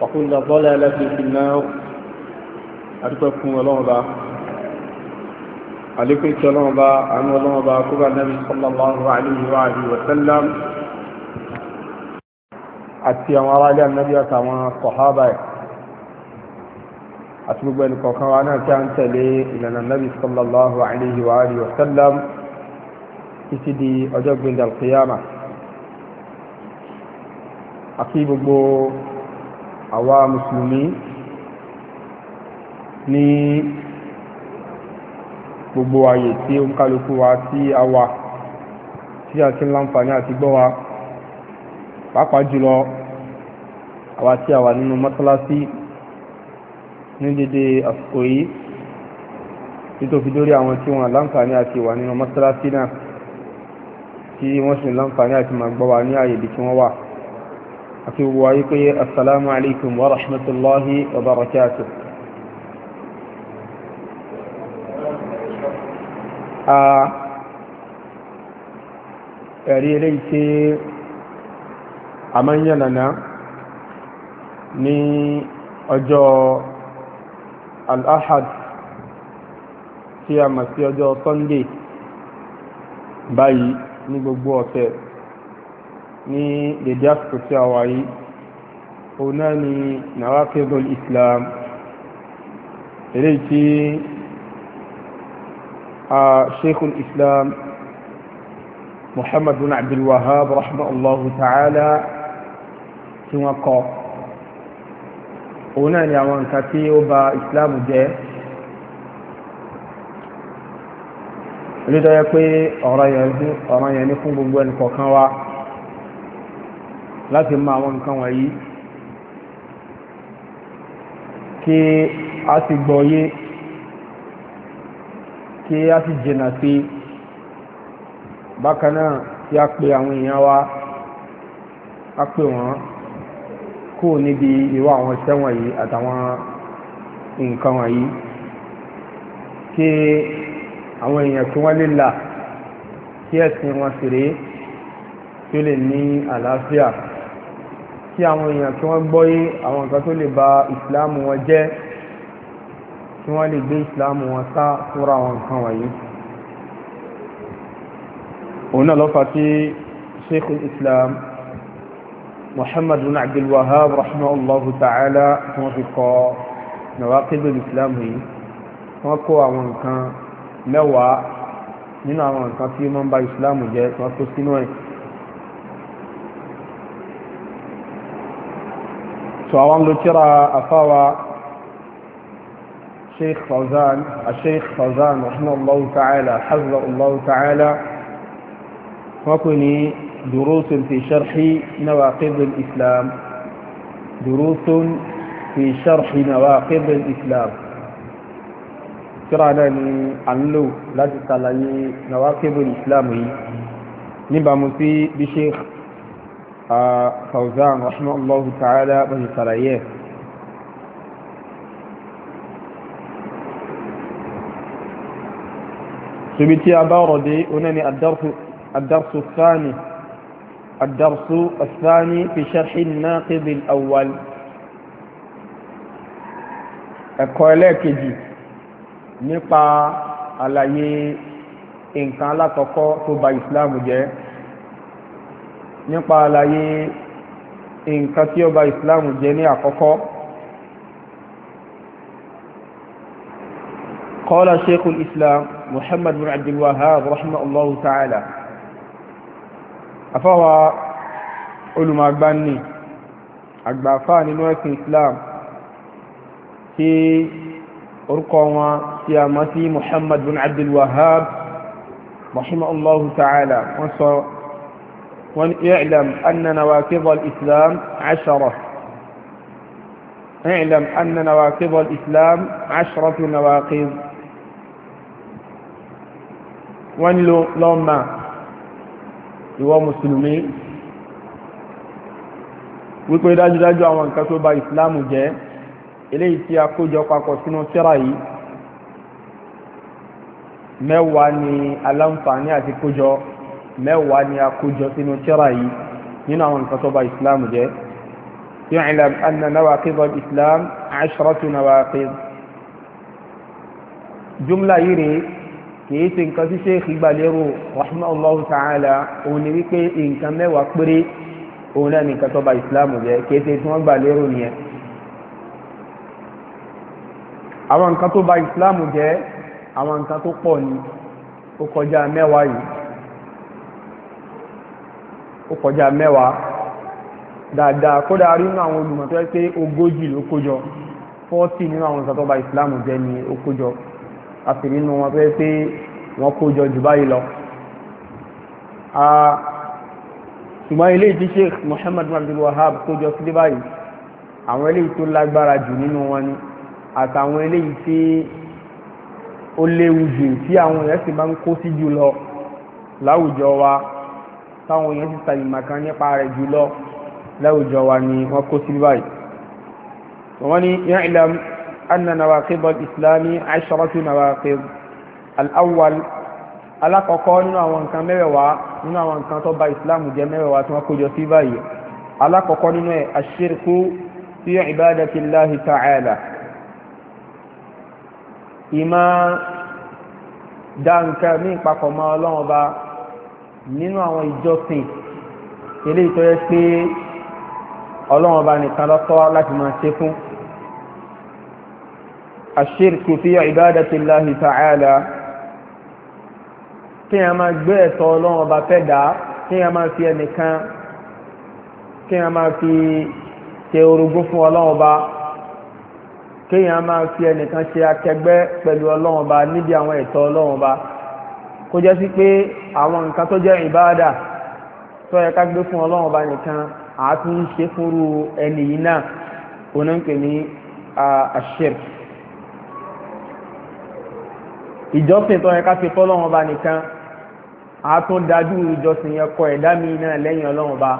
وكل ضلالة في النار أتكفكم ولوبا عليكم كلوبا عن ولوبا كبر النبي صلى الله عليه وآله وسلم àti àwọn ará ilé ànábì àtàwọn sọ̀hábà ẹ̀ àti gbogbo ẹnì kọ̀ọ̀kan wa náà tí a ń tẹ̀lé ìlànà ànábì sallallahu alayhi wa alihi wa sallam títí di ọjọ́ gbẹ̀ndẹ̀ alqiyama àti gbogbo àwa musulmi, ní gbogbo ààyè tí ó ń kálukú wa tí a wà tí a ti ń láǹfààní àti gbọ́ wa pàápàá jùlọ àwa tí a wà nínú mọ́sálásí ní dédé àsìkò yìí nítòfi lórí àwọn tí wọ́n láǹfààní àti wà nínú mọ́sálásí náà tí wọ́n sì láǹfààní àti máa wa ní ààyè bí tí wọ́n wà àti gbogbo ayé pé assalamu alaikum wa rahmatullahi wa barakatuh a ẹ̀rí eléyìí tí a máa ń yànnàná sunday báyìí ní gbogbo ọ̀sẹ̀ ní dèdè àsìkò tí a wà yìí òun náà ni nawaqidul islam eléyìí tí a sheikhul islam muhammad bin abdul wahab rahimahullahu ta'ala tí wọ́n kọ òun náà ni àwọn nǹkan tí ó bà islam jẹ́ olùdarí pé ọ̀rọ̀ yẹn ní fún gbogbo ẹnì kọ̀ọ̀kan láti mọ àwọn nǹkan wọ̀nyí kí a sì gbọ́yé kí a sì jìnà sí bákan náà kí a pe àwọn èèyàn wa a pè wọ́n kó níbi ìwà àwọn iṣẹ́ wọ̀nyí àtàwọn nǹkan wọ̀nyí kí àwọn èèyàn tí wọ́n lè là kí ẹ̀sìn wọn sì rèé tí ó lè ní àlàáfíà kí àwọn èèyàn kí wọ́n gbọ́yé àwọn nǹkan tó lè ba ìsìláàmù wọn jẹ́ kí wọ́n lè gbé ìsìláàmù wọn sá fúnra àwọn nǹkan wọ̀nyí òun náà lọ́fà tí sheikh islam muhammad bin abdul wahab rahmanallahu ta'ala tí wọ́n fi kọ nàwákìdò ìsìláàmù yìí wọ́n kó àwọn nǹkan mẹ́wàá nínú àwọn nǹkan tí ó ń ba ìsìláàmù jẹ́ wọ́n kó sínú ẹ̀ so àwọn ló kíra àfáwà sheikh fawzan uh, sheikh fawzan rahimahullahu ta'ala hafizahullahu ta'ala wọ́n pè ní durusun fi sharhi nawaqid al-islam durusun fi sharhi nawaqid al-islam kíra náà ni à ń lò láti ṣàlàyé nawaqid al-islam yìí níbàámu sí bí sheikh Fauzan rahimahullahu ta'ala bá ṣe ṣàlàyé ẹ̀ síbi tí a bá rọ̀ dé oní ni adarsu sáni adarsu sáni fi ṣarṣi naqid al-awwal ẹ̀kọ́ ẹlẹ́ẹ̀kejì nípa àlàyé nǹkan alákọ̀ọ́kọ́ tó ba ìsìláàmù jẹ́ nípa àlàyé nǹkan tí ó ba ìsìláàmù jẹ́ ní àkọ́kọ́ قال شيخ الإسلام محمد بن عبد الوهاب رحمه الله تعالى أفوى علماء بني أقبافان نوك الإسلام في أرقوة سيامتي محمد بن عبد الوهاب رحمه الله تعالى وصلى واعلم أن نواقض الإسلام عشرة اعلم أن نواقض الإسلام عشرة نواقض wọ́n ní lọ ma ìwọ mùsùlùmí wípé dájúdájú àwọn nǹkan tó bà ìsìláàmù jẹ́ eléyìí tí a kójọ papọ̀ sínú tírà yìí mẹ́wàá ni aláǹfààní àti kójọ mẹ́wàá ni a kó jọ sínú tírà yìí nínú àwọn nǹkan tó ba islam jẹ́ يعلم أن نواقض الإسلام عشرة نواقض jumla yìí rèé kìí ṣe nǹkan tí sheikh gbalẹ́rù rahmanallahu ta'ala òun ni wípé nǹkan mẹ́wàá péré òun náà nìkan tó ba islam jẹ́ kìí ṣe tí wọ́n gbalẹ́rù nìyẹn. àwọn nǹkan tó ba islam jẹ́ àwọn nǹkan tó pọ̀ ni ó kọjá mẹ́wàá yìí ó kọjá mẹ́wàá dáadáa kódà rí nínú àwọn olùmọ̀ tó yẹ pé ogójì ló kójọ fọ́ọ̀tì nínú àwọn ìsàtọ́ba ìsìláàmù jẹ́ ni ó kójọ a sì nínú wọn tó yẹ pé wọ́n kójọ jù báyìí lọ. ṣùgbọ́n ilé tí Sheikh Muhammad Abdul Wahab kójọ sí báyìí àwọn eléyìí tó lágbára jù nínú wọn ni àtàwọn eléyìí tí ó léwu jù tí àwọn èèyàn sì ń kó sí jù lọ láwùjọ wa táwọn èèyàn ti sàyìnmà kan nípa rẹ̀ jùlọ láwùjọ wa ni wọ́n kó sí báyìí wọ́n ní i'lam anna nawaqid al-islami asharatu nawaqid al-awwal alákọ̀ọ́kọ́ nínú àwọn nǹkan mẹ́wẹ̀wá nínú àwọn nǹkan tó bà ìsìláàmù jẹ́ mẹ́wẹ̀wá tí wọ́n kójọ sí báyìí alákọ̀ọ́kọ́ nínú ẹ̀ aṣírkú sí ìbádàtí láhì ìmá dá nǹkan ní ìpapọ̀ mọ́ ọlọ́run nínú àwọn ìjọsìn eléyìí tó yẹ pé ọlọ́run ọba nìkan lọ́tọ́ láti máa ṣe fún àṣírkù fi ìbádàtì láhì tààlà kí a máa gbé ẹ̀tọ́ ọlọ́run ọba fẹ́ dá kí a máa fi ẹnìkan kí a máa fi ṣe orogún fún ọlọ́run ọba kí a máa fi ẹnìkan ṣe akẹgbẹ́ pẹ̀lú ọlọ́run ọba níbi àwọn ẹ̀tọ́ ọlọ́run ọba kó jẹ́ sí pé àwọn nǹkan tó jẹ́ ìbáadà tó yẹ ká gbé fún ọlọ́run ọba nìkan àti ń ṣe fúru ẹni yìí náà òun ń pè ní àṣírk ìjọsìn tó yẹ ká fi fọ́lọ́run ọba nìkan àtún dájú ìjọsìn yẹn kọ ẹ̀dá mi náà lẹ́yìn ọlọ́run ọba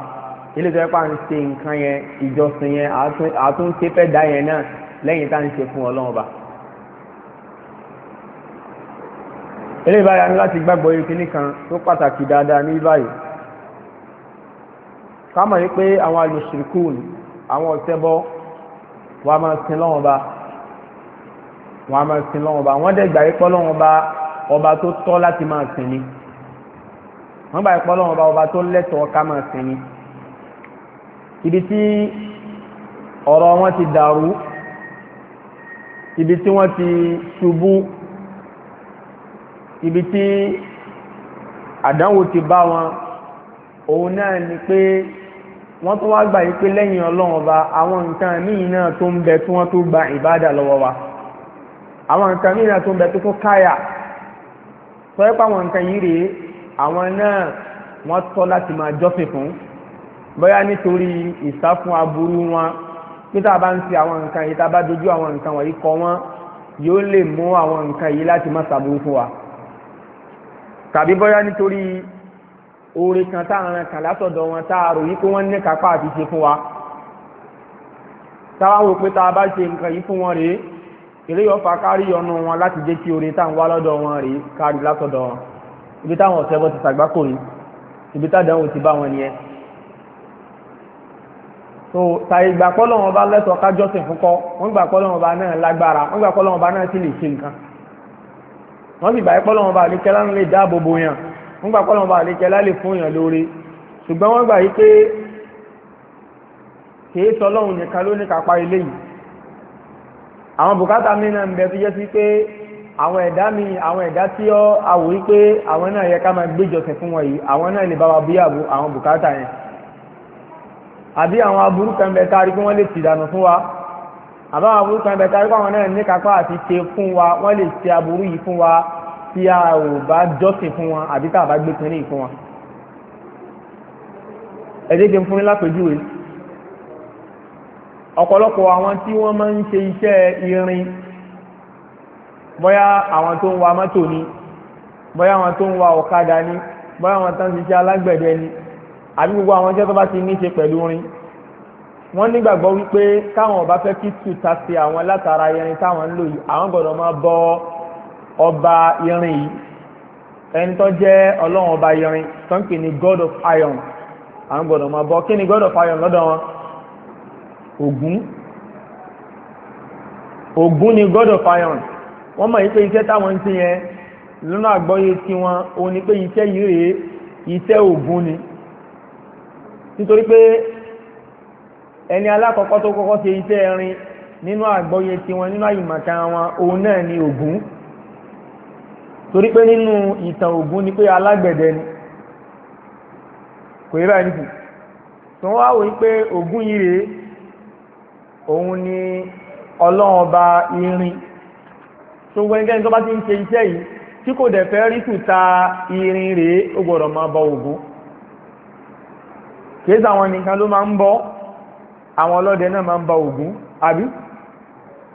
ilé tó yẹ ń ṣe nǹkan yẹn ìjọsìn yẹn àtún ṣe fẹ́ dá yẹn náà lẹ́yìn tá ń ṣe fún ọlọ́run ọba. eré ìbára ní láti gbàgbọ́ yìí kìíní kan tó pàtàkì dáadáa ní báyìí ká mọ̀ ní pé àwọn alùsìrìkùn àwọn ọ̀tẹ́bọ wọn a máa sin lọ́wọ́n ba wọn a máa sin lọ́wọ́n ba wọ́n dẹ̀ gbà ipọ́ lọ́wọ́n ba ọba tó tọ́ láti máa sin ni wọ́n gbà ipọ́ lọ́wọ́n ba ọba tó lẹ́tọ̀ọ́ ká máa sin ni ibi tí ọ̀rọ̀ wọn ti dàrú ibi tí wọ́n ti ṣubú ibi tí àdánwò ti bá wọn òun náà ni pé wọ́n tún wá gbà yí pé lẹ́yìn ọlọ́run ọba àwọn nǹkan míì náà tó ń bẹ tí wọ́n tó gba ìbádà lọ́wọ́ wa àwọn nǹkan míì náà tó ń bẹ tó tún káyà sọ́yẹ́ pé àwọn nǹkan yìí rèé àwọn náà wọ́n tọ́ láti máa jọ́sìn fún bóyá nítorí ìsáfún aburú wọn pé tá a bá ń fi àwọn nǹkan yìí tá a bá dojú àwọn nǹkan wọ̀nyí kọ wọ́n yóò lè mú àwọn nǹkan yìí láti má sàbúrú fún wa tàbí bóyá nítorí oore kan tá à ń ran kà látọ̀dọ̀ wọn tá a rò yí pé wọ́n ní kápá àti ṣe fún wa táwa wò pé tá a bá ṣe nǹkan yìí fún wọn rèé eré ọ̀fà kárí ọ̀nà wọn láti jẹ́ kí oore tá wá lọ́dọ̀ wọn rèé kárí látọ̀dọ̀ wọn ibi táwọn ọ̀sẹ̀ bọ́ ti ṣàgbákò yìí ibi tádàáwò ti bá wọn nìyẹn so tàyè gbàpọ́ lọ́wọ́n bá lẹ́tọ̀ọ́ kájọ́sìn fúnkọ́ wọ́n gbàpọ́ lọ́wọ́n bá náà lágbára wọ́n gbàpọ́ lọ́wọ́n bá náà sì lè ṣe nǹkan wọ́n sì gbà pé Ọlọ́run bá àlékẹ́ lá ń lè dáàbò bo yàn wọ́n gbà pé Ọlọ́run bá àlékẹ́ lá lè fún yàn lóore ṣùgbọ́n wọ́n gbà yí pé kìí sọ Ọlọ́run nìkan ló ní kápá ilé yìí àwọn bùkátà mi náà ń bẹ tó jẹ́ sí pé àwọn ẹ̀dá mi àwọn ẹ̀dá tí ó awò yí pé àwọn náà yẹ ká máa gbéjọsìn fún wọn yìí àwọn náà lè bá wa bíyà bu àwọn bùkátà yẹn àbí àwọn aburú kan bẹ tá pé wọ́n lè tìdànù fún wa àbá àwọn burúkú kan bẹ̀ta wípé àwọn náà ní kápá àti ṣe fún wa wọ́n lè ṣe aburú yìí fún wa tí a ò bá jọ́sìn fún wọn àbí tá a bá gbé kínní yìí fún wọn. ẹ̀dẹ́ kí n fún yín lápèjúwe ọ̀pọ̀lọpọ̀ àwọn tí wọ́n máa ń ṣe iṣẹ́ irin bóyá àwọn tó ń wa mọ́tò ni bóyá àwọn tó ń wa ọ̀kadà ni bóyá àwọn tó ń ṣiṣẹ́ alágbẹ̀dẹ ni àbí gbogbo àwọn iṣẹ́ tó bá ti ní ṣe wọ́n nígbàgbọ́ wípé káwọn bá fẹ́ kí tuta sí àwọn látara irin táwọn ń lò yìí àwọn gbọ́dọ̀ máa bọ ọba irin yìí ẹni tó jẹ́ ọlọ́run ọba irin tó ń pè ní god of iron àwọn gbọ́dọ̀ máa bọ kí ni god of iron lọ́dọ̀ wọn Ògún Ògún ni god of iron wọ́n mọ̀ yí pé iṣẹ́ táwọn ń ṣe yẹn lọ́nà àgbọ́yé tiwọn òun ni pé iṣẹ́ yìí rèé iṣẹ́ Ògún ni nítorí pé ẹni alákọ̀ọ́kọ́ tó kọ́kọ́ ṣe iṣẹ́ ẹrin nínú àgbọ́yé tiwọn nínú àyìmọ̀ta wọn òun náà ni ogun torí pé nínú ìtàn ogun ni pé alágbẹ̀dẹ ni kò yẹ nìkú tó wá pé ogun yìí rèé òun ni ọlọ́run irin tó gbẹ́ngẹ́ni tó ti ń ṣe iṣẹ́ yìí tí kò dẹ̀ fẹ́ irin rèé ó gbọ́dọ̀ máa bọ ló máa ń àwọn ọlọ́dẹ náà ma ń ba ogun àbí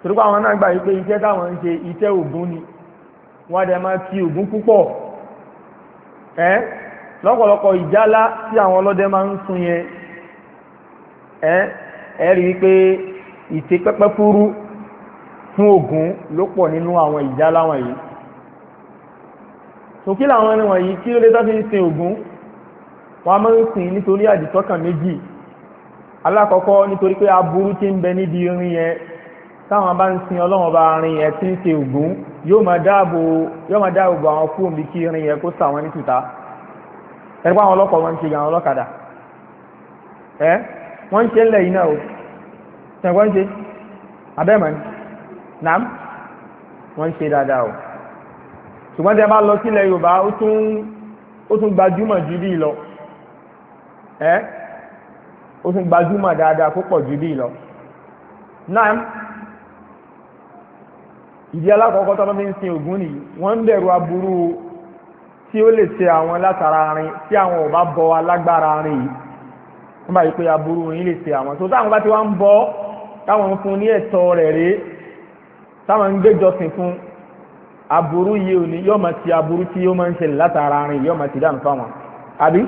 torípa àwọn náà gbà yí pé iṣẹ́ táwọn ń ṣe iṣẹ́ ogun ni wọ́n dẹ̀ ma kí ogun púpọ̀ ẹ́ lọ́pọ̀lọpọ̀ ìjálá tí àwọn ọlọ́dẹ ma ń sun yẹn ẹ́ ẹ́ rí pẹ́pẹ́ fúrú fún ló pọ̀ nínú àwọn ìjálá wọ̀nyí kí làwọn ẹni wọ̀nyí kí ló fi ń sin sìn nítorí alákọ̀ọ́kọ́ nítorí pé aburú tí ń bẹ níbi irin yẹn táwọn bá ń sin ọlọ́run rin yẹn tí ń ṣe ògún yóò máa dáàbò àwọn fóònù bí kí irin yẹn kó sà ní tùtà àwọn wọn ń o ṣẹ̀gbọ́n ṣe abẹ́mọ̀ni wọ́n ó tún gbajúmọ̀ dáadáa kó pọ̀ ju bíi lọ. náà ìdí alákọ̀ọ́kọ́ tó fi ń sin Ògún nìyí wọ́n ń bẹ̀rù aburú tí ó lè ṣe àwọn látara rin tí àwọn ò bá bọ alágbára rin yìí wọ́n bá yí pé aburú yìí lè ṣe àwọn tó táwọn bá ti wá ń bọ́ táwọn ń fún ní ẹ̀tọ́ rẹ̀ rèé táwọn ń gbéjọsìn fún aburú yìí ò ní ti aburú tí yóò máa ń ṣẹlẹ̀ látara rìn yóò ti dànù fáwọn àbí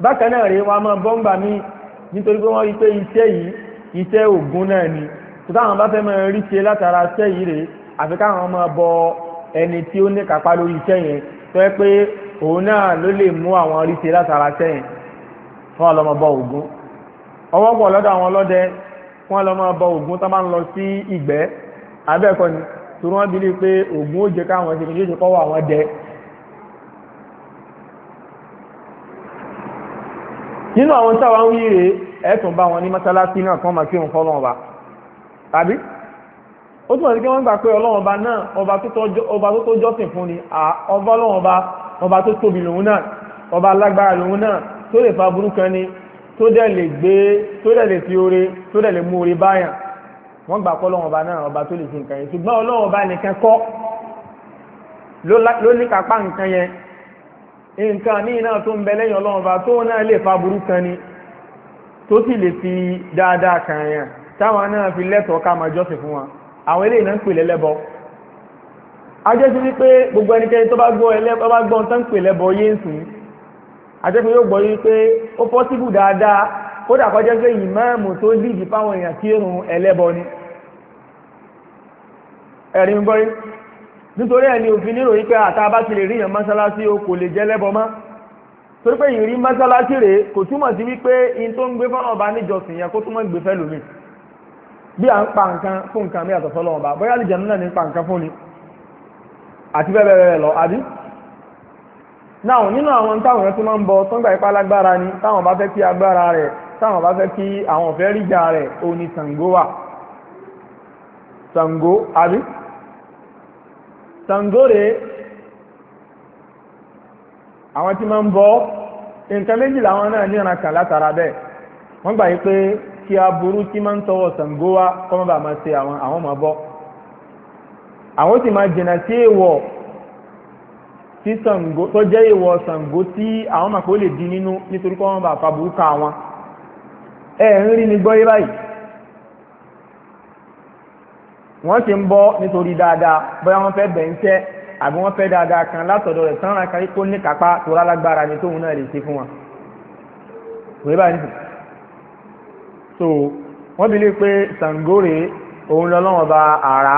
bákan náà rèé wọn máa bọ́ǹgbà mi nítorí pé wọ́n rí pé iṣẹ́ yìí iṣẹ́ ògùn náà ni tó táwọn bá fẹ́ máa rí ṣe látara iṣẹ́ yìí rèé àfi káwọn máa bọ ẹni tí ó ní kápá lórí iṣẹ́ yẹn tó yẹ pé òun náà ló lè mú àwọn rí ṣe látara iṣẹ́ yẹn fún ọlọ́mọbọ ògùn ọwọ́ pọ̀ lọ́dọ̀ àwọn ọlọ́dẹ fún ọlọ́mọbọ ògùn tó máa ń lọ sí ìgbẹ́ abẹ́ẹ̀kọ́ ni torí wọ́n bí nínú àwọn táwa ń wíire ẹ̀tún bá wọn ní mọ́sálásí náà kán máa kírun fọ́lọ́run ọba tàbí ó túnmọ̀ sí kí wọ́n gbà pé ọlọ́run ọba náà ọba tó tó jọ́sìn fún ni ọba ọlọ́run ọba ọba tó tóbi lòun náà ọba alágbára lòun náà tó lè fa burúkú ni tó dẹ̀ lè gbé tó dẹ̀ lè fi oore tó dẹ̀ lè mú oore báyàn wọ́n gbà pé ọlọ́run ọba náà ọba tó lè fi nǹkan yẹn ṣùgbọ́n ọlọ́run ọba nìkan kọ́ ló ní kápá nǹkan yẹn nǹkan míì náà tó ń bẹ lẹ́yìn ọlọ́run ọba tó náà lè fa burú ni tó sì lè fi dáadáa kan táwọn náà fi lẹ́tọ̀ọ́ ká máa jọ́sìn fún wa àwọn eléyìí náà ń pè ajẹ́sí wípé gbogbo ẹnikẹ́ni tó bá gbọ́ ẹlẹ́bọ bá gbọ́ tán ń pè lẹ́bọ yéé ń ajẹ́sí yóò gbọ́ yìí pé ó pọ́sibù dáadáa kódà nítorí ẹni òfin nírò yí pé àtàbá ti lè ríyàn mọ́sálásí o kò lè jẹ́ lẹ́bọ mọ́ torí pé ìrí mọ́sálásí rèé kò túmọ̀ sí wípé in tó ń gbé fọ́nà ọba níjọsìn yẹn kó túmọ̀ gbé fẹ́ lómi bí à ń pa nǹkan fún nǹkan bí àtọ̀ sọ́lọ́ ọba bóyá lè jẹun náà ní pa nǹkan fún ni àti bẹ́ẹ̀ bẹ́ẹ̀ bẹ́ẹ̀ lọ àbí. náà nínú àwọn táwọn yẹn tún máa ń bọ tó ń gbà ipá lágbára ni táwọn bá fẹ́ kí agbára rẹ̀ táwọn bá fẹ́ kí àwọn fẹ́ ríjà rẹ̀ òní Ṣàngó wà Ṣàngó àbí. Ṣàngóre àwọn tí ma ń bọ nǹkan méjìlá àwọn náà ní ìrànkà látara bẹ́ẹ̀ wọ́n gbà yí pé kí aburú tí máa ń tọwọ́ ba ma kọ́ mọ́ bá ṣe àwọn àwọn bọ àwọn sì ma jìnnà sí èèwọ̀ tó jẹ́ èèwọ̀ Ṣàngó tí àwọn lè di nínú nítorí kọ́ mọ́ fa àwọn ẹ̀ ń rí ni gbọ́ yí báyìí wọ́n ti ń bọ́ nítorí dáadáa bóyá wọ́n fẹ́ bẹ̀ ń tẹ́ àbí wọ́n fẹ́ dáadáa kan látọ̀dọ̀ rẹ̀ tán ra kárí kó ní kápá tó lálágbára ni tóun náà lè ṣe fún wọn. wèé bá nìyí. so wọ́n bi lè pé sàngóre òun lọ́lọ́wọ́n bá àrá.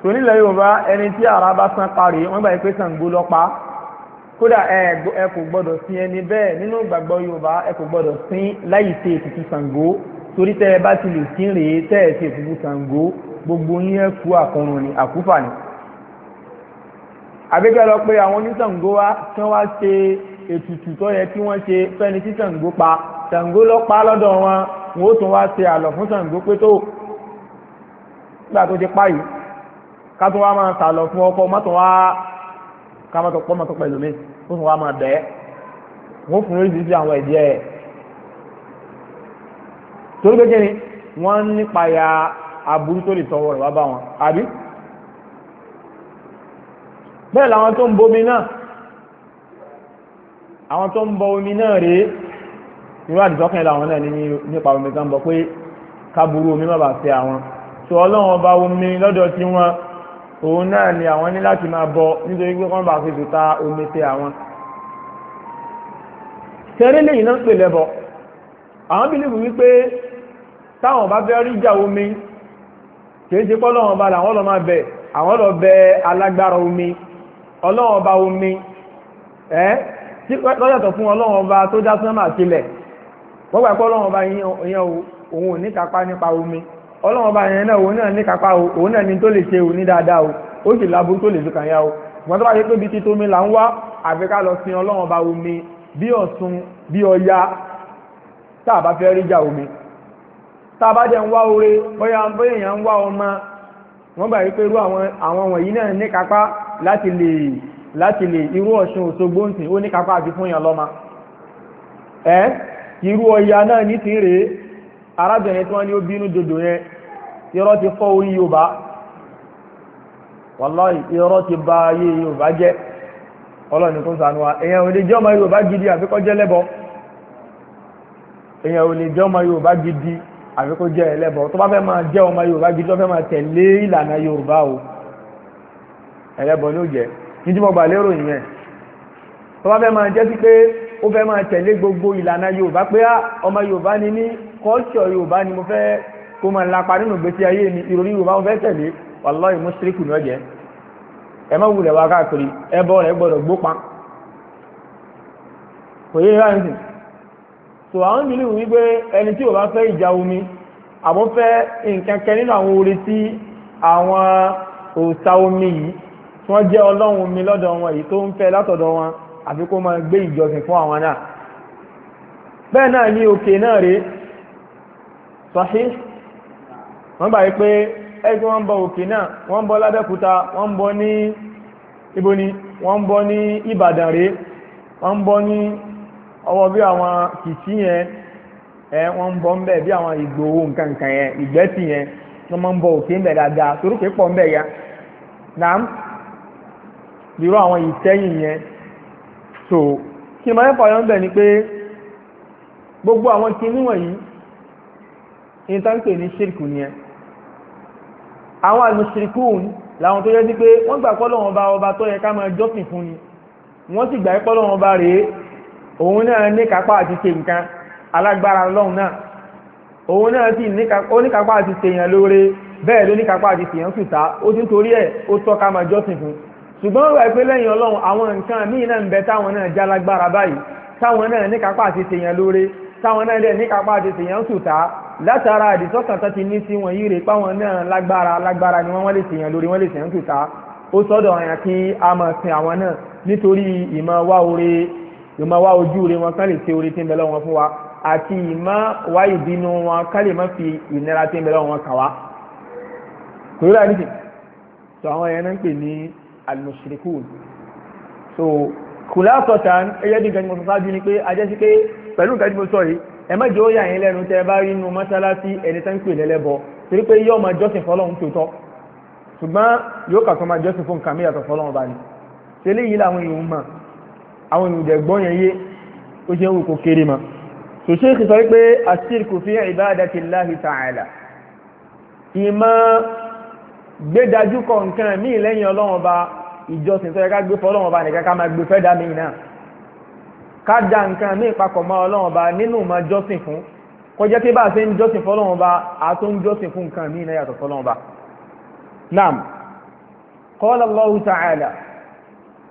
so nílẹ̀ yorùbá ẹni tí àrá bá sán parí wọ́n gbà pé Ṣàngó ló pa kódà ẹ kò gbọdọ̀ sin ẹni bẹ́ẹ̀ nínú ìgbàgbọ́ yorùbá ẹ kò gbọdọ̀ sin láyìí ṣe ètùtù Ṣàngó torí tẹ́ ẹ bá ti lè sin rèé tẹ́ ẹ ṣe ètùtù Ṣàngó gbogbo yín ẹ kú àkúrun ni àkúfà ni àbíkẹ́ lọ pé àwọn oníṣàngó wa tí wọ́n wá ṣe ètùtù tó yẹ kí wọ́n ṣe fẹ́ni tí Ṣàngó pa Ṣàngó lọ pa lọ́dọ̀ wọn wọn ó tún wá ṣe àlọ́ fún Ṣàngó pé tó nígbà tó ti pa yìí ká tún wá máa sàlọ̀ fún ọkọ mọ́tò wá ká mọ́tò pọ́ mọ́tò pẹ̀lú mi ó tún wá máa dẹ́ wọ́n fún oríṣiríṣi àwọn ẹ̀jẹ̀ torí pé kí ni wọ́n nípa ya aburú tó lè tọwọ́ rẹ̀ wá bá wọn àbí bẹ́ẹ̀ làwọn tó ń bomi náà àwọn tó ń bọ omi náà rèé níwádìí sọ́kàn làwọn náà nípa omi kan bọ pé káburú omi má bàa fẹ́ àwọn tó ọlọ́run ọba omi lọ́dọ̀ tí wọn òun náà ni àwọn ní láti máa bọ nítorí pé wọ́n bá fi fìta omi tẹ àwọn tẹ́rí lẹ́yìn náà pè lẹ́bọ àwọn bílíìfù wípé táwọn bá fẹ́ rí ìjà omi kìí ṣe pọ́lọ́wọ́n bá làwọn lọ máa bẹ̀ àwọn lọ bẹ alágbára omi ọlọ́wọ́n bá omi ẹ́ tí lọ́yọ̀tọ̀ fún ọlọ́wọ́n bá tó já sánmà tilẹ̀ wọ́n gbà pé ọlọ́wọ́n bá yẹn òun ò níkapá nípa omi ọlọ́wọ́n bá yẹn náà òun náà níkapá òun náà ni tó lè ṣe òní dáadáa o ó sì láburú tó lè fi kàn yá o ṣùgbọ́n tó bá yẹ pé bí títí omi là ń wá àfi ká lọ sin ọlọ́wọ́n bá omi bí ọ̀ṣun bí ọya tá bá fẹ́ rí já omi tàbájẹ̀ ń wá oore bóyá èèyàn ń wá ọmọ wọ́n gbà wípé irú àwọn wọ̀nyí náà ní kápá láti lè láti lè irú Ọ̀ṣun Òṣogbo ń sìn ó ní kápá àti fún yàn ẹ́ irú Ọya náà ní ti rèé arábìnrin tí wọ́n ní ó bínú ti ti àbí kó jẹ́ ẹlẹ́bọ tó bá fẹ́ máa jẹ́ ọmọ yorùbá gidi tó fẹ́ máa tẹ̀lé ìlànà yorùbá o ẹlẹ́bọ ló jẹ́ níjú mọ́ gbà lérò yẹn tó bá fẹ́ máa jẹ́ sí pé ó fẹ́ máa tẹ̀lé gbogbo ìlànà yorùbá pé ah, ọmọ yorùbá ni ní kọ́ọ̀ṣọ̀ ni mo fẹ́ kó máa lapa nínú ìgbésí ayé mi ìròrí yorùbá mo fẹ́ tẹ̀lé wàlọ́ọ̀hì mùsírìkù ni ó so àwọn mìíràn wípé ẹni tí ò bá fẹ́ ìjà omi àbọ̀ fẹ́ nǹkan n'inu nínú àwọn orí tí àwọn omi yìí tí wọ́n jẹ́ ọlọ́run omi lọ́dọ̀ wọn èyí tó ń fẹ́ látọ̀dọ̀ wọn àfi kó máa gbé ìjọsìn fún àwọn náà bẹ́ẹ̀ náà ní òkè náà rèé sọ́hí wọ́n gbà pé ẹgbẹ́ wọ́n bọ òkè náà wọ́n bọ lábẹ́kúta iboni wọ́n bọ ní ìbàdàn rèé wọ́n bọ ní ọwọ́ bí àwọn kìtì yẹn ẹ wọ́n ń bọ́ ń bẹ̀ bí àwọn ìgbòho nǹkan nǹkan yẹn ìgbẹ́tì yẹn wọ́n máa ń bọ òkè ń bẹ̀ dáadáa torí kò pọ̀ ń bẹ̀ ya nàám irú àwọn ìtẹ́yìn yẹn so kí n máa ń fọyọ́ ń bẹ̀ ni pé gbogbo àwọn kinní wọ̀nyí ní tá ń pè ní ṣírkù yẹn àwọn àlùsìrìkùn làwọn tó yẹ sí pé wọ́n gbà pé Ọlọ́run ọba tó yẹ ká máa jọ́sìn fún ni wọ́n sì gbà pé Ọlọ́run rèé òun náà ní kápá àti ṣe nǹkan alágbára ọlọ́run náà òun náà sì ní kápá àti ṣèyàn lóore bẹ́ẹ̀ ló ní kápá àti ṣèyàn sùtá ó ti torí ẹ̀ ó tọ́ka máa jọ́sìn fún ṣùgbọ́n wà pé lẹ́yìn ọlọ́run àwọn nǹkan míì náà ń bẹ táwọn náà já lágbára báyìí táwọn náà ní kápá àti ṣèyàn lóore táwọn náà dẹ̀ ní kápá àti ṣèyàn sùtá látara àdìsọ́kàn tó ti ní sí wọn yíre páwọn náà lágbára lágbára ni wọ́n lè ṣèyàn lórí wọ́n lè ṣèyàn sùtá ó sọ́dọ̀ ọ̀yàn kí a máa sin àwọn náà nítorí ìmọ̀ wá oore yóò máa wá ojú rẹ wọn kán lè ṣe orí tí ń bẹ lọ́wọ́ fún wa àti ìmọ̀ wá ìbínú wọn kán lè má fi ìnira tí ń bẹ lọ́wọ́ wọn kà wá kò yóò rà nídìí so àwọn yẹn ń pè ní al-mushrikun so kùlásọ̀tàn ẹyẹ bí gani mo sọ sáájú ni pé ajẹ́sí pé pẹ̀lú gani mo sọ yìí ẹ má jẹ́ ó yà yín lẹ́nu tẹ́ bá rí inú mọ́ṣáláṣí ẹni tán ń pè lẹ́lẹ́bọ torí pé yóò máa jọ́sìn fọlọ́run tòótọ́ ṣùgbọ́n yóò kàkọ́ máa jọ́sìn fún nǹkan mí yàtọ̀ fọlọ́run bá ní ṣe léyìí làwọn èèyàn mọ̀ àwọn ìdẹ̀gbọ́n yẹn yé ó ṣe ń wù kó kéré ma so ṣe kì sọ pé asírkù fi ìbádàtì láhi ta'ala ìmọ̀ gbédájú kọ nǹkan míì lẹ́yìn ọlọ́run ọba ìjọsìn tó yẹ ká gbé fọlọ́run ọba nìkan ká máa gbé fẹ́ dá mi náà ká da nǹkan míì papọ̀ mọ́ ọlọ́run ọba nínú ìmọ̀ jọ́sìn fún kọjá pé bá ṣe ń jọ́sìn fọlọ́run a tó ń jọ́sìn fún nǹkan míì náà yàtọ̀ fọlọ́run ọba naam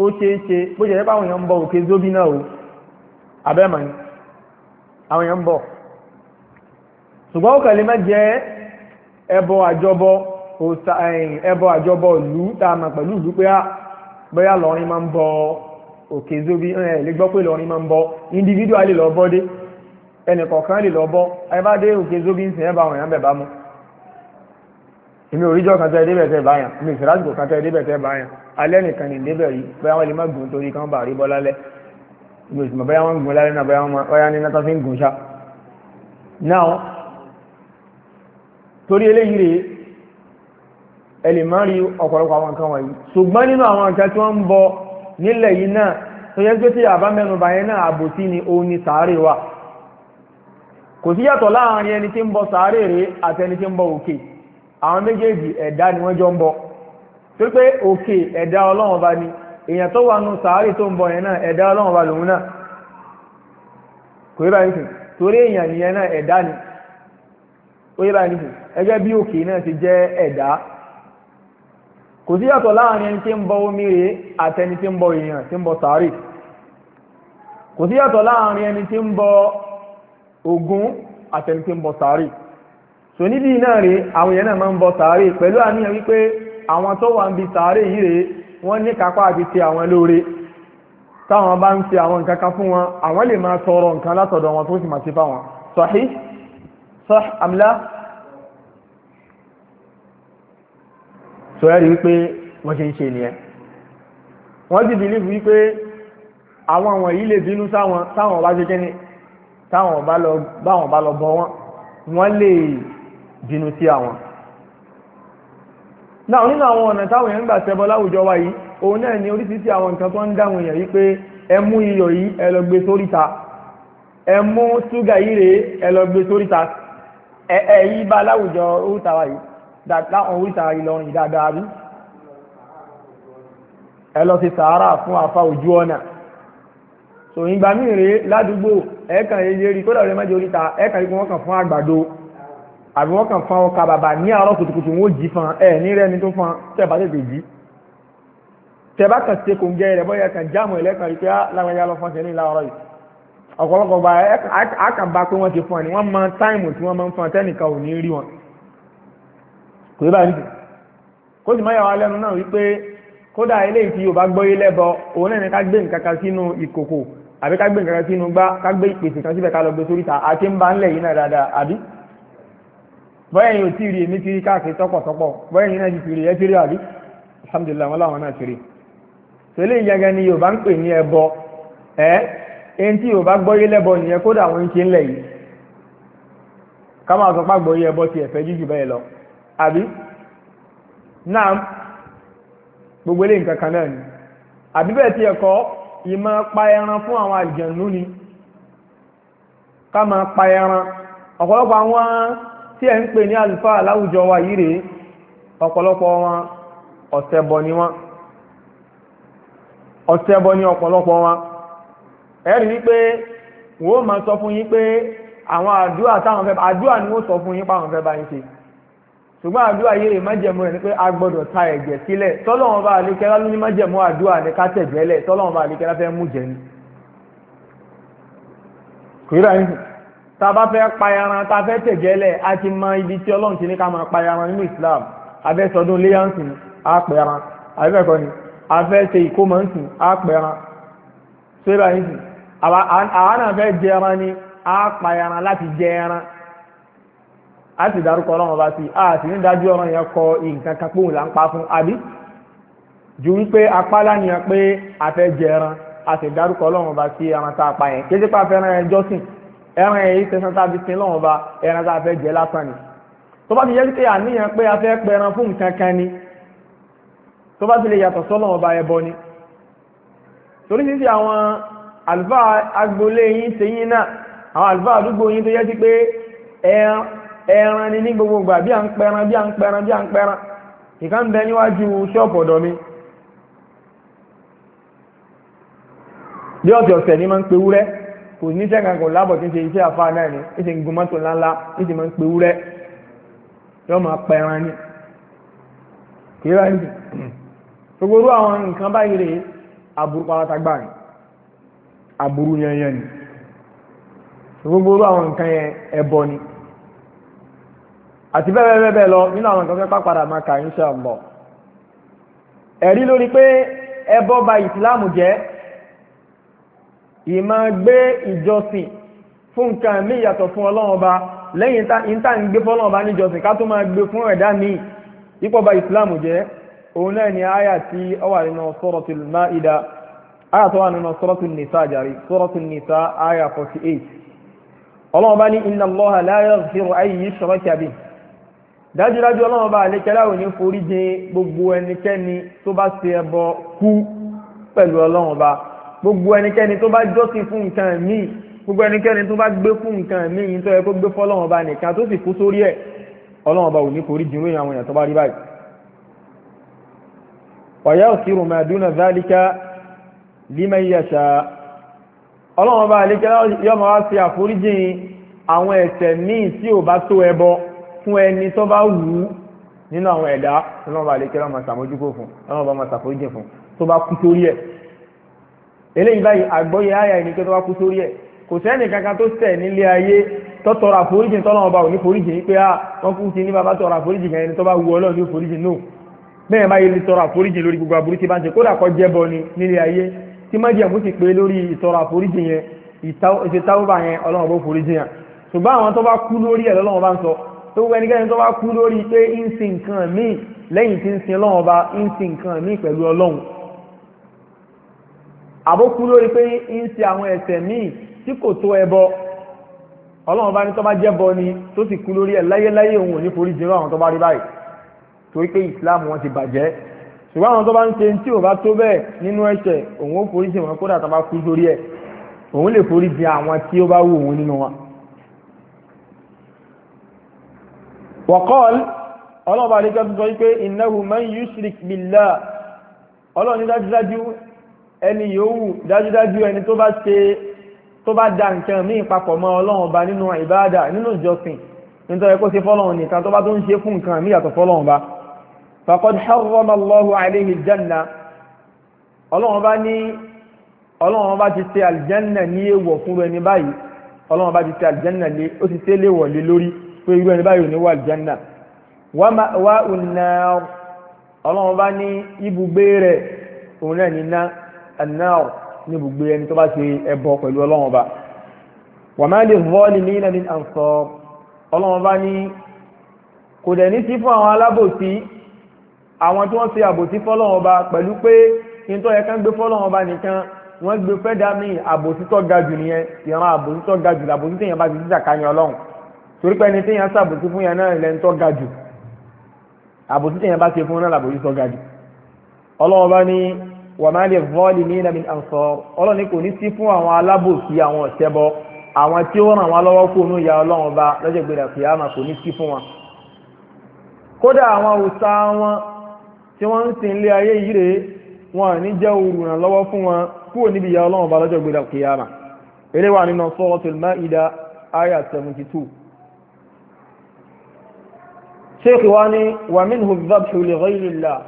ó ṣeé ṣe bó ṣe pé àwọn èèyàn ń bọ òkè zóbí náà o abẹ́mọ̀ ni àwọn èèyàn ń bọ̀ ṣùgbọ́n ó kẹ̀lé mẹ́jẹ ẹbọ àjọbọ ẹbọ àjọbọ ìlú tá a mọ̀ pẹ̀lú ìlú pé bóyá lọrin máa ń bọ òkè zóbí ẹ̀ lè gbọ́ pé lọrin máa ń bọ individual lè lọ bọ́ dé ẹnìkọ̀ọ̀kan lè lọ bọ́ ẹ bá dé òkè zóbí ẹ bá àwọn èèyàn bẹ̀ bá mu èmi òríjọ́ kan tẹ́ débẹ̀ tẹ́ báyàn mi ìṣẹ́ lásìkò kan tẹ́ débẹ̀ tẹ́ báyàn alẹ́ nìkan ní débẹ̀ rí bóyá wọ́n lè má gùn torí kan bà rí bọ́ lálẹ́ mi ò sì mọ̀ bóyá wọ́n ń gùn lálẹ́ náà bóyá wọ́n wáyá ní náà fi ń gùn ṣá. náà torí eléyìí rèé ẹ lè má rí ọ̀pọ̀lọpọ̀ àwọn nǹkan wọ̀nyí ṣùgbọ́n nínú àwọn nǹkan tí wọ́n ń bọ nílẹ̀ yìí náà tó yẹ pé àbámẹ́nuba yẹn náà àbòsí ni òun ni sàárè wà kò síyàtọ̀ láàrin ẹni tí ń bọ sàárè rèé àti ẹni tí ń bọ òkè àwọn méjèèjì ẹ̀dá ni wọ́n jọ ń bọ tó pé òkè ẹ̀dá ọlọ́run ọba ni èèyàn tó wà nù sàárì tó ń bọ yẹn náà ẹ̀dá ọlọ́run ọba lòun náà kò yẹ báyìí sùn torí èèyàn nìyẹn náà ẹ̀dá ni ó yẹ báyìí sùn ẹgẹ́ bí òkè náà ti jẹ́ ẹ̀dá kò sí yàtọ̀ láàrin ẹni tí ń bọ omi rèé àtẹni tí ń bọ èèyàn tí ń tò níbi náà rèé àwọn èèyàn náà máa ń bọ sàárè pẹ̀lú àníyàn wípé àwọn tó wà ń bi sàárè yìí rèé wọ́n ní kápá àti ti àwọn lóore táwọn bá ń fi àwọn nǹkan kan fún wọn àwọn lè máa tọrọ nǹkan látọ̀dọ̀ wọn tó sì máa ti fáwọn sahih sah amla sọ ẹ́ rí wípé wọ́n ṣe ń ṣe nìyẹn wọ́n sì bìlífù wípé àwọn àwọn yìí lè bínú sáwọn táwọn bá ṣe kẹ́ni táwọn bá lọ bọ́ wọn wọ́n lè bínú sí àwọn náà nínú àwọn ọ̀nà táwọn èèyàn gbà ṣẹbọ láwùjọ wa yìí òun náà ni oríṣiríṣi àwọn nǹkan tó ń dáwọn èèyàn yìí pé ẹ mú iyọ̀ yìí ẹ lọ gbé sóríta ẹ mú ṣúgà yìí rèé ẹ lọ gbé sóríta ẹ ẹ yìí bá láwùjọ oríta wa yìí láwọn oríta Ìlọrin dáadáa rí ẹ lọ sí sàárà fún àfa ojú ọ̀nà sòyìnbá mi rèé ládùúgbò ẹ̀ẹ̀kan àbí wọ́n kàn fún ọkà bàbà ní àárọ̀ kùtùkùtù wọn ó jí fan ẹ ní rẹ́ni tó fan tẹ́ bá tètè jí tẹ́ bá kàn ṣe kòǹgẹ́ rẹ̀ bọ́yá kàn jáàmù ẹlẹ́kàn rí pé á ah, lágbájá lọ fún ṣẹlẹ̀ láàárọ̀ yìí ọ̀pọ̀lọpọ̀ bá a kàn bá pé wọ́n ti fún ẹ ni wọ́n mọ táìmù tí wọ́n máa ń fún tẹ́nìkan ò ní rí wọn kò yí bá ń dùn kó sì má yà wá lẹ́nu náà wípé kódà eléyìí tí Yorùbá gbọ́yé lẹ́bọ bọ́yẹ̀ yìí ò tí ì rí èmi ti rí káàkiri tọ́pọ̀tọ́pọ̀ bọ́yẹ̀ yìí náà ti rí ẹ ti rí àbí alhamdulillah wọn làwọn náà ti rí tẹ́lẹ̀ ìyẹn ni yorùbá ń pè ní ẹbọ ẹ ẹni tí yorùbá gbọ́yé lẹ́bọ nìyẹn kódà wọn ń ṣe ńlẹ̀ yìí ká máa sọ ẹbọ ti ẹ̀fẹ́ jújù bẹ́ẹ̀ lọ àbí náà gbogbo eléyìí náà ni àbí bẹ́ẹ̀ ti ẹ̀kọ́ tí ẹ ń pè ní àlùfáà láwùjọ wa yìí rèé ọ̀pọ̀lọpọ̀ wọn ọ̀sẹ̀bọ ni wọn ọ̀sẹ̀bọ ni ọ̀pọ̀lọpọ̀ wọn ẹ rí wípé wọn ó máa sọ fún yín pé àwọn àdúrà táwọn fẹ́ àdúrà ni wọ́n sọ fún yín páwọn fẹ́ bá yín ṣe ṣùgbọ́n àdúrà yìí rèé májẹ̀mú rẹ̀ ni pé a gbọ́dọ̀ ta ẹ̀jẹ̀ sílẹ̀ tọ́lọ́wọ́n bá ni ká tẹ̀jẹ̀ lẹ̀ tọ́lọ́wọ́n bá àlékẹ́lá fẹ́ mú ni kò tá bá fẹ́ pa ẹran tá fẹ́ tẹ̀gẹ́lẹ̀ a ti mọ ibi tí ọlọ́run ti ní ká máa pa ẹran nínú islam abẹ́sọdún léyàǹsì á pẹ̀ ẹran àbẹ́fẹ́kọ́ ni a fẹ́ ṣe ìkómọ̀ǹsì á pẹ̀ ẹran ṣé báyìí sì àwa náà fẹ́ jẹ ẹran ni á pa ẹran láti jẹ ẹran a sì dárúkọ ọlọ́run ọba sí a sì ní dájú ọ̀ràn yẹn kọ nǹkan kan pé òun là ń pa fún àbí ju wípé apá lánìyàn pé a fẹ́ jẹ ẹran a sì dárúkọ ọlọ́run ọba sí ẹran tá a pa yẹn kéde pàfẹ́ràn ẹjọ́sìn ẹran èyí tẹ̀sán tàbí sin lọ́wọ́n ba ẹran tá a fẹ́ jẹ lásán ni tó bá ti yẹ pé àníyàn pé a fẹ́ pẹran fún nǹkan kan ni tó bá ti lè yàtọ̀ sọ́lọ́wọ́n ba ẹbọ ni torí sí àwọn àlùfáà agboolé yín ṣe yín náà àwọn àlùfáà àdúgbò yín tó yẹ sí pé ẹran ni ní gbogbo ìgbà bí à ń pẹran bí à ń pẹran bí à ń pẹran ìkan bẹ níwájú ṣọ́ọ̀pù ọ̀dọ̀ mi bí ọ̀sẹ̀ ọ̀sẹ̀ ni máa ń pe wúrẹ́ kò ní iṣẹ́ kankan kò lábọ̀ tí ń ṣe iṣẹ́ àfa náà ni ń ṣe gun mọ́tò ńláńlá ń ṣe máa ń pe wúrẹ́ yóò máa pa ẹran ni kì í rà ní gbogbo orú àwọn nǹkan báyìí rèé aburú pátágbà ni aburú yẹnyẹn ni gbogbo orú àwọn nǹkan yẹn ẹbọ ni àti bẹ́ẹ̀ bẹ́ẹ̀ bẹ́ẹ̀ lọ nínú àwọn nǹkan fẹ́ pàpàdà máa kà ń ṣe ọ̀bọ̀ ẹ̀rí lórí pé ẹbọ bà ìsìláàmù jẹ́ ìmá gbé ìjọsìn fún nǹkan mí yàtọ̀ fún ọlọ́run ọba lẹ́yìn ìta ń gbé fọ́lọ́run ọba níjọsìn ká tó máa gbé fún ẹ̀dá míì yípọ̀ba ìsìláàmù jẹ́ òun náà ni àyà tí ó wà nínú suratul Maida àyà tó wà nínú suratul Nisa jàre suratul Nisa àyà 48 ọlọ́run ọba ní inna Allaha la yaghfiru an yushraka bihi dájúdájú ọlọ́run ọba àlékẹ́lá ní forí jìn gbogbo ẹnikẹ́ni tó bá ṣe ẹbọ kú pẹ̀lú ọlọ́run gbogbo ẹnikẹ́ni tó bá jọ́sìn fún nǹkan míì gbogbo ẹnikẹ́ni tó bá gbé fún nǹkan míì tó yẹ kó gbé fọ́lọ́run ọba nìkan tó sì kú sórí ẹ̀ ọlọ́run ò ní forí jìnnú àwọn èèyàn tó bá rí báyìí. ọ̀yá òsirò máa zálíkà límẹ̀ yíyàṣà ọlọ́run yọmọ wá sí àforíjìn àwọn ẹ̀ṣẹ̀ míì tí ò bá tó ẹbọ fún ẹni tó bá wù ú nínú àwọn ẹ̀dá ọlọ́run ọba yọmọ sàmójúkò fún ọlọ́run ọba sàforíjìn fún tó bá kú sórí ẹ̀ eléyìí báyìí àgbọ́yé àyà ìníkẹ́ tó wá kú sórí ẹ̀ kò sẹ́ni kankan tó tẹ̀ nílé ayé tó tọrọ àforíjì tọ́lọ́ ọba òní foríjì pé a ah, wọ́n kú sí ní bàbá tọrọ àforíjì kan ẹni tó bá wu ọlọ́run ní foríjì náà bẹ́ẹ̀ báyìí lè tọrọ àforíjì lórí gbogbo aburú tí bá ń ṣe kódà kọ́ jẹ́bọ ni nílé ayé tí májèmú sì pé lórí ìtọrọ àforíjì yẹn ìṣètáwọ́bà yẹn ọlọ́run bó foríjì yẹn ṣùgbọ́n àwọn tó bá kú lórí ẹ̀ lọ́lọ́run bá ń sọ tó wọ ẹnikẹ́ni tó bá kú lórí pé ń sin nǹkan míì lẹ́yìn tí ń sin ọlọ́run ọba ń sin nǹkan míì pẹ̀lú ọlọ́run àbókú lórí pé ń ṣe àwọn ẹ̀ṣẹ̀ míì tí kò tó ẹbọ ọlọ́run bá ní tó bá jẹ́bọ ni tó sì kú lórí ẹ̀ láyéláyé òun ò ní forí jìnnà àwọn tó bá rí báyìí torí pé ìsìláàmù wọn ti bàjẹ́ ṣùgbọ́n àwọn tó bá ń ṣe tí ò bá tó bẹ́ẹ̀ nínú ẹ̀ṣẹ̀ òun ó forí jìn kódà tó bá kú lórí ẹ̀ òun lè forí jìn àwọn tí ó bá wù òun nínú wọn. wọ́kọ́l ọlọ́run bá ní kí ẹni yòówù dájúdájú ẹni tó bá ṣe tó bá da nǹkan míì papọ̀ mọ́ ọlọ́run ọba nínú ìbáàdà nínú ìjọsìn nítorí kó ṣe fọlọ́run nìkan tó bá tó ń ṣe fún nǹkan míì yàtọ̀ fọlọ́run ọba faqad harrama Allahu alayhi ọlọ́run ọba ní ọlọ́run ọba ti ṣe aljanna ní èèwọ̀ fún ẹni báyìí ọlọ́run ọba ti ṣe aljanna lé ó ti ṣe léèwọ̀ lé lórí pé irú ẹni báyìí ò ní wọ aljanna wa ọlọ́run ọba ní ibùgbé rẹ̀ òun náà ní náà anáà ní gbogbo ẹni tó bá ṣe ẹbọ pẹ̀lú ọlọ́run ọba wa ma liz-zalimina min ansar ọlọ́run ọba ní kò dẹ̀ ní sí fún àwọn alábòsí àwọn tí wọ́n ṣe àbòsí fọ́lọ́run ọba pẹ̀lú pé nítorí ẹ̀ka ń gbé fọ́lọ́run ọba nìkan wọ́n gbé fẹ́ dá mi àbòsí tó ga jù nìyẹn ìran àbòsí tó ga jù àbòsí téèyàn bá ti ti sàkáyàn ọlọ́run torí pé ẹni téèyàn sàbòsí fún yẹn náà lẹ́ni tó ga jù àbòsí téèyàn bá ṣe fún náà làbòsí tó ga jù ọlọ́run ọba ní wàmá lè vọ́ọ̀lì ní ìlànà ànsọ́ ọlọ́run ní kò ní sí fún àwọn alábòsí àwọn ọ̀sẹ́bọ àwọn tí ó ràn wọ́n lọ́wọ́ kó nú ìyà ọlọ́run bá lọ́jọ́ ìgbéra kìyàmà kò ní sí fún wọn. kódà àwọn òòṣà wọn tí wọ́n ń sin ilé ayé yìí rèé wọn ò ní jẹ́ olùrànlọ́wọ́ fún wọn kúrò níbi ìyà ọlọ́run bá lọ́jọ́ ìgbéra kìyàmà. eré wà wa ni wa minhu dhabhu li ghayrillah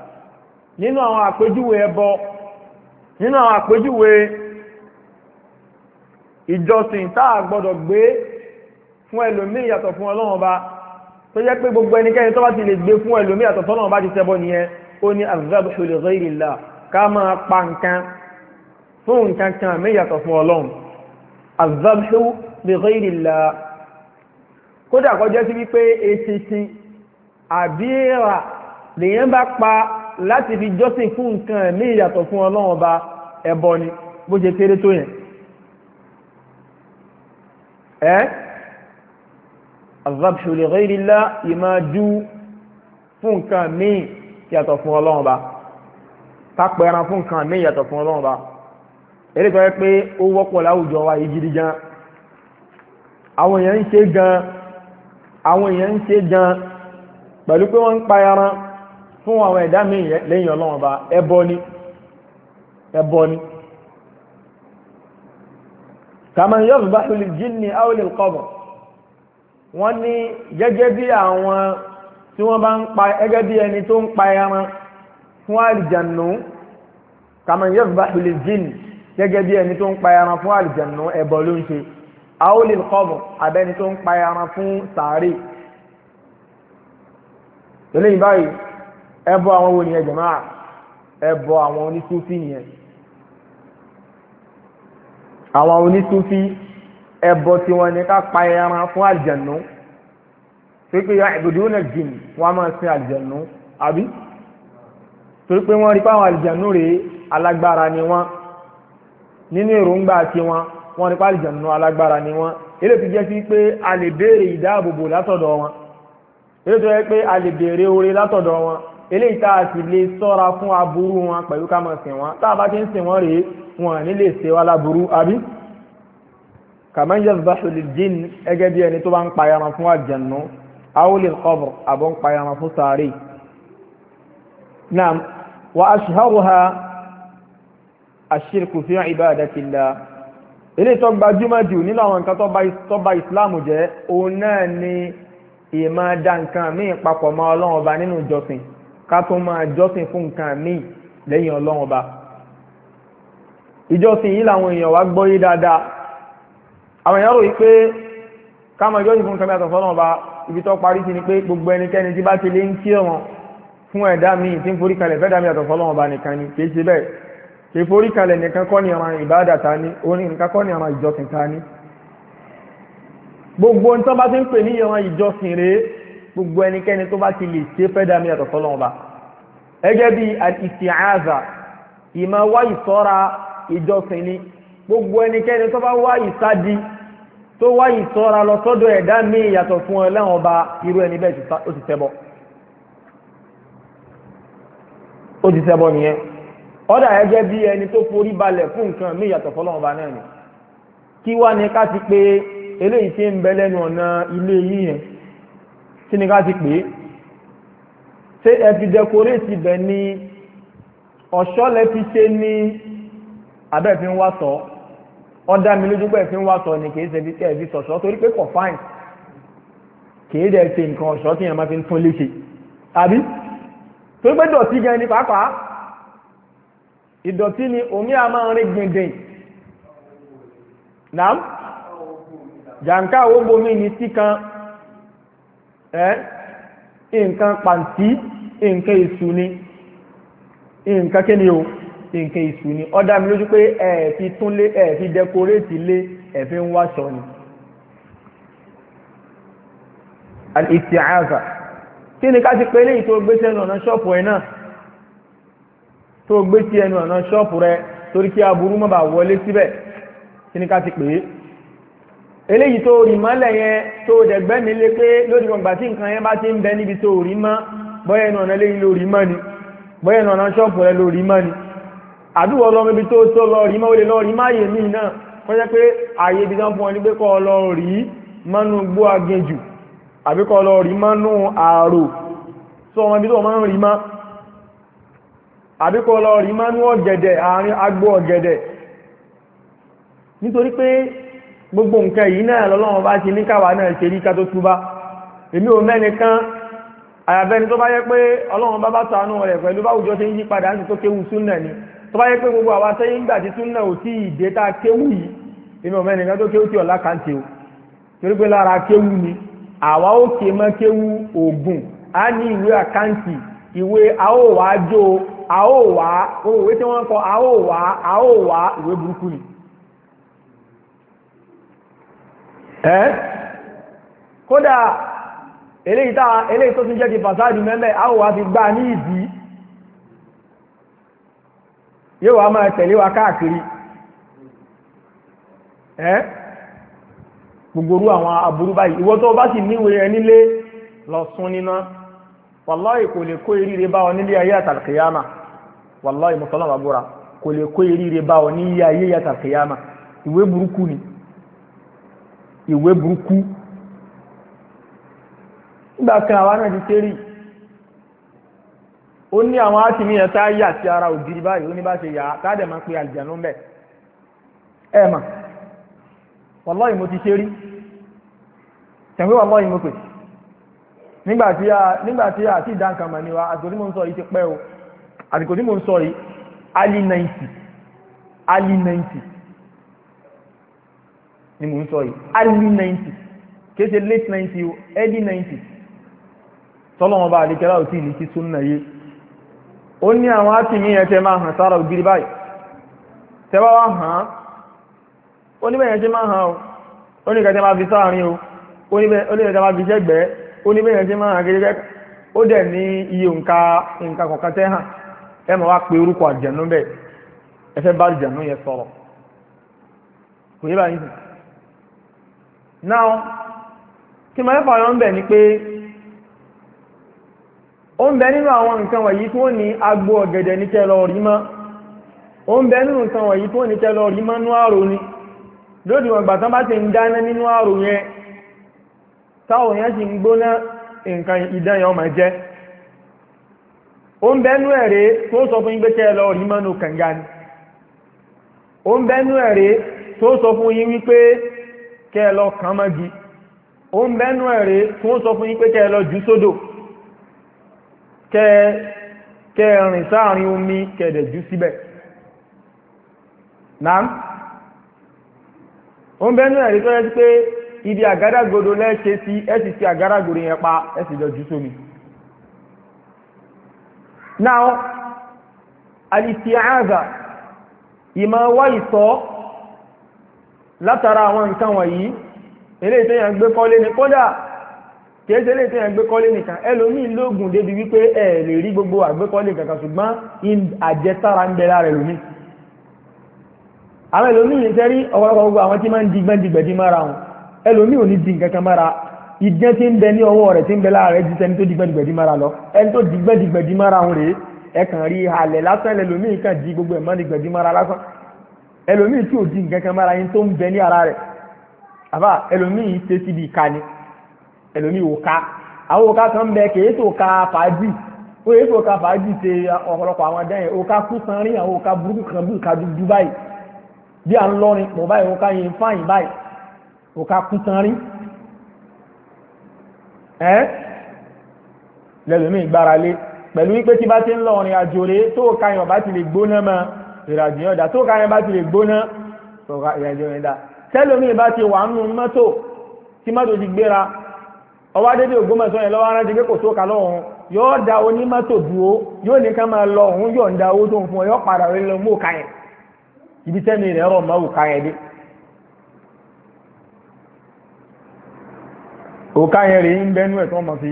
nínú àwọn àpèjúwe ẹbọ nínú àwọn àpèjúwe ìjọsìn táà gbọ́dọ̀ gbé fún ẹlòmíì yàtọ̀ fún ọlọ́run ọba tó jẹ́ pé gbogbo ẹnikẹ́ni tó bá ti lè gbé fún ẹlòmíì yàtọ̀ fún ọlọ́run ọba ti ṣẹbọ nìyẹn ó ní az-zabhu li ghayri Allah ká máa pa nǹkan fún nǹkan kan mí yàtọ̀ fún ọlọ́run az-zabhu li ghayri Allah kódà kọjá sí wípé eṣinṣin àbí èèrà lèyẹn bá pa láti fi jọ́sìn fún nǹkan mí yàtọ̀ fún ọlọ́run ọba ẹbọ ni bó ṣe kéré tó yẹn ẹ́ azabshu li ghayrillah ìmá jú fún nǹkan míì yàtọ̀ fún ọlọ́run ba kápẹ́ ẹran fún nǹkan míì yàtọ̀ fún ọlọ́run ba eré tó yẹ pé ó wọ́pọ̀ láwùjọ wa yìí gan àwọn èèyàn ń ṣe gan àwọn èèyàn ń ṣe gan pẹ̀lú pé wọ́n ń pa ẹran fún àwọn ẹ̀dá míì lẹ́yìn ọlọ́run ba ẹbọ ni ẹbọ ni kàmá yọ̀bù bá lè jí ní áwòlè kọ́bọ̀ wọ́n ní gẹ́gẹ́ bí àwọn tí wọ́n bá ń pa gẹ́gẹ́ bí ẹni tó ń pa ẹran fún àlìjànú kàmá yọ̀bù bá lè jí ní gẹ́gẹ́ bí ẹni tó ń pa ẹran fún àlìjànú ẹbọ ló ń ṣe áwòlè kọ́bọ̀ abẹ́ni tó ń pa ẹran fún sàárè lónìí báyìí ẹbọ àwọn wo ni ẹ jẹ̀máà ẹbọ àwọn onísúfì nìyẹn àwọn onísúfí ẹbọ tí wọ́n ní ká pa ẹran fún àlìjẹ̀nú pípé ìbùdó náà jìn wọ́n máa sin àlìjẹ̀nú àbí torí pé wọ́n rí pàwọn àlìjẹ̀nú rèé alágbára ni wọ́n nínú èròǹgbà tí wọ́n wọ́n rí pàwọn àlìjẹ̀nú alágbára ni wọ́n ilé ti jẹ́ sí pé a lè béèrè ìdáàbòbò látọ̀dọ̀ wọn ilé tó yẹ pé a lè béèrè oore látọ̀dọ̀ wọn eléyìí tá a sì lè sọ́ra fún aburú wọn pẹ̀lú ká máa sìn wọn tá a bá ti ń sìn wọn rèé wọn ní lè ṣe wá láburú àbí. kàmá yẹ zùbáṣọlì jìn ẹgẹ bí ẹni tó bá ń pa ẹran fún àjànú àwòlè kọbùr àbọ̀ ń pa ẹran fún sàárè. naam wa ashharuha ashirku fi ibadatillah ilé tó gbajúmọ̀ jù nínú àwọn nǹkan tó bà ìsìláàmù jẹ́ òun náà ni ìmọ̀ dá nǹkan míì papọ̀ mọ́ ọlọ́run ọba nínú ìjọsìn ká tó máa jọ́sìn fún nǹkan míì lẹ́yìn ọlọ́run ọba ìjọsìn yìí làwọn èèyàn wá gbọ́yé dáadáa àwọn èèyàn rò yí pé ká jọ́sìn fún nǹkan míì àtọ̀fọ́ ọlọ́run ọba ibi tó parí sí ni pé gbogbo ẹnikẹ́ni tí bá ti lé ń kí ọ̀ràn fún ẹ̀dá míì tí ń forí kalẹ̀ fẹ́ dàmí àtọ̀fọ́ ọlọ́run ọba nìkan ni kì í ṣe bẹ́ẹ̀ kì í forí kalẹ̀ nìkan kọ́ ni àwọn ìbáàdà ta ni orin nìkan kọ́ ni àwọn ìjọsìn ta ni gbogbo nǹkan bá ti ń pè ní gbogbo ẹnikẹ́ni tó bá ti lè ṣe fẹ́ dá mi ẹgẹ́ bí al ìmọ̀ wá ìjọsìn ni gbogbo ẹnikẹ́ni tó bá wá ìsádi tó wá ìṣọ́ra lọ sọ́dọ̀ ẹ̀dá mi fún ẹni bẹ́ẹ̀ ó ti ó ti nìyẹn ọ̀dà ẹni tó forí balẹ̀ fún nǹkan mi náà kí ni ká ti pè é ṣé ẹ fi dẹkoréètì bẹ̀ ni ọ̀ṣọ́ lẹ fi ṣe ní abẹ́ fi ń wá sọ ọ̀dà mi lójú pé ẹ fi ń wá sọ ni kìí ṣe fi ṣe ẹ̀fi sọ̀ṣọ́ torí pé kò fáìn kìí dẹ̀ ṣe nǹkan ọ̀ṣọ́ tí yẹn máa fi ń tún léṣe àbí torí pé dọ̀tí gan ni pàápàá ìdọ̀tí ni omi a máa ń rí gbìndín nàám jàǹkà owó bomi ni tí ẹ́ nǹkan pàǹtí nǹkan èsù ni nǹkan kí ni o nǹkan èsù ni ó dá mi lójú pé túnlé dẹkoréètì lé ni. al-isti'aza kí ni ká ti pé léyìí tó gbé sí ọ̀nà ṣọ́ọ̀pù ẹ̀ náà tó gbé sí ẹnu ọ̀nà ṣọ́ọ̀pù rẹ torí kí aburú má wọlé síbẹ̀ kí ni ká ti pè é. eléyìí tó rí mọ́lẹ̀ yẹn tó dẹ̀gbẹ́ mi lé pé lórí wọn gbà tí nǹkan yẹn bá ti ń bẹ níbi tó rí mọ́ bọ́yẹ̀ nù ọ̀nà eléyìí lórí mọ́ ni bọ́yẹ̀ nù ọ̀nà ṣọ́ọ̀pù rẹ lórí mọ́ ni àdúgbò lọ ibi tó tó lọ rí mọ́ ó lè lọ rí máyè míì náà wọ́n jẹ́ pé ààyè ibi tán fún ọ ní pé kọ́ lọ rí mọ́nú gbó aginjù àbí kọ́ gbogbo nǹkan yìí náà lọ́lọ́wọ́ bá ti ní káwà náà ṣe rí ká tó túbá èmi ò mẹ́ni kan àyàbẹ́ni tó bá yẹ pé ọlọ́wọ́n bá bá ṣàánú rẹ̀ pẹ̀lú báwùjọ tí ń yí padà ní tó kéwu súnà ni tó bá yẹ pé gbogbo àwa tẹ́yìn ń gbà tí súnà ò tí ì dé tá a kéwu yìí èmi ò mẹ́ni kan tó kéwu tí ọ̀la kan ti o torí pé lára kéwu ni àwa ó ké mọ́ kéwu ògùn a ní ìwé àkáǹtì ìwé a ó wá jó a ó wá òwe tí wọ́n kọ a ó wá a ó wá ìwé burúkú ni ẹ́ kódà eléyìí tá eléyìí tó tún jẹ́ kí fàsáàdì mẹ́mẹ́ àwọ̀wà fi gbá ní ìdí yóò wá máa tẹ̀lé wa káàkiri ẹ́ gbogbo àwọn aburú báyìí ìwọ tó bá sì níwèé ẹ nílé lọ sún níná wàláì kò lè kó eríire bá ọ nílé ayé àtàlùkìyàmà wàláì mùsùlùmí àbúrà kò lè kó eríire bá ọ ní ayé àtàlùkìyàmà ìwé burúkú ni ìwé burúkú nígbàkan àwọn náà ti tẹ́rì ó ní àwọn átìmí a tá yà sí ara ògiri báyìí ó ní bá ṣe yà á mo ti tẹ́rì tẹ̀wé wàlọ́ọ̀yì mo pè nígbàtí a nígbàtí a ti dáǹkà mà ní mo ń sọ yìí ti o àsìkò tí ali ali ni mò ń sọ yìí early ninety kéde late nineties, early nineties. tọ́lọ́wọ́n bá àdékẹ́lá ò tí ì ní kí súnà yé ó ní àwọn átìmí yẹn tẹ máa hàn sára ògiri báyìí tẹ́wá wá hàn án ó níbẹ̀ yẹn tẹ máa hàn o ó ní kẹtẹ máa fi sáàrin o ó ní kẹtẹ máa fi jẹ́gbẹ́ ó níbẹ̀ yẹn tẹ máa hàn kékeré ó dẹ̀ ní iye nǹka nǹka kọ̀ọ̀kan tẹ́ hàn ẹ máa wá pe orúkọ àjẹ̀nú bẹ́ẹ̀ ẹ fẹ́ bá àjẹ̀nú yẹn sọ̀rọ̀ kò yé báyìí now tí mo fẹ́fà yọ ń bẹ̀ ni pé ó ń bẹ nínú àwọn nǹkan wọ̀nyí tí wọ́n ní agbo ọ̀gẹ̀dẹ̀ ní rí ń bẹ nínú nǹkan wọ̀nyí ní rí wọn gbà tán bá ti ń dáná gbóná nǹkan jẹ́ ń bẹ nú ẹ̀rẹ́ tó sọ fún rí mọ́ nù kẹ́ ẹ lọ kàn mọ́gi ó ń bẹ́nu ẹ̀rẹ́ tí wọ́n sọ fún yín pé kẹ́ ẹ lọ jù sódò kẹ́ ẹ rìn sáàrin omi kẹ̀dẹ̀ jù síbẹ̀ náà ó ń bẹ́nu ẹ̀rẹ́ tó yẹ pé ibi àgádágodo lẹ́ẹ̀ṣe sí ẹ sì ti yẹn pa ẹ lọ jù sómi now al-isti'aza ìmọ̀ wá ìtọ́ látara àwọn nǹkan wọ̀nyí eléyìí tó yàn gbé kọ́lé ní kódà kìí ṣe eléyìí tó yàn gbé kọ́lé nìkan ẹlòmíì lóògùn débi wípé ẹ lè rí gbogbo àgbékọ́lé kankan ṣùgbọ́n àjẹsára ń bẹ lára ẹlòmíì àwọn ẹlòmíì ń sẹ́rí ọ̀pọ̀lọpọ̀ gbogbo àwọn tí máa ń digbọ́n digbẹ̀dì mára wọn ẹlòmíì ò ní di nǹkan kan mára ìgbẹ́ tí ń bẹ ní ọwọ́ rẹ̀ tí ń bẹ ẹlòmíì tí ò di nǹkan kan mára yín tó ń bẹ ní ara rẹ̀ àbá ẹlòmíì ṣe síbi ìka ni ẹlòmíì ò ká àwọn òka kan bẹ kèé tó ka fàájì ó yẹ kó ka fàájì ṣe ọ̀pọ̀lọpọ̀ àwọn adá yẹn òka kú sanrí àwọn òka burúkú kan bí ìka dúdú báyìí bí à ń lọrin pọ̀ báyìí òka yẹn fáyìn báyìí òka kú sanrí ẹ́ lẹ́lòmíì gbára lé pẹ̀lú wípé tí bá ti ń lọ ọ̀rìn àjò rèé tó ka yàn bá ti lè gbóná mọ́ ìrìnàjò yẹn dà tó ká yẹn bá ti lè gbóná tó ká ìrìnàjò tẹ́lómi bá ti wà nínú mọ́tò tí mọ́tò ti gbéra ọwọ́ adédè Ògbómọ̀ṣọ́ yẹn lọ́wọ́ aráńtí pé kò tó ká lọ́hùn yóò da onímọ́tò dúró yóò ní ká máa lọ òun yóò ń da owó tó ń fún ọ yóò padà rẹ lọ mú òkà yẹn ibi tẹ́mi rẹ̀ rọ̀ mọ́ òkà yẹn dé. òkà yẹn rèé ń bẹ́nu ẹ̀ tí wọ́n máa fi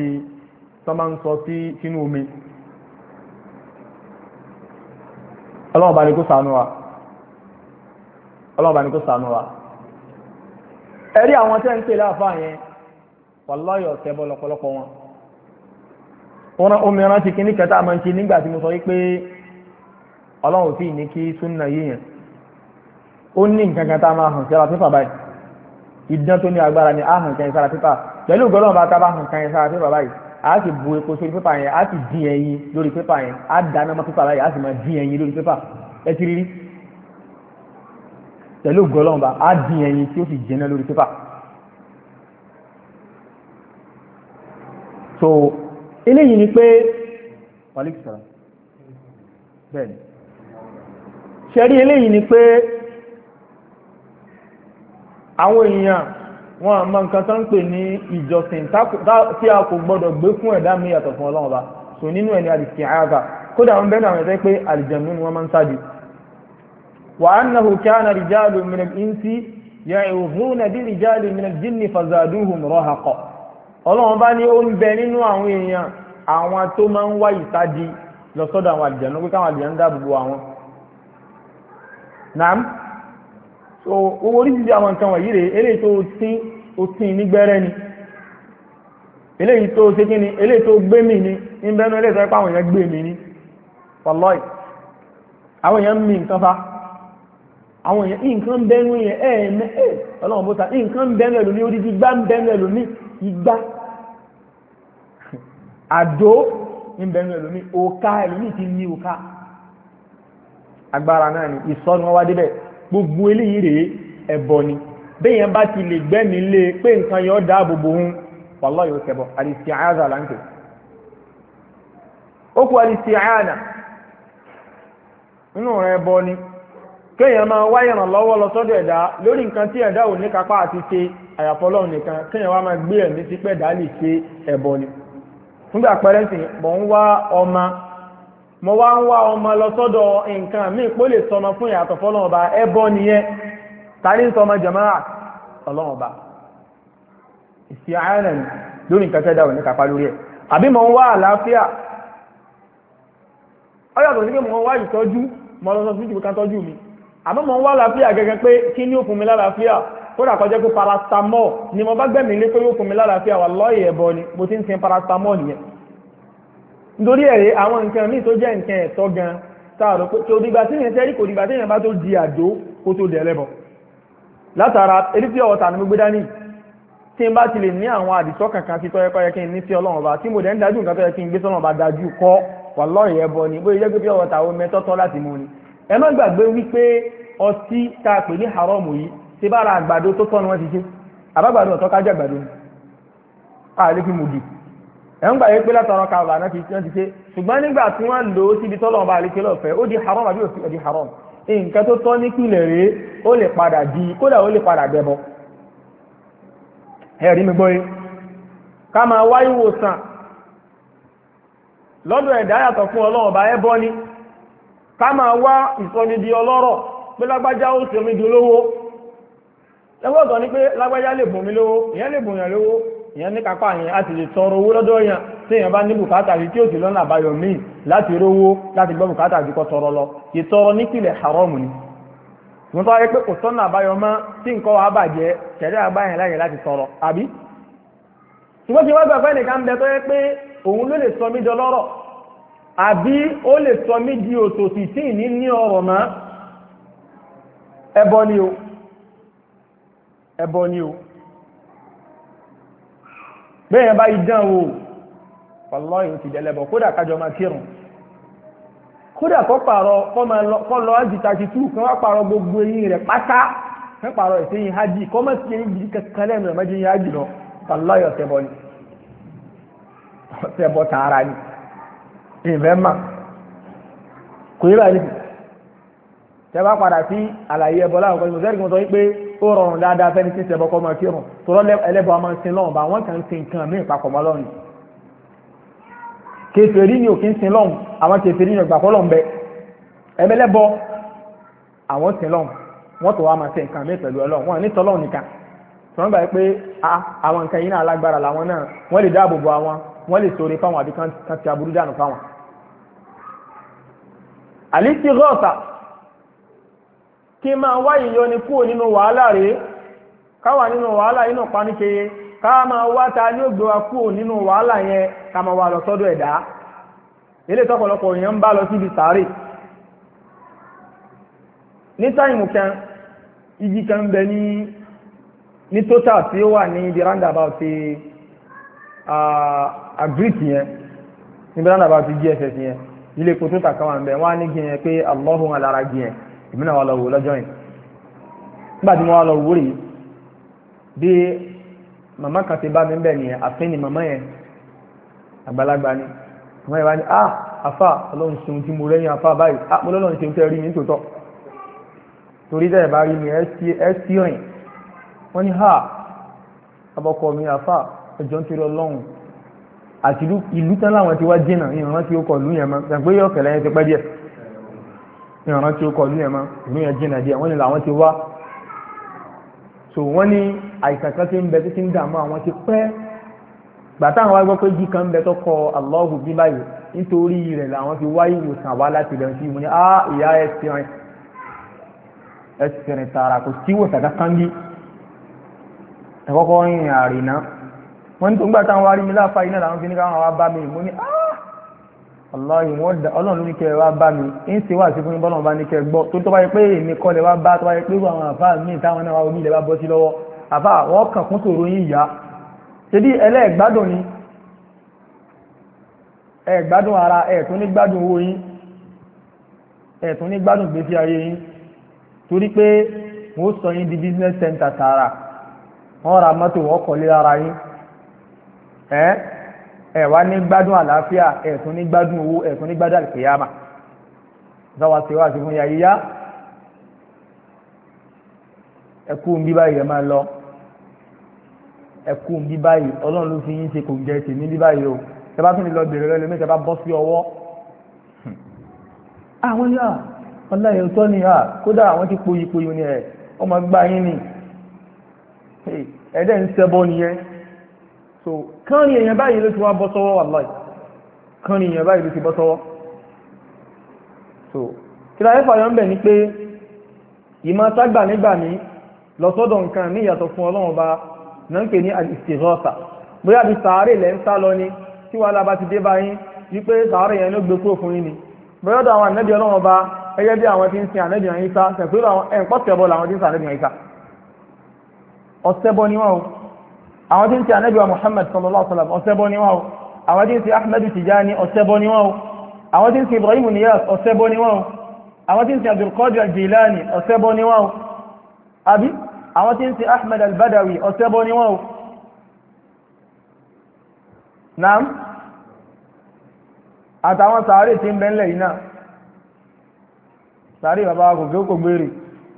tọ́ máa ń sọ sí sínú omi ọlọ́run bá ní kó sànú wa ọlọ́run bá ní kó sànú wa ẹ̀rí àwọn tẹ́ ń pè láàfáà yẹn wàláyé ọ̀tẹ́ bọ́ lọ́pọ̀lọpọ̀ wọn omi rántí kí ní kẹta máa ń ṣe nígbà tí mo sọ wípé ọlọ́run sì ní kí súnà yíyàn ó ní nǹkan kan tá a máa hàn sí ara pípà báyìí ìdán tó ní agbára ni a hàn kan sára pípà pẹ̀lú ìgbọ́lọ́run bá ta bá hàn kan sára pípà báyìí a sì bu epo sórí pépà yẹn a sì dín ẹyin lórí pépà yẹn a dáná mọ́ pépà báyìí a sì máa dín ẹyin lórí pépà ẹ ti rírí pẹ̀lú gọlọ́mba a dín ẹyin tí ó sì jẹ́ná lórí pépà. so eléyìí ni pé wàlíkì sọ̀rọ̀ bẹ́ẹ̀ni ṣẹ́rí eléyìí ni pé àwọn èèyàn wọn àmọ́ nǹkan tó ń pè ní ìjọsìn tí a kò gbọ́dọ̀ gbé fún ẹ̀dá mi yàtọ̀ fún ọlọ́run ọba sọ nínú ẹ̀ ní àdìsí àgà kódà wọn bẹ́ẹ̀ náà pé àlìjẹ̀mú ni wọ́n máa ń sáájú. wa annahu kana rijalun min al-insi ya'udhuna bi rijalin min al-jinni fazaduhum rahaqa ọlọ́run bá ní ó ń bẹ nínú àwọn èèyàn àwọn tó máa ń wá ìsádi lọ sọ́dọ̀ àwọn àlìjẹ̀mú pé káwọn àlìjẹ̀mú dáàbò so owó ike àwọn nǹkan wọ̀nyí rèé eléyìí tó ó ní gbẹ́rẹ́ ni eléyìí tó ṣe kí ni eléyìí tó gbé mi ni ń eléyìí tó pàwọn èèyàn gbé mi ni wàlọ́ì àwọn èèyàn mi nǹkan fa àwọn èèyàn nǹkan bẹ́nu yẹn ọlọ́run bó gbogbo eléyìí rèé ẹbọ ni bẹ́yẹn bá ti lè gbẹ́mí lé e pé nǹkan yọ ó dáàbò bò ń wàlọ́ yóò ṣẹbọ al-isti'aza ó kú al nínú kéèyàn máa wá lọ́wọ́ lọ sọ́dọ̀ ẹ̀dá lórí nǹkan tí ẹ̀dá ò ní kápá àti ṣe nìkan kéèyàn wá máa gbé ẹ̀mí sí lè ṣe pẹ́rẹ́ǹtì mo wá ń wá ọmọ lọ sọ́dọ̀ nǹkan mí pó lè sọmọ fún ìyàtọ̀ fọ́lọ́run ọba ẹbọ nìyẹn tàbí ń sọmọ jàmáà ọlọ́run ọba ìsì àárẹ̀ lórí nǹkan tẹ́dà ò ní kápá lórí ẹ̀ àbí mo ń wá àlàáfíà ọyọ̀tọ̀ sí pé mo ń wá ìtọ́jú mo lọ sí ìjìbìkan tọ́jú mi àmọ́ mo wá àlàáfíà gẹ́gẹ́ pé kí ni ó mi lálàáfíà kódà kọjá pé paracetamol ni mo bá gbẹ̀mí lé pé yóò fún mi lálàáfíà wà lọ́ọ̀yẹ̀ ẹ̀bọ ni mo ti ń sin paracetamol nìyẹn nítorí ẹ̀rẹ́ àwọn nǹkan míì tó jẹ́ nǹkan ẹ̀tọ́ gan táàrọ̀ pé kò dìgbà tí yẹn tẹ́rí kò dìgbà tí yẹn tó di àdó kó tó dẹ̀lẹ́bọ̀ látara erífíọ̀ ọ̀tà ni mo gbé dání tí n bá ti lè ní àwọn àdìsọ́ kankan tí tọ́yẹ kọ́ yẹ kí n ní sí ọlọ́run ọba tí mo dẹ̀ ń dájú nǹkan tó yẹ kí n gbé sọ́nà ọba dájú kọ́ wà lọ́ọ̀yẹ bọ ni bóyá gbé pure water omi ẹtọ́tọ́ láti mu ni ẹ má gbàgbé wípé ọtí tá a ẹ̀ ń gbà yín pé látara kàbà náà ti ti ṣe ṣùgbọ́n nígbà tí wọ́n lò ó síbi tọ́lọ̀ ọba àlekè lọ́fẹ̀ẹ́ ó di haram àbí ó di haram nǹkan tó tọ́ nípìnlẹ̀ rèé ó lè padà di kódà ó lè padà dẹbọ ẹ̀rí mi gbọ́ yín ká máa lọ́dọ̀ ẹ̀dá yàtọ̀ fún ọlọ́run ọba ẹ ni ká máa wá ìsọnidi ọlọ́rọ̀ pé lágbájá ó èèyàn ní kápá yẹn a ti lè tọrọ owó lọ́dọ̀ yẹn tí èèyàn bá ní bùkátà rí tí ó sì lọ́nà àbáyọ míì láti rówó láti gbọ́ bùkátà rí kọ́ tọrọ lọ ìtọrọ nípìnlẹ̀ haram ni wọ́n tọ́ ayé pé kò tọ́nà àbáyọ mọ́ tí nǹkan wa bàjẹ́ ṣẹ̀dá àbáyẹn láyè láti tọrọ àbí ṣùgbọ́n tí wọ́n gbà pé nìkan ń bẹ tó yẹ pé òun ló lè sọ mí jọ lọ́rọ̀ àbí ó lè sọ mí di òtòtì tí ìní ní ọ̀rọ̀ mọ́ ẹbọ ni o ẹbọ ni o bẹ́ẹ̀ bá idán o wallahi ti dẹ́lẹ́bọ̀ kódà kájọ máa kírun kódà kọ́ pààrọ̀ kọ́ ájì kan wá gbogbo eyín rẹ̀ pátá kan pààrọ̀ ìsẹ́yìn hajj kọ́ mọ̀ sí gidi kankan lẹ́nu rẹ̀ mẹ́jọ yín lọ ni tẹ́bá padà sí àlàyé ẹbọ láwọn ọkọ̀ ìmọ̀sẹ́rì kí wọ́n sọ wípé ó rọrùn dáadáa fẹ́ni tí ń ṣẹbọ kọ́ máa kírun tọ́lọ́ ẹlẹ́bọ máa ń sin lọ́wọ́ bá wọ́n kàn ń sin nǹkan míì papọ̀ mọ́ lọ́rùn kèfèrí ni ò kí ń sin lọ́hùn àwọn kèfèrí ni ò gbàgbọ́ lọ́hùn bẹ ẹbẹlẹ́bọ àwọn sin lọ́hùn wọ́n tó wá máa sin nǹkan míì pẹ̀lú ọlọ́hùn wọn ní tọ́lọ́hùn nìkan tí wọ́n gbà pé àwọn nǹkan yìí náà alágbára làwọn náà wọ́n lè dáàbò bo àwọn wọ́n lè sọ̀rọ̀ fáwọn àbí kan ti aburú dànù fáwọn. àlìsí rọ́ọ̀sà kí máa wá ìyọni kúrò nínú wàhálà rẹ̀ káwà nínú wàhálà inú paníkeye ká máa wá ta ní ògbé wa kúrò nínú wàhálà yẹn ká máa wà lọ sọ́dọ̀ ẹ̀dá ilé tọ́pọ̀lọpọ̀ èèyàn ń bá lọ síbi sàárè ní táìmù kan igi kan bẹ ní ní tótà tí ó wà ní roundabout ti agric yẹn níbi roundabout ti gss yẹn ilé epo tótà kan wà ń bẹ wọn á ní èmi náà wà lọ wò lọ́jọ́ yìí nígbà tí mo wà lọ wò rí bí màmá kan ti bá mi bẹ̀ nìyẹn àfin ni màmá yẹn àgbàlagbà ni màmá yẹn wá ní ah afa ọlọ́run ṣeun tí mo rẹ́yìn afa báyìí ah mo lọ́lọ́run ṣeun tẹ́ rí mi tòótọ́ torí dẹ́ bá rí mi ẹ sí rìn wọ́n ní ha abọ́kọ mi afa ẹjọ́ ń tiri ọlọ́run àti ìlú tán láwọn ti wá jìnnà ìrántí ó kọ̀ lú yẹn mọ́ ṣàgbéyọ̀ kẹlẹ́ yẹn ti pẹ́ díẹ̀ ìran tí ó kọjú ẹ̀ mọ́ ìlú yẹn jìnnà díẹ̀ wọ́n ní làwọn ti wá so wọ́n ní àìsàn kan ti ń bẹ títí ń dààmú àwọn ti pẹ́ gbàtà àwọn agbọ́ pé jí kan ń bẹ tó kọ Allahu bí báyìí nítorí rẹ̀ làwọn fi wá ìwòsàn wá láti lọ sí ìwòsàn á ah, ìyá ẹsẹ̀rin ẹsẹ̀rin tààrà kò sí ìwòsàn kankan bí ẹ̀kọ́kọ́ rìn àrìnà wọ́n ní tó ń gbàtà àwọn arímílà fáyínà làwọn fi ní káwọn wá bá mi ìmú ní Ah aláyìn wọ́n da ọlọ́run ló ní kẹ́ ẹ wá bá mi ń ṣe wá sí fún yín bọ́lọ́run bá ní kẹ́ ẹ gbọ́ tó tó bá yẹ pé èmi kọ́ lẹ wá bá tó bá yẹ pé irú àwọn àfáà míì táwọn náà wá omi ilẹ̀ bá bọ́ sí lọ́wọ́ àfáà wọ́n kàn kún sòrò yín ìyá ṣebí ẹlẹ́ẹ̀gbádùn ni ẹ̀gbádùn ara ẹ̀tún ní gbádùn owó yín ẹ̀tún ní gbádùn gbèsè ayé yín torí pé wọ́n sọ yín di business center tààrà wọ́n ra mọ́tò wọ́n kọ́lé ara yín ẹ wá ní gbádùn àlàáfíà ẹ tún ní gbádùn owó ẹ tún ní gbádùn àlùkìyàmà sáwà sí wá sí fún yàyí yá ẹkú ń bí báyìí ẹ máa lọ ẹkú ń bí báyìí ọlọ́run ló fi yín ṣe kò ń jẹ tèmi bí báyìí o ẹ bá tún lè lọ bèrè rẹ lómi ẹ bá bọ́ sí ọwọ́ àwọn yà ọláyẹ tó ní à kódà àwọn ti poyi poyi ni ẹ ọmọ gbá yín ni ẹ̀ẹ́dẹ̀ ń ṣẹbọ nìyẹn so kánrin èèyàn báyìí ló ti wá bọ́ sọ́wọ́ wallahi kánrin èèyàn báyìí ló ti bọ́ sọ́wọ́ so kìláyé fàyọ ń bẹ̀ ni pé ìmọ̀ ságbà nígbà ní lọ́sọ́dọ̀ nǹkan ní ìyàtọ̀ fún ọlọ́run bá náà ń pè ní al-istighatha bóyá bí sàárè lẹ́ ń sá lọ ni tí wàá lába ti dé báyìí wípé sàárè yẹn ló gbé kúrò fún yín ni bóyá dọ̀ àwọn ànẹ́bí ọlọ́run bá gẹ́gẹ́ bí àwọn tí ń sin ànẹ́bí ọ̀hún sá tẹ̀pẹ́ ẹ̀ńpọ̀tẹ̀bọ̀ làwọn tí ń sin wọ́n àwọn tí ń ti anabi wa muhammad sallallahu alaihi wa sallam ọ̀sẹ̀ bọ́ ni wọ́n o àwọn tí ń ti ahmadu tijani ọ̀sẹ̀ bọ́ ni wọ́n o àwọn tí ń ti ibrahim niyas ọ̀sẹ̀ bọ́ ni wọ́n o àwọn tí ń ti abdulkadir jilani ọ̀sẹ̀ bọ́ ni wọ́n o àtàwọn sàárè tí ń bẹ yìí náà sàárè bàbá wa kò gbé kò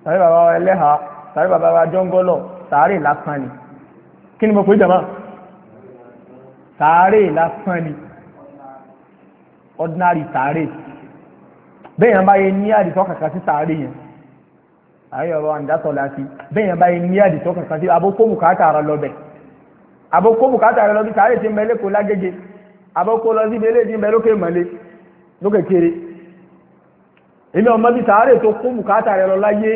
sàárè bàbá wa ẹlẹ́ha sàárè bàbá wa jọ́ngọ́lọ̀ sàárè lásán kí ni mo pè jàmá sàárè lásán ni ordinary sàárè bẹ́ẹ̀ yẹn báyẹn ní àdìsọ́ kàkà sí sàárè yẹn àyè ọ̀rọ̀ àǹdásọ̀ láti bẹ́ẹ̀ yẹn báyẹn ní àdìsọ́ kàkà sí abókó bùkátà ara lọ bẹ̀ abókó bùkátà ara lọ bí sàárè ti ń bẹ lẹ́kọ̀ọ́ lágége abókó lọ sí ibẹ̀lẹ́ ti ń lókè mọ́lé lókè kéré èmi ọmọ bí sàárè tó kó bùkátà rẹ lọ láyé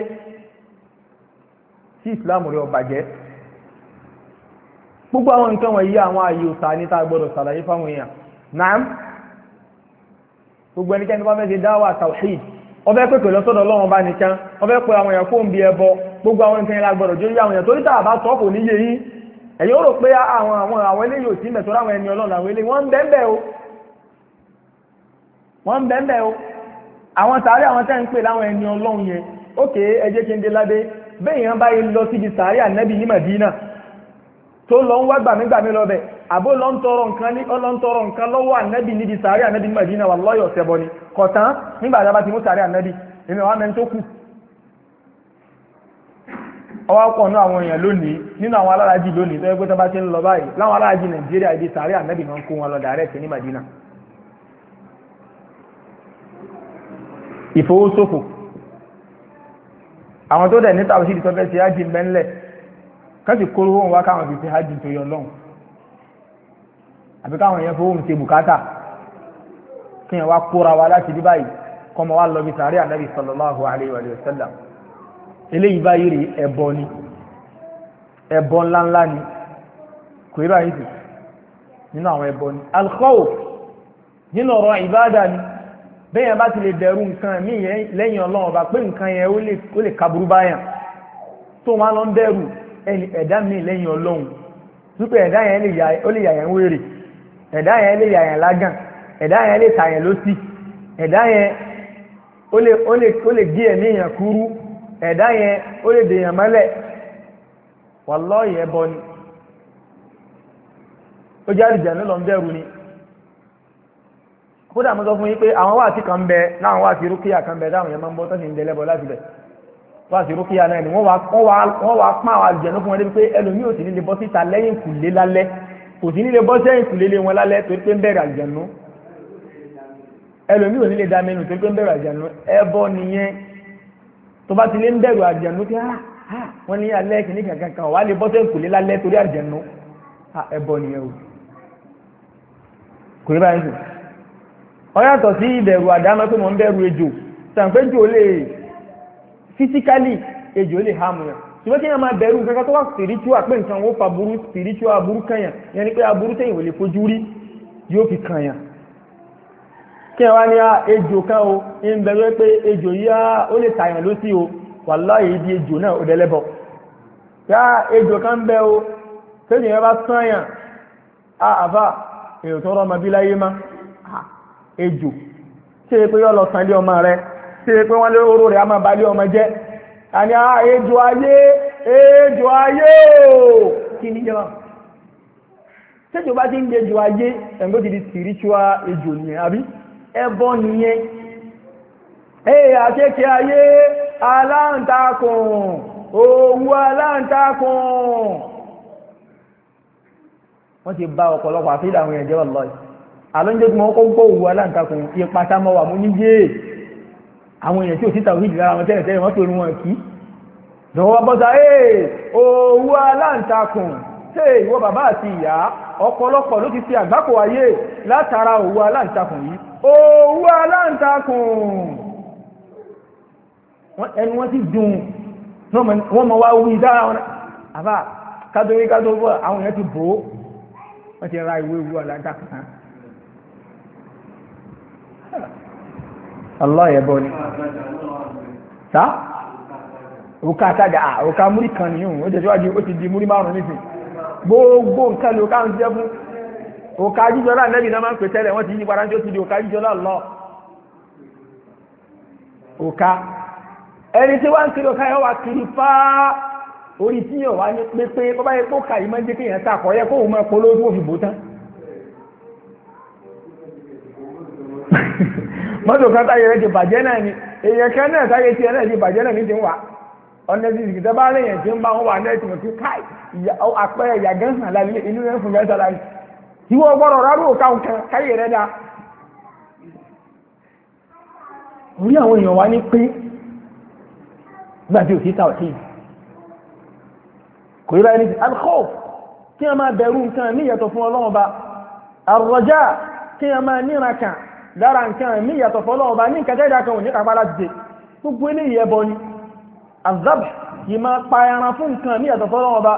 tí ìsìlámù rẹ ó gbogbo àwọn nǹkan wọ̀nyí àwọn ààyè òta ní tá a gbọ́dọ̀ sàlàyé fáwọn èèyàn naam gbogbo ẹnikẹ́ni bá fẹ́ ṣe dáwà tawhid ọbẹ̀ pẹ̀pẹ̀ lọ́sọ̀dọ̀ ọlọ́run bá nìkan ọbẹ̀ pẹ̀ àwọn èèyàn fóun bí gbogbo àwọn nǹkan yẹn a bá sọ kò níye yín ẹ̀yin ó rò pé àwọn àwọn àwọn eléyìí ò sí mẹ̀tọ́ o o tó lọ ń wá gbàmígbàmí lọ bẹ̀ àbó lọ ń tọrọ nǹkan ní ọlọ ń tọrọ nǹkan lọ́wọ́ ànẹ́bì wà ni kọ̀tán nígbà tí a bá ti mú sàárì ànẹ́bì èmi àwọn amẹ́ni tó kù ọwọ́ pọ̀ ní àwọn èèyàn lónìí nínú àwọn alárajì lónìí tó yẹ pé tó bá ti ń lọ báyìí láwọn alárajì Nàìjíríà ibi sàárì ànẹ́bì máa ń kó wọn lọ direct ní ìfowósòfò àwọn tó dẹ̀ ní kẹ́sì kóró wọn wá káwọn fi ṣe hajj nítorí ọlọ́run àbí káwọn yẹn fowó ṣe bùkátà kí yẹn wá kóra wa láti bí báyìí kọ́ mọ wá lọ bí sàárẹ̀ ànábì sallallahu alayhi wa sallam eléyìí báyìí rí ẹ̀bọ ni ẹ̀bọ ńláńlá ni kò rí báyìí sì nínú àwọn ẹ̀bọ ni al-khawf nínú ọ̀rọ̀ ìbáàdà ni bẹ́ẹ̀ yẹn bá ti lè bẹ̀rù nǹkan míì lẹ́yìn ọlọ́run ọba pé nǹkan yẹn ó lè kaburú báyàn tó wọn lọ ń bẹ̀rù ẹni ẹ̀dá mi lẹ́yìn ọlọ́run wípé ẹ̀dá yẹn ó lè yà yẹn wèrè ẹ̀dá yẹn lè yà yẹn lágàn ẹ̀dá yẹn lè tà yẹn lọ́sì ẹ̀dá yẹn ó lè ó lè gé ẹ̀mí yẹn kúrú ẹ̀dá yẹn ó lè ni ó jẹ́ àlùjànnú ló ni kódà mo sọ fún yín pé àwọn kan bẹ láwọn wáàtí rúkìá kan bẹ táwọn yẹn máa ń bọ́ wá sí rúkìá náà ni wọ́n wá pọ́n àwọn àlùjẹ̀nú fún wọn débi pé ẹlòmíì ò sì ní lè bọ́ síta lẹ́yìn kùlé lálẹ́ kò sì ní lè bọ́ sẹ́yìn kùlé lé wọn lálẹ́ torí pé ń bẹ̀rẹ̀ àlùjẹ̀nú ẹlòmíì ò ní lè dá mẹ́nu torí pé ń bẹ̀rẹ̀ àlùjẹ̀nú ẹbọ nìyẹn tó bá ti lé ń bẹ̀rẹ̀ àlùjẹ̀nú pé ah, ah, wọ́n ní alẹ́ kìíní kankan kan wà á lè bọ́ sẹ́yìn kùlé lálẹ́ torí àlùjẹ̀nú ah, ẹbọ nìyẹn o kò ní báyìí sùn ọ yàtọ̀ sí ìbẹ̀rù àdámọ́ pé mo ń bẹ̀rù ejò sàǹpẹ́jò lè physically ejò lè hàmù yàn ṣùgbọ́n kí yẹn máa bẹ̀rù kankan tó wà spiritual pé nǹkan ó fa burú spiritual aburú kan yẹn ni pé aburú tẹ̀yìn ò lè fojú rí yóò fi kan yàn kí yẹn wá ní ah, ejò kan o ń bẹ̀rù pé ejò yìí ah, ó lè tàyàn ló sí o wàláyé di ejò náà ó dẹ́lẹ́bọ̀ yá ejò kan bẹ́ o tẹ́jì yẹn bá tán a, á àbá èrò tó rọ́ ọmọ bí láyé má ah, ejò ṣe é pé yọ lọ sanlé ọmọ rẹ̀ tí ó pé wọ́n lé oró rẹ̀ a máa balẹ̀ ọmọ jẹ́ àní ah, ejò ayé ejò ayé o kí ni jẹba tẹjọ bá ti ń jẹjọ ayé ẹgbẹ́ ti di spiritual ejò nìyẹn àbí ẹbọ nìyẹn ee àkékè ayé aláǹtakùn òwú aláǹtakùn wọ́n ti bá ọ̀pọ̀lọpọ̀ àfihàn àwọn ẹ̀jẹ̀ wà lọ́yìn àlọ́njẹ́ tí wọ́n kọ́ gbọ́ òwú aláǹtakùn ipa tá mọ́ wà àwọn èèyàn tí ò sí tàwíìdì lára wọn tẹ́lẹ̀tẹ́lẹ̀ wọ́n pèrú wọn kí lọ́wọ́ bọ́ta ee owó aláǹtakùn ṣe ìwọ bàbá àti ìyá ọ̀pọ̀lọpọ̀ ló ti fi àgbákò ayé látara owó aláǹtakùn yìí owó aláǹtakùn ẹni wọ́n ti dùn wọ́n mọ̀ wá wí dára wọn àbá kádórí kádórí àwọn èèyàn ti bò ó wọ́n ti ra ìwé owó aláǹtakùn Allah ya bọ́ ni sá òkà àtàgà òkà múrí kan nìyàn ó jẹ́ síwájú ó ti di múrí márùn nísìn gbogbo nǹkan lè òkà ń jẹ́ fún òkà jíjọ ma nẹ́bì náà máa ń pè tẹ́lẹ̀ wọ́n ti yí padà tó ti di òkà jíjọ lọ òkà ẹni tí ń kiri òkà yẹn wà kiri fáá orí tí yóò wá pépé yẹ kó máa ń jẹ́ kí sàkọ́ yẹ kó máa polówó fi bò tán. mọ́tò kan táyé rẹ̀ ti bàjẹ́ náà ni èèyàn kan náà táyé tiẹ̀ náà ti bàjẹ́ náà ní ti ń wà ọ̀nà ti ìsìnkì tẹ́bá rẹ̀ yẹn ti ń bá wọn wà náà ti mọ̀ sí káì àpẹẹrẹ ìyá gan hàn lálẹ́ inú rẹ̀ fún mẹ́ta láti ìwọ gbọ́dọ̀ rárú òkà nǹkan káyé rẹ̀ dá. orí àwọn èèyàn wá ní pé nígbà tí òkè táwọn sí kò yí báyìí ní ti alkhawf kí a máa bẹ̀rù nǹkan níyàtọ̀ fún ọlọ́run ba àrọ̀já kí a máa níra kan lára nke a ìyàtọ̀ fọ́lọ́ ọba ní nǹkan tẹ́ẹ̀dá kan ò ní kápá láti dé ni azab yìí máa pa ẹran fún nǹkan mí ìyàtọ̀ fọ́lọ́ ọba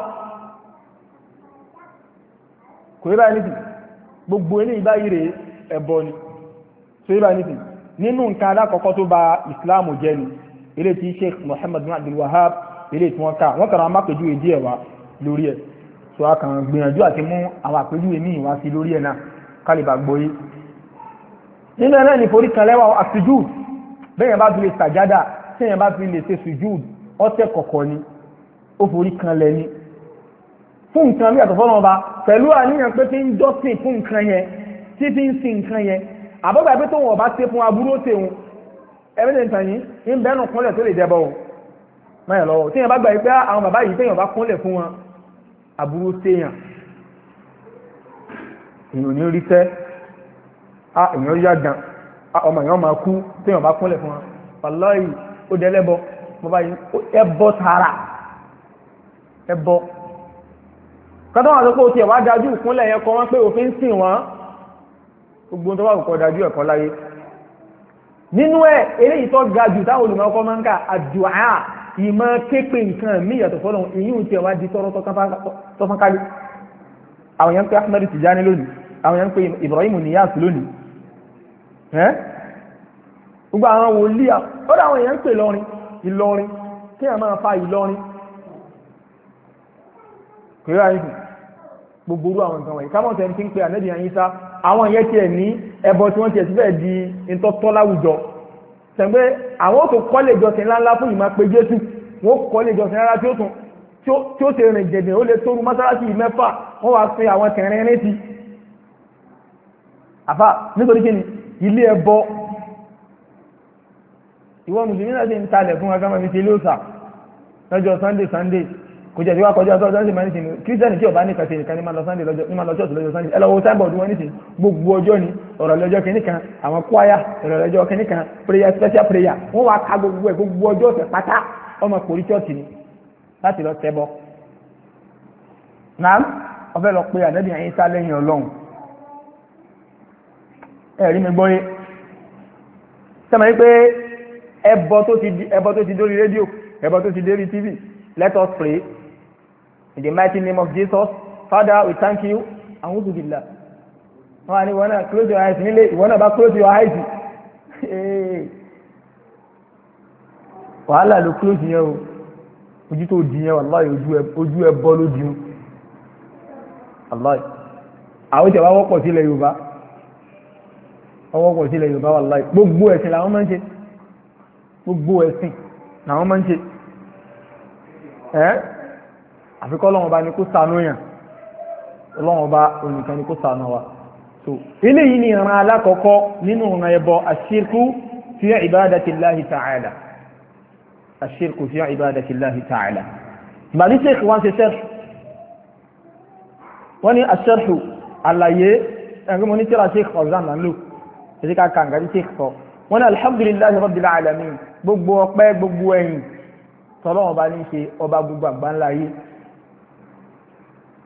kò yíba gbogbo eléyìí báyìí rèé ẹbọ ni so yíba nítì nínú nǹkan alákọ̀ọ́kọ́ tó ba ìsìláàmù jẹ́ ni ilé tí Muhammad bin Abdul Wahab ilé tí wọ́n ká wọ́n so a kàn gbìyànjú àti mú àwọn àpèjúwe míì sí lórí ẹ̀ náà kálíbà nínú ẹ̀rẹ́ ní forí kan lẹ́wà àfijú bẹ́yẹn bá fi lè sàjádà tẹ́yẹn bá fi lè ṣe sùjú ọ̀tẹ̀ kọ̀kọ̀ ni ó forí kan lẹ̀ ni fún nǹkan bí àtọ̀fọ́ náà bá pẹ̀lú àníyàn pé fi ń jọ́sìn fún nǹkan yẹn tí fi ń sin nǹkan yẹn àbọ̀gbà pé tóun ọ̀bá ṣe fún aburú ó tẹ̀hún ẹ̀mẹ́tẹ̀ nǹkan yìí ń bẹ́nu kúnlẹ̀ tó lè jẹ́ bọ́ máyà lọ́wọ́ tí yẹn bá gbà pé ah, àwọn bàbá yìí tẹ̀yìn ọ̀bá kúnlẹ̀ fún wọn aburú ó tẹ̀yàn èèyàn rí tẹ́ a èèyàn yá gan ọmọ èèyàn máa kú téèyàn bá kúnlẹ̀ fún wa wàláì ó dẹlẹ́bọ mo bá yí ẹbọ tààrà ẹbọ kọ́tọ́ wọn sọ o tiẹ̀ wá dájú ìkúnlẹ̀ yẹn kọ́ wọn pé òfin ń sìn wọ́n gbogbo tó bá kọ́ dájú ẹ̀kọ́ láyé nínú ẹ̀ eléyìí tó ga jù táwọn olùmọ̀ọ́kọ́ máa ń kà àdùá ìmọ̀ képe nǹkan mí yàtọ̀ fọ́lọ́hún èyí ò tiẹ̀ wá di tọ́rọ́ tọ́fọ́n kálí àwọn yẹn ń pè Ahmed Tijani lónìí àwọn yẹn ń pè Ibrahim Niyas lónìí ẹ́ gbogbo àwọn wòlíì ọ̀dọ̀ àwọn yẹn ń pè lọ́rin Ìlọrin kí a máa fa Ìlọrin kìrìà ìsìn gbogbo orú àwọn nǹkan wọ̀nyí kámọ́ tẹ̀ ń tí ń pè ànẹ́bí àyín sá àwọn yẹn tiẹ̀ ní ẹbọ tí wọ́n tiẹ̀ ti fẹ́ẹ̀ di ìtọ́tọ́ láwùjọ tẹ̀gbẹ́ àwọn tó kọ́lé ìjọsìn ńláńlá fún ìmọ̀ pé Jésù wọ́n kọ́lé ìjọsìn rárá tí ó tún tí ó ṣe rìn jẹ̀dẹ̀ ó lè tóru mọ́sálásí mẹ́fà wọ́n wá pe àwọn kẹrin rìn sí àfà nítorí kí ni ilé ẹbọ ìwọ mùsùlùmí náà ti ń talẹ̀ fún agbámọ́ fi ti ilé òsà lọ́jọ́ sunday sunday kò jẹ́ ìwà kọjá ọjọ́ sunday máa ní sinmi kírísítẹ́nì tí ọba nìkan ṣe nìkan ní máa lọ sunday lọ́jọ́ ní máa lọ church lọ́jọ́ sunday ẹ lọ́wọ́ signboard wọn nìsín gbogbo ọjọ́ ni ọ̀rọ̀ lọ́jọ́ kìíní kan àwọn kwaya ọ̀rọ̀ lọ́jọ́ kìíní kan prayer special prayer wọ́n wá ka gbogbo ẹ̀ gbogbo ọjọ́ ọ̀sẹ̀ pátá ọmọ kòrí church ni láti lọ tẹ́bọ. nàá ọfẹ́ lọ pe ànábì àyínsá lẹ́yìn ọlọ́run ẹ̀rí mi gbọ́yé sẹ́mọ̀ wípé ẹbọ tó ti di ẹbọ tó ti dórí rédíò ẹbọ tó ti dórí tv let us pray in the mighty name of jesus father we thank you a'udhu billah wọn wà ní ìwọ náà close your eyes nílé ìwọ náà bá close your eyes wàhálà ló close yẹn o ojú tó di yẹn wàláyé ojú ẹbọ ló di o àlọ́ àwọn ìjọba wọ́pọ̀ sílẹ̀ yorùbá ọwọ́ pọ̀ sílẹ̀ Yorùbá wà láì gbogbo ẹ̀sìn làwọn máa ń ṣe gbogbo ẹ̀sìn làwọn máa ń ṣe ẹ́ àfikọ́ ọlọ́run ọba ni kó sànú yàn ọlọ́run ọba onìkan ni kó sànú wa so eléyìí ni ìran alákọ̀ọ́kọ́ nínú ìran ẹbọ àṣírkú fi ìbádàtì láhi àṣírkú fi ìbádàtì láhi ta'ala sèkì wọn ṣe sẹ́f wọ́n ní àṣẹ́rù àlàyé ẹgbẹ́ mo ní tíra sèkì ọ̀zán náà títí ká ka nǹkan títí sọ wọn ní alhamdulillahi rabbil alamin gbogbo ọpẹ́ gbogbo ẹ̀yìn tọ́lọ́wọ́n bá ní ṣe ọba gbogbo àgbáńlá yìí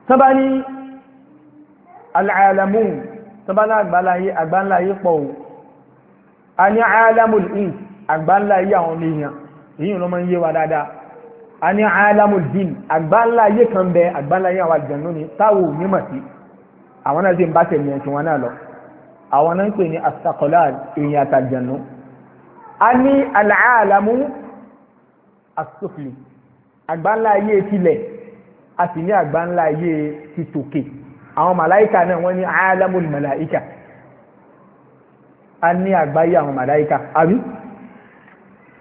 tọ́ba ní alàlámù tọ́ba ní àgbáńlá yìí àgbáńlá yìí pọ̀ o a ní alamul ins àgbáńlá yìí àwọn ènìyàn èyí ló máa ń yé wa dáadáa a ní alamul jin àgbáńlá yìí kan bẹ àgbáńlá yìí àwọn àjẹ̀nú ni táwọn ní mọ̀ àwọn náà sì ń bá tẹ̀lé ẹ̀sìn àwọn náà ń pè ní asakọlad èyàn àtàjànú a ní alàálàmú asòfin àgbáńlá ayé tilẹ̀ a sì ní àgbáńlá ayé titòkè àwọn màláìka náà wọ́n ní alamul màláìka a ní àgbáyé àwọn màláìka àbí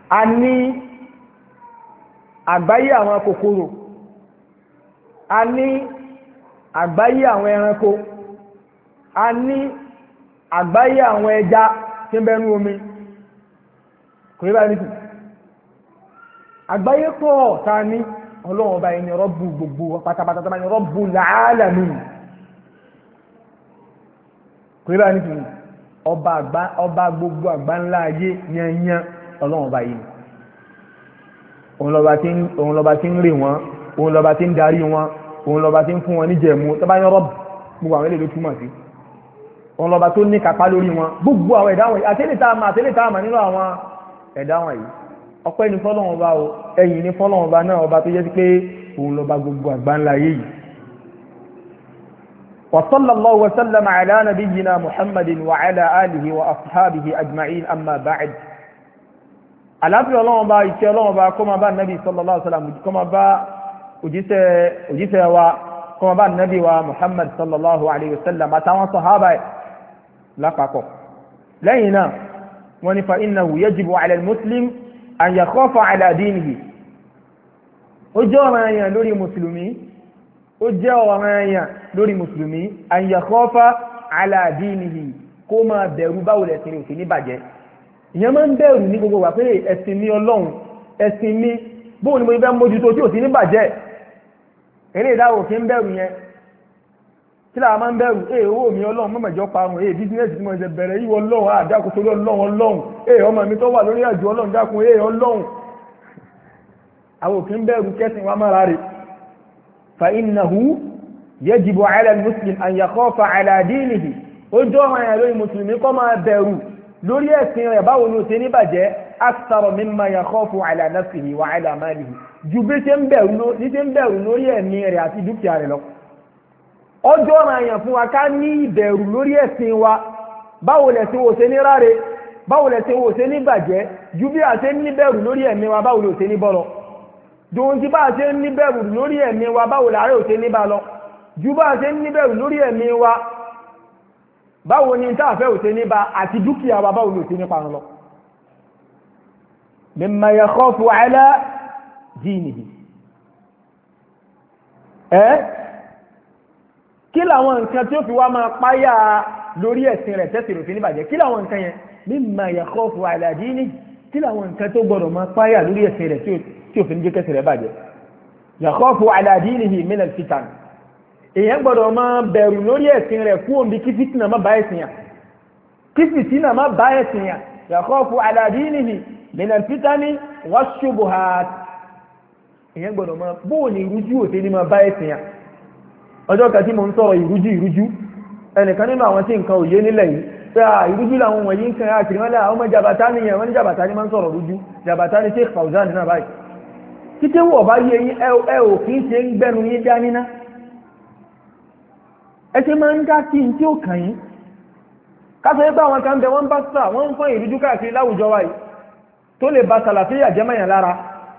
a ní àgbáyé àwọn kòkòrò a ní àgbáyé àwọn ẹranko a ní àgbáyé àwọn ẹja tí ń bẹnu omi kò rí bá ní sùn àgbáyé pọ̀ ta ní ọlọ́run ọba ẹni rọ́bù gbogbo pátápátá tábà ní rọ́bù làálàmì kò rí bá ní sùn ọba gbogbo àgbá ńlá ayé yanyan ọlọ́run ọba yìí òun lọ́ba tí ń rè wọ́n òun lọ́ba tí ń darí wọn òun lọ́ba tí ń fún wọn níjẹ̀mú tábà ní rọ́bù gbogbo àwọn eléyìí túmọ̀ sí ọlọ́ba tó ní kápá lórí wọn gbogbo àwọn ẹ̀dá wọ̀nyí àtẹ́lẹ̀ta àmà àtẹ́lẹ̀ta àmà nínú àwọn ẹ̀dá wọ̀nyí ọpẹ́ ní fọ́lọ́wọ́n o ẹ̀yìn ní fọ́lọ́wọ́n náà ọba tó jẹ́ sí pé òun lọ́ba gbogbo àgbáńlá yìí وصلى الله وسلم على نبينا محمد وعلى آله وأصحابه أجمعين أما بعد àlàáfíà ọlọ́wọ́n bá ìṣẹ́ ọlọ́wọ́n bá kó máa bá nàbì sallallahu alaihi wasallam kó máa bá òjíṣẹ́ wa kó máa bá nàbì wa Muhammad sallallahu alaihi wasallam àtàwọn sọ̀hábà lápapọ̀ lẹ́yìn náà wọ́n ní fa innahu yajibu ala al-muslim an yakhafa ala dinihi ó jẹ́ ọ̀ràn èèyàn lórí mùsùlùmí ó jẹ́ ọ̀ràn èèyàn lórí mùsùlùmí an yakhafa ala dinihi kó máa bẹ̀rù báwo lẹ̀sìn òsì ní bàjẹ́ ìyẹn máa ń bẹ̀rù ní gbogbo wà pé ẹ̀sìn mi ọlọ́run ẹ̀sìn mi bóun ni mo fẹ́ mójútó tí òsì ní eré ìdáwò kí ń bẹ̀rù yẹn kí láà máa ń bẹ̀rù ee owó mi ọlọ́run mọ̀mọ̀jọ́ parun ee bísíǹnẹ́sì tí mo ṣe bẹ̀rẹ̀ yíwọ ọlọ́run àdákùn torí ọlọ́run ọlọ́run ee ọmọ mi tó wà lórí àjò ọlọ́run dákun ee ọlọ́run àwọn bẹ̀rù kẹ́sìn wa mára rè fa innahu yajibu ala al-muslim an yakhafa ala dinihi ó jọ hàn yà lórí mùsùlùmí kó máa bẹ̀rù lórí ẹ̀sìn rẹ̀ báwo ni ó ṣe ní bàjẹ́ akthar mimma yakhafu ala nafsihi wa ala malihi ju bí ṣe ń bẹ̀rù lórí ẹ̀mí rẹ̀ àti dúkìá rẹ̀ lọ ọjọ́ ọ̀ràn àyàn fún wa ká ní ìbẹ̀rù lórí ẹ̀sìn wa báwo lẹ̀sìn wò ṣe ní ráre báwo lẹ̀sìn wò ṣe ní bàjẹ́ ju bí a ṣe ń ní bẹ̀rù lórí ẹ̀mí wa báwo lò ṣe ní bọ́lọ dùn ti bá a ṣe ń ní lórí ẹ̀mí wa báwo làárẹ̀ ò ṣe ní bá lọ ju bá a ṣe ń ní lórí ẹ̀mí wa báwo ni tá a fẹ́ ò ṣe ní bá àti dúkìá wa báwo lò ṣe ní parun lọ. mimma yakhafu ala dinihi ẹ́ kí làwọn nǹkan tí ó fi wá máa páyà lórí ẹ̀sìn rẹ̀ tẹ́sí rò fi níbàjẹ́ kí làwọn nǹkan yẹn mimma yakhafu ala dini kí làwọn nǹkan tó gbọdọ̀ máa páyà lórí ẹ̀sìn rẹ̀ tí ò fi ní jẹ́ kẹ́sìn rẹ̀ bàjẹ́ yakhafu ala dinihi min al-fitan èèyàn gbọdọ̀ máa bẹ̀rù lórí ẹ̀sìn rẹ̀ kú òǹbí kí fìtínà má bá ẹ̀sìn yà kí fìtínà má bá ẹ̀sìn yà yà ọjọ́ kan tí mo ń sọ̀rọ̀ ìrújú ìrújú ẹnìkan nínú àwọn tí nǹkan òye nílẹ̀ yìí pé à ìrújú làwọn wọ̀nyí ń kan àkìrí wọn láà ọmọ jàbàtà ni yẹn wọn ní jàbàtà ni máa ń sọ̀rọ̀ rújú jàbàtà ni Sheikh Fauzan náà báyìí títí wọ̀ bá yé yín ẹ ò kì í ṣe ń gbẹnu yín dá níná ẹ ṣe máa ń dá sí ní tí ó kàn yín kásọ̀ yẹ́ bá àwọn kan bẹ wọ́n bá sà wọ́n ń fọ́n ìrújú káàkiri láwùjọ wa tó lè ba sàlàfíà jẹ́mọ̀yàn lára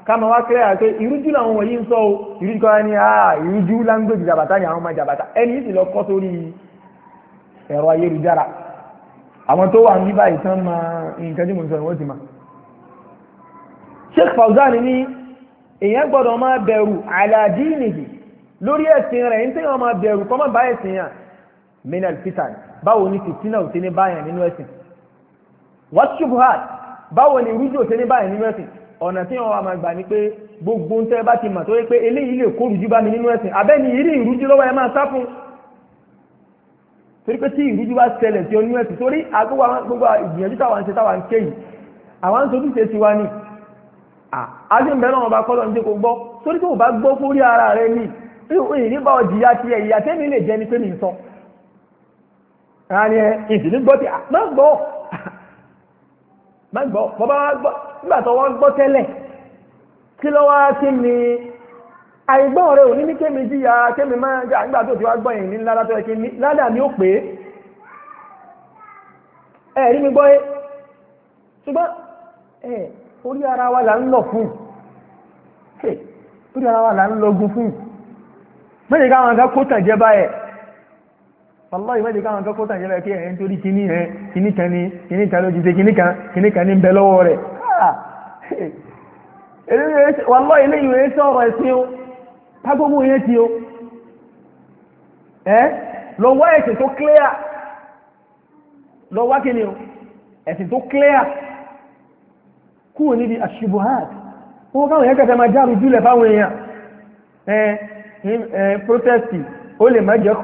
káma wá kílẹ̀ àti ìrújú làwọn wọ̀nyí ń sọ o ìrújú kọ́ ni ah ìrújú láńgbèjì jàbàtà ni àwọn ọmọ jàbàtà ẹni yìí sì lọ kọ́ sórí ẹ̀rọ ayélujára àwọn tó wà ní báyìí tán ma nǹkan tí mo sọ ìwọ́n ti ma Sheikh Fawzan ní èèyàn gbọ́dọ̀ máa bẹ̀rù aladinihi lórí ẹ̀sìn rẹ̀ ní tí máa bẹ̀rù kọ́ máa bá ẹ̀sìn yàn minal fitan báwo ni fitina ò ti ní báyàn nínú ẹ̀sìn wàtúbùhàt báwo ni rújú ti ní báyàn nínú ẹ̀sìn ọ̀nà tí wọ́n wà máa gbà ní pé gbogbo ń tẹ́ bá ti mọ̀ tó yẹ pé eléyìí lè kó rújú bá mi nínú ẹ̀sìn abẹ́ni ìrí ìrújú lọ́wọ́ ẹ máa sá fún torí pé tí ìrújú bá ṣẹlẹ̀ tí ó nínú ẹ̀sìn torí gbogbo ìgbìyànjú táwa ń ṣe táwa ń ké yìí àwa ń sojú ṣe tiwa ni àjùmọ̀bẹ́ náà ọba kọ́lọ̀ ń dé kó gbọ́ torí tó bá gbọ́ fórí ara rẹ ni ìní bá nígbà tó gbọ́ tẹ́lẹ̀ kí lọ wá sí mi àìgbọ́n rẹ ò ní ní kémi jíya kémi máa ń ti wá gbọ́yìn ní ládàá tó yẹ ní ni ó pé é rí mi gbọ́ ṣùgbọ́n ẹ̀ orí ara wa là ń lọ fún orí ara wa là ń fún káwọn kó tàn jẹ tàn wàlọ́ ilé ìwé sọ̀rọ̀ ẹ̀sìn o tágbógbó yẹn ti o ẹ́ lọ ẹ̀sìn tó clear lọ kíni o ẹ̀sìn tó clear kúrò níbi àṣubuhad wọ́n káwọn èèyàn kẹfẹ́ máa járu jùlẹ̀ fáwọn èèyàn ẹ protesti ó lè má jẹ́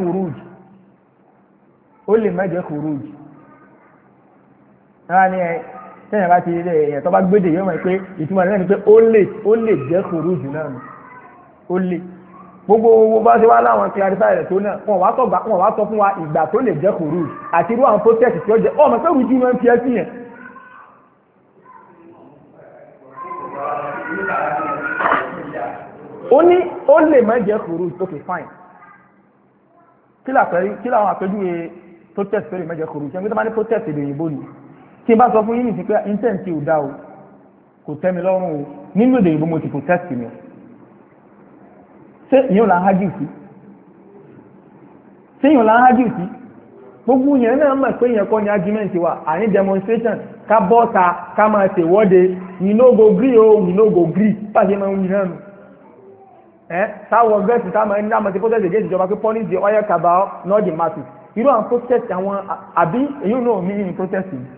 tẹ́yìn bá ti rí èèyàn tó bá gbédè yóò mọ̀ pé ìtumọ̀ rẹ̀ náà ni pé ó lè ó lè jẹ́ kòrò jù náà nù ó lè gbogbo owó bá ṣe wá láwọn clarify rẹ̀ tó náà wọn wá tọ̀gbà wọn wá sọ fún wa ìgbà tó lè jẹ́ kòrò àti irú àwọn protest tí ó jẹ́ ọmọ pé rújú máa ń fi ẹ́ yẹn. ó ní ó lè má jẹ́ kòrò ok fine kí làwọn àpèjúwe protest tó lè má jẹ́ kòrò jẹ́ nígbà tó bá ní protest èdè òyìnbó ni tí bá sọ fún yín nìsí pé intanẹ̀tì ò dá o kò tẹ́ mi lọ́rùn o nínú èdè ìbomọ ti protest mi ṣé ìyóò là ń hájú sí ṣé ìyóò là ń hájú sí gbogbo yẹn náà mọ̀ pé yẹn kọ́ ni argument wa àní demonstration ká bọ́ta ká máa ṣèwọ́de we no go gree o we no go gree pàṣẹ máa ń wí náà nù ẹ táwọn gẹ́ẹ̀sì táwọn ẹni náà mọ̀ sí protest against ìjọba pé police the oil cabal not the masses irú àwọn protest àwọn àbí èyí ò náà mí protest yìí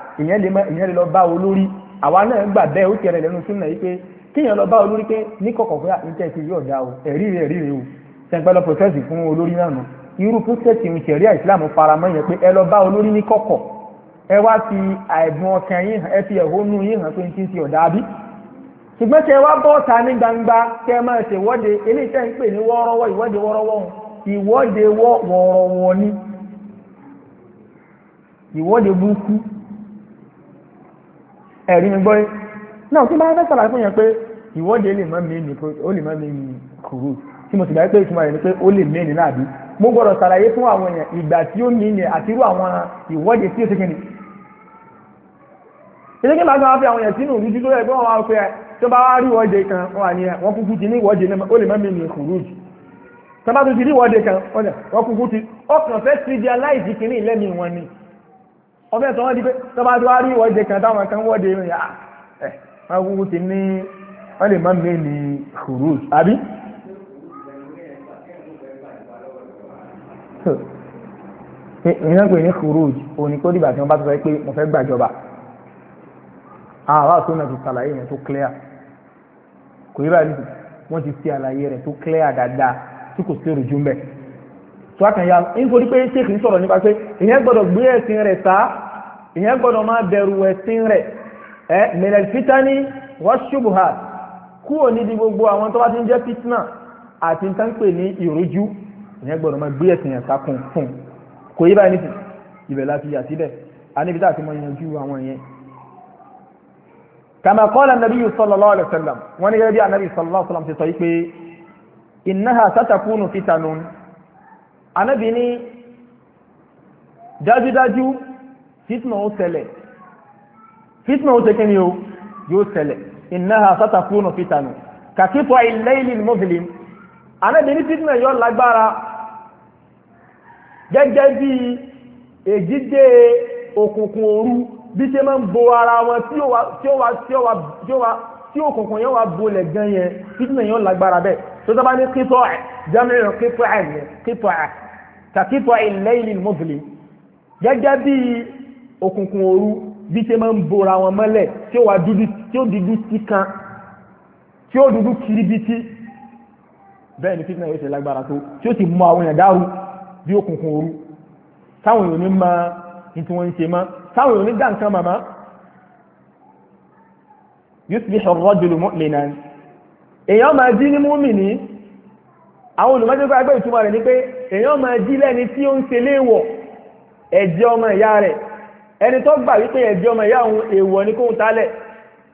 ìyẹn lè lọ bá olórí àwa náà gbà bẹ́ẹ̀ ó tẹ̀rẹ̀ lẹ́nu súnmọ́ yìí pé kíyàn lọ bá olórí pé ní kọ̀kọ̀ pé àtúntẹ̀ ti yóò dá o ẹ̀rí rẹ̀ ẹ̀rí rẹ̀ o sẹ́ńpẹ́ lọ pọ̀sẹ́sì fún olórí náà nù irú pọ̀sẹ́sì ń ṣẹ̀rí àìsílámù faramọ́ yẹn pé ẹ lọ bá olórí ní kọ̀kọ̀ ẹ wá fi àìbùn ọkàn yín hàn ẹ fi ẹ̀hónú yín hàn pé ti ń ti ọ̀dà bí. ṣùgbọ́n tẹ wá bọ́ ta ní gbangba tẹ máa ṣe ìwọ́de eléyìí tẹ́ ni ìwọ́de burúkú ẹ̀rí mi gbọ́ náà tí bá fẹ́ sọ̀rọ̀ fún yẹn pé ìwọ́de lè má mẹ́ni ó lè má mẹ́ni kúrú tí mo sì gbà pé ìtumọ̀ rẹ̀ ni pé ó lè mẹ́ni náà bí mo gbọ́dọ̀ sàlàyé fún àwọn èèyàn ìgbà tí ó ní ilẹ̀ àti irú àwọn ìwọ́de tí ó ṣe kìnnì. ilé kí lásán wá fi àwọn èèyàn sínú ìrújú tó yẹ pé wọ́n wá pé tó bá wá rí ìwọ́de kan wọ́n àní wọ́n kúkú ti ní ìwọ́de ó lè má mẹ́ni kúrú jù tó bá tún ti rí ìwọ́de kan wọ́n kúkú ti ọkàn fẹ́ ọbẹ̀ tó wọ́n di pé tọ́ba tó wá rí ìwọ́de kan táwọn kan wọ́de rìn yá ẹ̀ máa wúwo ti ní wọ́n lè má mẹ́lì khuruj àbí. ìyẹn pè ní khuruj òní kó dìgbà tí wọ́n bá sọ pé mo fẹ́ gbàjọba àwọn àtúnà ti ṣàlàyé yẹn tó clear kò yí báyìí wọ́n ti ṣe àlàyé rẹ̀ tó clear dáadáa tí kò sí èròjú mbẹ́ tó wákàn ya nítorí pé ṣéèkì sọ̀rọ̀ nípa pé ìyẹn gbọ́dọ̀ gbé ẹ̀sìn rẹ̀ sá ìyẹn gbọ́dọ̀ máa bẹ̀rù ẹ̀sìn rẹ̀ ẹ mẹ̀rẹ̀ fitani wọ́ṣubuha kúrò nídìí gbogbo àwọn tó bá ti ń jẹ́ fitna àti ń tánpè ní ìrújú ìyẹn gbọ́dọ̀ máa gbé ẹ̀sìn rẹ̀ sá fún kò yí báyìí nìsín ibẹ̀ láti yà síbẹ̀ àníbi tá àti mọ yanjú àwọn yẹn. kama qala an-nabiy sallallahu alaihi wasallam wọ́n ní gẹ́gẹ́ bí anábì ní dájúdájú fitna ó ṣẹlẹ̀ fitna ó ṣe kí ni o yóò ṣẹlẹ̀ innaha satakunu fitanu kàkítọ̀ al-laylil muzlim anábì ní fitna yóò lágbára gẹ́gẹ́ bí èjídé òkùnkùn òru bí ṣe máa ń bo ara wọn tí ó wà tí ó wà tí ó wà tí òkùnkùn yẹn wà bolẹ̀ gan yẹn fitna yóò lágbára bẹ́ẹ̀ tó tó bá ní kíkọ́ ẹ̀ jẹ́mìíràn kíkọ́ ẹ̀ ní kíkọ́ ẹ̀ kàkíkọ́ ilẹ̀ ìlú mọ́bìlì gẹ́gẹ́ bí òkùnkùn òru bí ṣe máa ń bora wọn mọ́lẹ̀ tí ó wà dúdú tí ó dúdú sí kan tí ó dúdú kiri bí tí bẹ́ẹ̀ ni fitna yóò ṣe lágbára tó tí ó sì mọ àwọn èèyàn dárú bí òkùnkùn òru táwọn èèyàn ní ma ní tí ṣe mọ́ táwọn èèyàn ní dá nǹkan màmá yusbihu ar-rajulu mu'minan èèyàn máa jí ní múmìnì àwọn olùmọ́jọ́gbà ẹgbẹ́ ìtumọ̀ rẹ̀ ni pé èèyàn máa jí lẹ́ni tí ó ń ṣe léèwọ̀ ẹ̀jẹ̀ ọmọ ìyá rẹ̀ ẹni tó gbà wípé ẹ̀jẹ̀ ọmọ ìyá òun èèwọ̀ ni kóun tálẹ̀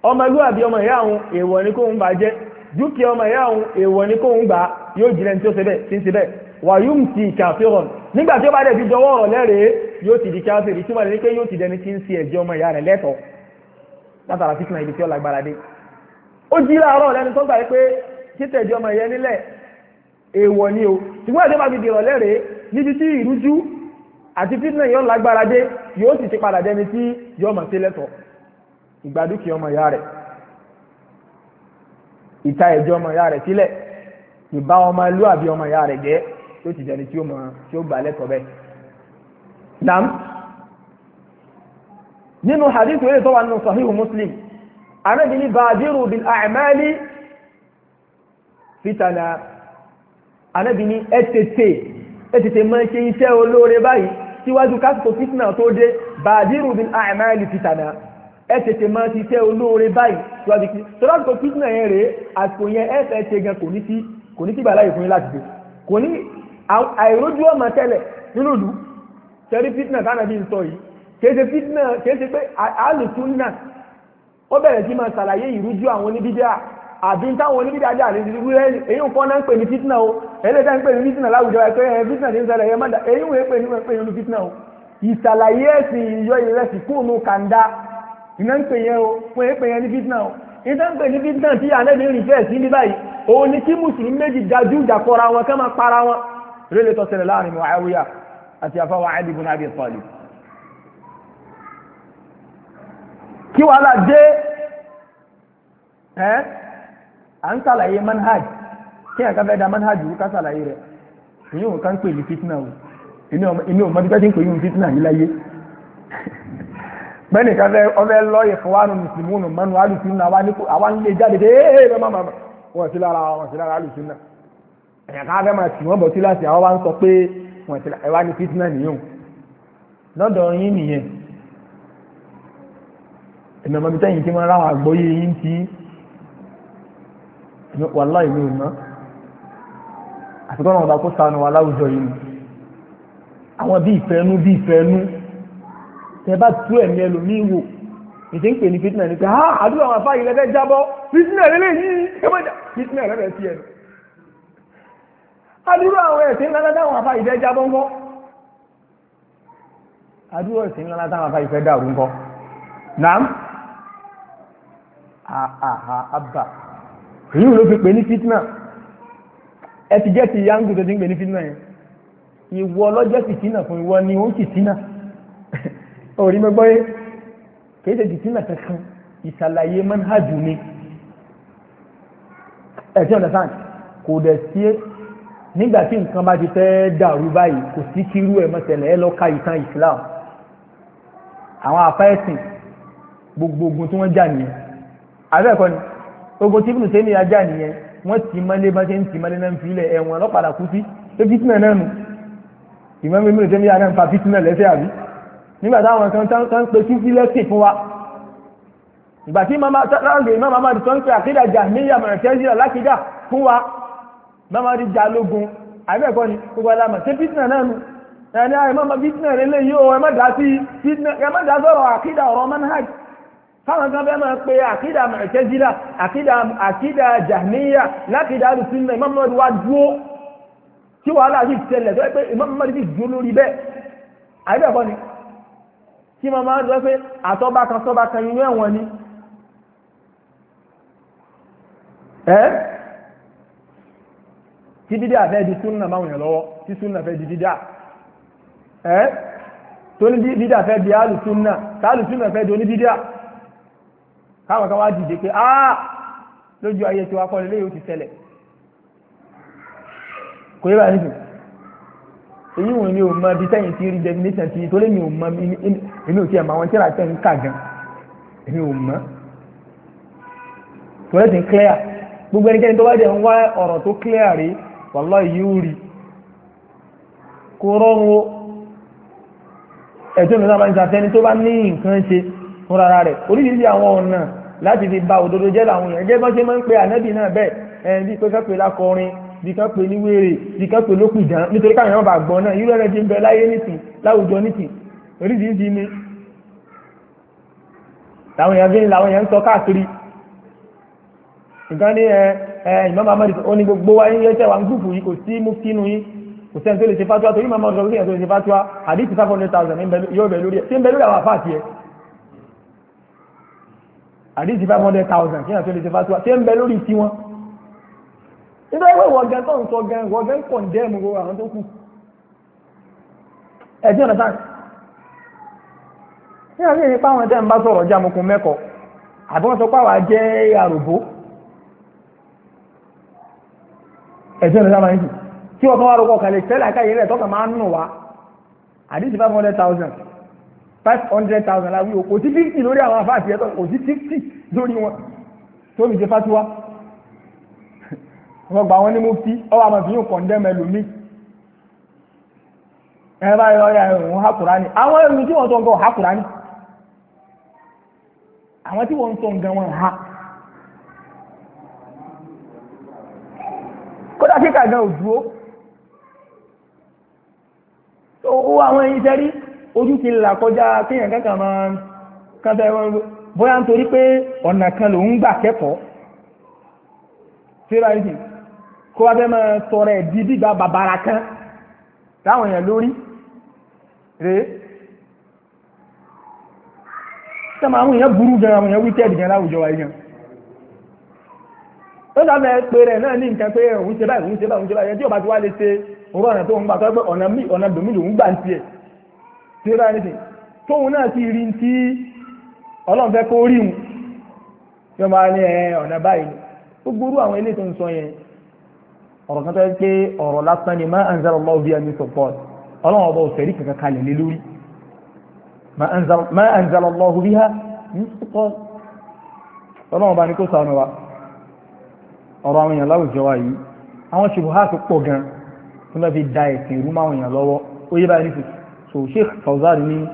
ọmọlúwàbí ọmọ ìyá òun èèwọ̀ ni kóun bà jẹ́ dúkìá ọmọ ìyá òun èèwọ̀ ni kóun gbà yóò jí lẹ́ni tí ó ṣe bẹ́ẹ̀ tí ń ṣe bẹ́ẹ̀ wàyúùm ti kàfíràn nígbà tí ó bá dẹ̀ ti jọwọ́ ọ̀rọ̀ lẹ́rẹ̀ẹ́ yóò ti di káfíìrì tí wọ́n ní pé yóò ti dẹni tí ń ṣe ẹ̀jẹ̀ ọmọ ìyá rẹ̀ lẹ́tọ̀ọ́ látara fífún ibi tí ó lágbára dé ó jí láàárọ̀ lẹ́nu tó gbà yí pé títẹ̀jú ọmọ ìyẹn nílẹ̀ èèwọ̀ ni o ṣùgbọ́n ẹ̀jẹ̀ máa fi dìrọ̀ lẹ́rẹ̀ẹ́ níbi tí ìrújú àti fitna yóò lágbára dé yóò sì ti padà dẹni tí yóò mọ̀ sí lẹ́tọ̀ ìgbàdúkì ọmọ ìyá rẹ̀ ìta ẹ̀jẹ̀ ọmọ ìyá rẹ̀ sílẹ̀ ìbá ọmọ ìlú àbí ọmọ ìyá rẹ̀ jẹ́ tó ti dẹni tí ó mọ̀ tí ó gbà lẹ́kọ̀ọ́ bẹ́ẹ̀. nam nínú hadith wẹ́rẹ́ tó wà nínú sahihu muslim anábi ní bàdírù bil a'mali fitana anábi ní ẹtẹtẹ ẹtẹtẹ máa ṣe iṣẹ́ olóore báyìí síwájú kásìkò fitna tó dé bàdírù bil a'mali fitana ẹtẹtẹ máa ti ṣe olóore báyìí síwájú kí tó lásìkò fitna yẹn rèé àsìkò yẹn ẹfẹ ṣe gan kò ní sí kò ní àìrójú ọmọ tẹ́lẹ̀ nínú ìlú tẹ́rí fitna tánàbí ń sọ yìí kìí fitna kìí ṣe pé àlùsùn náà ó bẹ̀rẹ̀ sí máa ṣàlàyé ìrújú àwọn oníbídíà àbí táwọn oníbídíà jà lè dirú rẹ́ẹ̀lì èyí ń kọ́ná ń pè ní fitna o ẹlẹ́dà ń pè ní fitna láwùjọ ẹ̀ pé ẹ̀ eh, fitna ti ń ṣẹlẹ̀ yẹn mọ́dà èyí wọ́n pè ní pè ní fitna o ìṣàlàyé ẹ̀sìn ìyọ ìrẹsì kúùnù kàńdá iná ń pè yẹn o fún ẹ̀ pè yẹn ní fitna o iná ń pè ní fitna tí anẹ́bí ń rìfẹ́ sí ní báyìí òun ni kí mùsùlùmí méjì dájú ìjà kọra para wọn rélé tó ṣẹlẹ̀ láàrin Muawiya àti àfáwọn Ali ibn Abi kí wàhálà dé ẹ́ à ń sàlàyé manhaj kí ẹ̀ka fẹ́ da manhaj wù ká sàlàyé rẹ̀ ìyẹn ò n ń pè ní fitna o inú ọmọ tí pẹ́sí ń pè ní fitna yìí láyé bẹ́ẹ̀ni ká fẹ́ ọfẹ́ lọ ìfọwánu mùsùlùmí mọ́nu alùsùnà àwa ní fitna nìyẹn lọ́dọ̀ ẹ̀mẹ̀ mọ́bí tẹ́yìn tí wọ́n ráwọn àgbóyé yìí tí wà láì ní ìmọ̀ àfikọ́nà ọ̀dà kó sànù wà láwùjọ yìí ni àwọn bí ìfẹ́nú bí ìfẹ́nú tẹ bá tú ẹ̀mí ẹlòmíì wò ìdí ń pè ní fitna ní pé ha àdúrà àwọn afáyí lẹ́fẹ́ jábọ́ fitna rẹ̀ lè yí ẹgbẹ́jà fitna rẹ̀ rẹ̀ sí ẹ̀ àdúrà àwọn ẹ̀sìn ńlá látàwọn afáyí fẹ́ jábọ́ ńkọ́ àdúrà ẹ̀sìn ńlá látàwọn afáyí fẹ́ dàrú ńkọ́ nàám àhà àbà èyí ló fi pè ní fitna ẹ ti jẹ́ ti yangu tó ti ń pè ní fitna yẹn ìwọ ọlọ́jọ́ ti fitna fún ìwọ ni ó ń ti fitna orí mẹ́gbọ́ yé kìí ṣe ti fitna kankan ìṣàlàyé manhajù ni ẹ̀ tí ọ̀nà sáà kò dẹ̀ sí nígbà tí nǹkan bá ti fẹ́ dàrú báyìí kò sí kírú ẹ̀ mọ́tẹ̀lẹ̀ ẹ lọ́ka ìtàn Islam àwọn afẹ́sìn gbogbo tí wọ́n jà nìyẹn àbẹ́ẹ̀kọ́ ni ogun tí ibùdó sẹ́ni ajá nìyẹn wọ́n ti mọ́lé bá ṣe ń ti mọ́lé náà ń filẹ̀ ẹ̀wọ̀n ọlọ́pàá kú sí pé fítínà náà nù ìmọ̀ mi mìíràn sẹ́ni ajá ń fa fítínà lẹ́sẹ̀ àbí nígbà táwọn kan tán pé fífi lẹ́sìn fún wa ìgbà tí láàrin ìmọ̀ mamadi tó ń pè àkídà jà níyà mọ̀rẹ̀tẹ́sílẹ̀ lákìdá fún wa mamadi jà lógun àbẹ́ẹ̀kọ́ ni gbogbo alámọ̀ ṣé fítínà náà nù ẹni àìmọ́ ah, fítínà rẹ̀ lè yí o ẹ táwọn kan fẹ́ máa pe àkídà mẹ̀tẹ́jìlá àkídà jàmíyà lákìdá àlùsùnnà Imam Muhammad wá dúó tí wàhálà yìí tẹlẹ̀ tó yẹ pé Imam Muhammad sì dúó lórí bẹ́ẹ̀ àyẹ̀bẹ̀kọ́ ni tí màmá rẹ̀ sọ pé àtọ́ba kan sọ́ba kan inú ẹ̀wọ̀n ni ẹ́ tí dídá fẹ́ di súnà máa wùyàn lọ́wọ́ tí súnà fẹ́ di dídá ẹ́ tó ní dídá fẹ́ di alùsùnnà tálùsùnnà káwọn kan wá dìde pé áá ah! lójú ayé tí wá kọ́ lé yóò ti ṣẹlẹ̀ kò yíba nìkan èyí wọn ni ò mọ ibi sẹ́yìn tí rí definition ti tó lé mi ò mọ èmi ò tiẹ̀ emi àwọn tíra tẹ̀ ń gan èmi tó lẹ́sìn clear gbogbo ẹnikẹ́ni tó bá jẹ́ ń wá ọ̀rọ̀ tó clear rí wallahi yóò rí kó rọrùn ń sàfẹ́ni tó fúnra rẹ̀ oríṣiríṣi àwọn ọ̀nà láti fi ba òdodo jẹ́ làwọn èèyàn jẹ́ bọ́n ṣe máa ń pe ànábì náà bẹ́ẹ̀ ẹni bí pé kẹ́pẹ́ lákọrin bí kẹ́pẹ́ ní wéèrè bí kẹ́pẹ́ lókùn ìdán nítorí káwọn èèyàn bá gbọ́n náà irú ẹ̀rẹ́ ti ń bẹ láyé nìsín láwùjọ nìsín oríṣiríṣi ni làwọn èèyàn fi ń làwọn èèyàn ń sọ káàkiri nǹkan ní ẹ ẹ ìmọ̀mọ́ amadi ó ní gbogbo wa yín yẹ́sẹ̀ wa ń gúùfù yìí kò sí mú sínú yín kò sẹ́ni tó lè ṣe fatuwa torí màmá ọ̀dọ́ tó lè ṣe fatuwa àdìsí àdíjì five hundred thousand kí àti olùsèfà tiwa tí ń bẹ lórí tiwọn nítorí pé wọ́n gan tó ń sọ gan wọ́n gan pọ̀ dé mu gbogbo àwọn tó kù ẹ̀jẹ̀ ọ̀nà sáà ní àwọn èèyàn pàwọn ẹ̀jẹ̀ ń bá sọ̀rọ̀ ọjà mokun mẹ́kọ̀ọ́ àbí wọ́n sọ pàwọ́ ajẹ́ àròbó ẹ̀jẹ̀ ọ̀nà sáà tí wọ́n kọ́ wá rọ́pò kàlẹ̀ tẹ́lẹ̀ five hundred thousand la wí o kò sí fifty lórí àwọn afáàfin ẹ̀tọ́ kò sí fifty lórí wọn tó fi ṣe fatiwa wọ́n gba wọn ní mufti ọwọ́ àmọ̀ fi yóò condemn ẹlòmíì ẹ̀rọ ayọ̀ ọ̀yà ẹ̀rùn ha Kùránì àwọn ẹ̀rùn tí wọ́n sọ nǹkan ha Kùránì àwọn tí wọ́n sọ nǹkan wọn ha kódà kíkà gan òdúró tó owó àwọn ẹ̀yìn tẹ́rí ojú ti là kọjá kéèyàn kankan máa kan fẹ́ wọ́n bóyá nítorí pé ọ̀nà kan lòún gbà kẹ́kọ̀ọ́ síra yìí kó wá fẹ́ máa sọ̀rọ̀ ẹ̀ di gbígba bàbàrà kan táwọn èèyàn lórí rèé sọ́mọ àwọn èèyàn burú gan àwọn èèyàn wíkẹ́ẹ̀dì gan láwùjọ wa yẹn ó sábẹ́ pé rẹ̀ náà ní nǹkan pé òun ṣe báyìí òun ṣe báyìí òun ṣe báyìí tí ọba ti wá lè ṣe òun ọ̀nà tó ń gbà tó pé ọ̀nà míì ọ̀nà gbà ń tiẹ̀ tí ó rá ní sí tóun náà ti rí tí ọlọ́run fẹ́ kó rí hun yóò máa ní ẹ ọ̀nà báyìí ó gbórú àwọn ilé tó ń sọ yẹn ọ̀rọ̀ kan tó yẹ pé ọ̀rọ̀ lásán ni ma anzalallahu biha min sultan ọlọ́run ọba òṣèré kankan kalẹ̀ lé lórí ma anzalallahu biha min sultan ọlọ́run ọba ni kó sànù wa ọ̀rọ̀ àwọn èèyàn láwùjọ wa yìí àwọn ṣubuhá ti pọ̀ gan tó شو شيخ فوزاني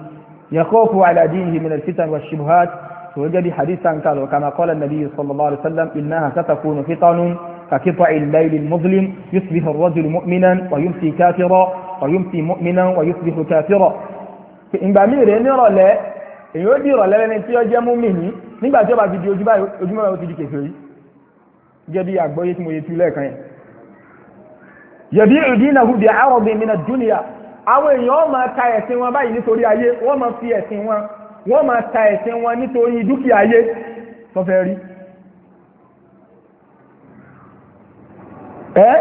يخاف على دينه من الفتن والشبهات وجد حديثا قال وكما قال النبي صلى الله عليه وسلم إنها ستكون فتن كقطع الليل المظلم يصبح الرجل مؤمنا ويمسي كافرا ويمسي مؤمنا ويصبح كافرا إن بامين لا إن يوديرا لا لن يتيا جامو مني نين با جابا في ديو جبا يجمع ما يوتي ديكي فيه جابي أكبر يتمو يتولي كان يبيع دينه بعرض من الدنيا àwọn èèyàn máa ta ẹ̀sìn wọn báyìí nítorí ayé wọ́n máa fi ẹ̀sìn wọn wọ́n máa ta ẹ̀sìn wọn nítorí dúkìá ayé tó fẹ́ rí ẹ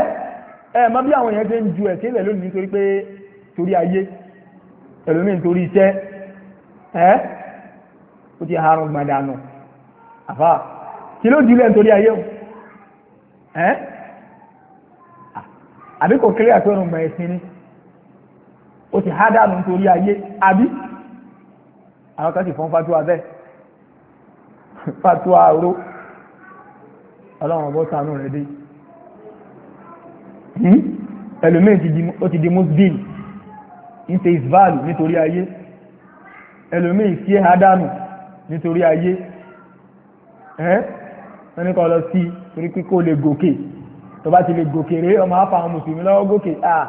ẹ mọ̀ bí àwọn èèyàn ṣe ń ju ẹ̀sìn ilẹ̀ lónìí nítorí pé torí ayé ẹlòmí nítorí iṣẹ́ ẹ ó ti harun gbàdánù àfà kí ló jùlẹ̀ nítorí ayé o ẹ́ àbíkò kílẹ̀ àtọ́rùn-ún ẹ̀sìn ni ó ti há dànù nítorí ayé àbí àwọn kan sì fọ́n fatuwa bẹ́ẹ̀ fatuwa ro ọlọ́run ọgbọ́n sànú rẹ̀ dé hmm? ẹlòmíì ó ti di muslim ń ṣe isbal nítorí ayé ẹlòmíì sí ẹ̀há dànù nítorí ayé ẹ́ wọ́n ní kọ́ lọ sí torí pé kó lè gòkè tó bá ti lè gòkè rèé ọmọ àfàwọn mùsùlùmí lọ́wọ́ gòkè ah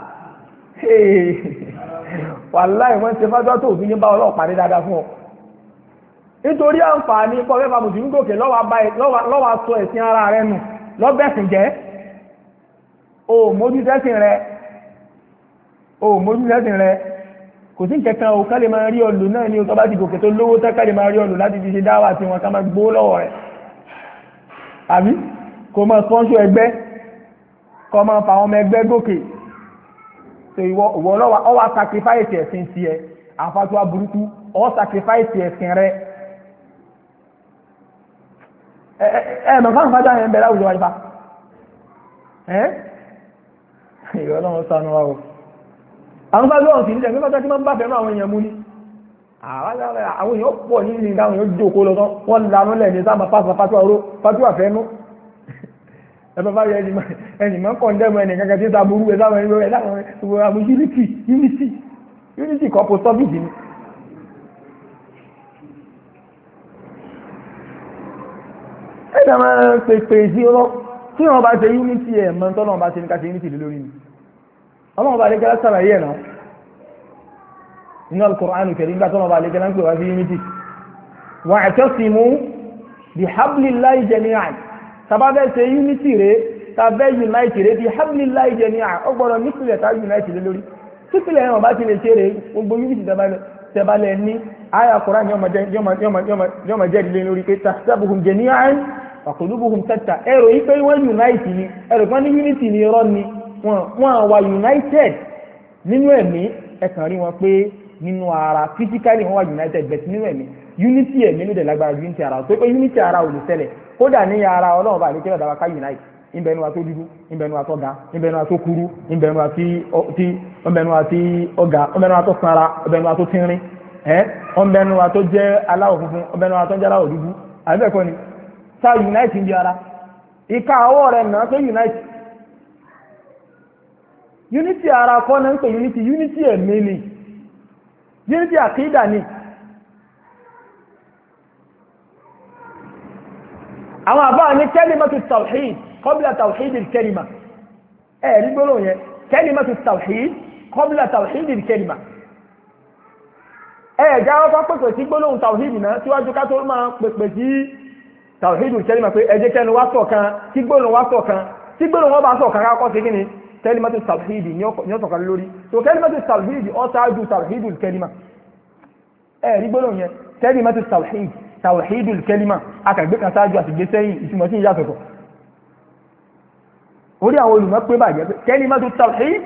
wàláì wọ́n ṣe fájọ́ tó òfin ní bá ọlọ́pàá ní dáadáa fún ọ nítorí àǹfààní pọ̀fẹ́fà mùsùlùmí gòkè lọ́wà sọ ẹ̀sìn ara rẹ nù lọ́bẹ̀sìn jẹ́ o mójútẹ́sìn rẹ o mójútẹ́sìn rẹ kò sí kẹta o ká lè máa rí ọlù náà ní ọkọ̀ bá ti gòkè tó lówó tá ká lè máa rí ọlù láti fi ṣe dáwà tí wọn ká máa gbó lọ́wọ́ rẹ̀ àbí kò máa sponsor ẹgbẹ́ kò máa fà àwọn ọmọ ẹgbẹ́ gòkè so ìwọ ìwọ ọlọ́wà ọ wá sacrifice ẹ̀sìn tiẹ̀ àfàtúwà burúkú ọ sacrifice ẹ̀sìn rẹ ẹ ẹ mọ̀ fáwọn fájà yẹn bẹ̀rẹ̀ àwùjọ wáyé fa ẹ ìwọ ọlọ́run sanu wa o àwọn fáwọn ọ̀hún sì ń jẹ́ pé fájà tí wọ́n bá fẹ́ràn àwọn èèyàn mú ni àwọn èèyàn pọ̀ nínú ìdáhùn yóò jókòó lọ́tọ́ wọ́n lanú lẹ̀ sáà máa fásitì fásitì ọ̀rọ̀ fásitì àfẹ́nú ẹ̀fọ́ bá yẹ ẹnì mọ́ kọ̀ndẹ́mù ẹnì kankan tí ó ta burú ẹ̀ sáwọn ẹ̀rọ ẹ̀ sáwọn ẹ̀rọ àmú unity unity unity kọ́ post office ni. ẹ dà máa pè pè sí ọlọ́ tí wọ́n bá ṣe unity ẹ̀ mọ́ tọ́ bá ṣe ní ká unity lórí mi ọlọ́run bá lè gẹ́lá sàlàyé ẹ̀ náà inú al-Qur'an nígbà tọ́lọ́ bá lè gẹ́lá ń pè wá sí unity wa'tasimu bihablillahi tàbábẹ́ ṣe unity rẹ̀ tàbẹ́ unite rẹ̀ bí hablillahi jami'a ó gbọ́dọ̀ nípìnlẹ̀ tá unite lé lórí sípìnlẹ̀ yẹn ọba ti lè ṣe rẹ̀ gbogbo unity tẹ̀bálẹ̀ ní àyà Kùránì yọmọ jẹ́ ìdílé lórí pé tahsabuhum jami'an wa qulubuhum shatta ẹ̀rọ yìí pé wọ́n unite ni ẹ̀rọ kan unity ni irọ́ united nínú ẹ̀mí ẹ̀kàn rí wọn pé nínú ara physically wà united but nínú ẹ̀mí unity ẹ̀mí ló dẹ̀ lágbára unity ara tó pé unity ara ò kódà ní ara ọlọ́run bá àlejò unite ìbẹnu wa dúdú ìbẹnu wa ga ìbẹnu wa kúrú ìbẹnu wa tí ìbẹnu ọ̀gá ìbẹnu wa sanra ìbẹnu wa tínrín ẹ ìbẹnu wa jẹ́ aláwọ̀ funfun jẹ́ aláwọ̀ dúdú ni sá unite ń ara ìka ọwọ́ rẹ̀ náà tó unite unity ara kọ́ náà ń unity unity ẹ̀mí ni unity àkídà ni àwọn àbá ní kẹ́límọ́tù tawhid kọ́bílà tawhid kẹ́límà ẹ̀ rí gbóló yẹn kẹ́límọ́tù tawhid kọ́bílà tawhid kẹ́límà ẹ̀ já wọ́n pẹ̀pẹ̀ sí gbóló tawhid náà síwájú ká tó máa pẹ̀pẹ̀ sí tawhid kẹ́límà pé ẹ̀jẹ̀ kẹ́nu wá ṣọ̀kan tí gbóló wá ṣọ̀kan tí gbóló wọn bá ṣọ̀kan kákọ́ sí kíni kẹ́límọ́tù tawhid tawhidul kalima akàgbé kan sáájú àti gbé sẹ́yìn ìtumọ̀ sí ìyàtọ̀tọ̀ orí àwọn olùmọ̀ pé bàjẹ́ pé kẹ́límà tó tawhid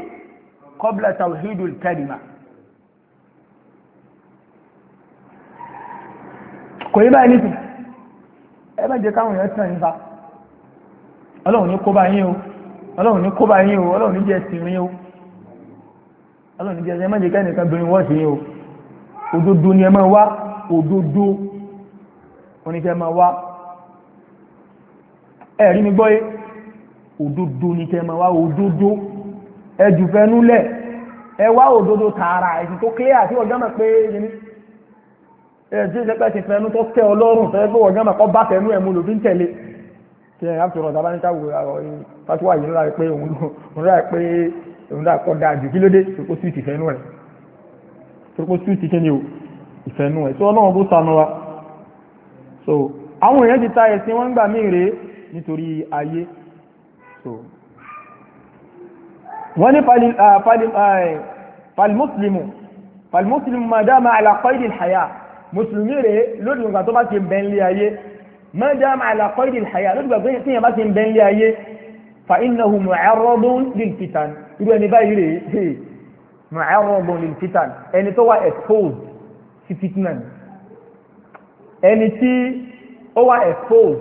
qabla tawhidul kalima kò yí báyìí nìsín ẹ bá jẹ káwọn èèyàn tàn ọlọ́run ní kó bá yín o ọlọ́run ní kó bá yín o ọlọ́run ní jẹ́ sìn oníkẹ́ máa wá ẹ̀rí mi gbọ́yé òdodo ní kẹ́ máa wá òdodo ẹjù fẹnúlẹ̀ ẹ wá òdodo tààrà ẹ̀sìn tó clear tí ọjọ́ mọ̀ pé ẹni ẹ̀sìn ìṣẹ́pẹ́ ti fẹnú tó tẹ́ ọlọ́run fẹ́ fẹ́ ọjọ́ mọ̀ kọ́ bá fẹnú ẹ̀ mú lò fi ń tẹ̀lé tí ẹ̀ á tọrọ ọ̀dà bá ní káwọ́ fásitì yìí lọ́la pé òun rà pé òun rà kọ́ da jù kí ló dé tòkó sí ìfẹ́nú ọlọ́run bó sanu so àwọn èèyàn ti ta ẹ̀sìn wọn gbà mí rèé nítorí ayé so wọ́n ní palimuslimu ah, eh, palimuslimu ma dáma ala qaydil haya mùsùlùmí rèé lórí nǹkan tó bá ti bẹ̀ ń lé ayé ma dáma ala qaydil haya lórí nǹkan tó bá ti bẹ̀ ń lé ayé فإنه معرض للفتن إذا يعني بايري معرض للفتن يعني توا exposed في فتنة ẹni tí ó wà exposed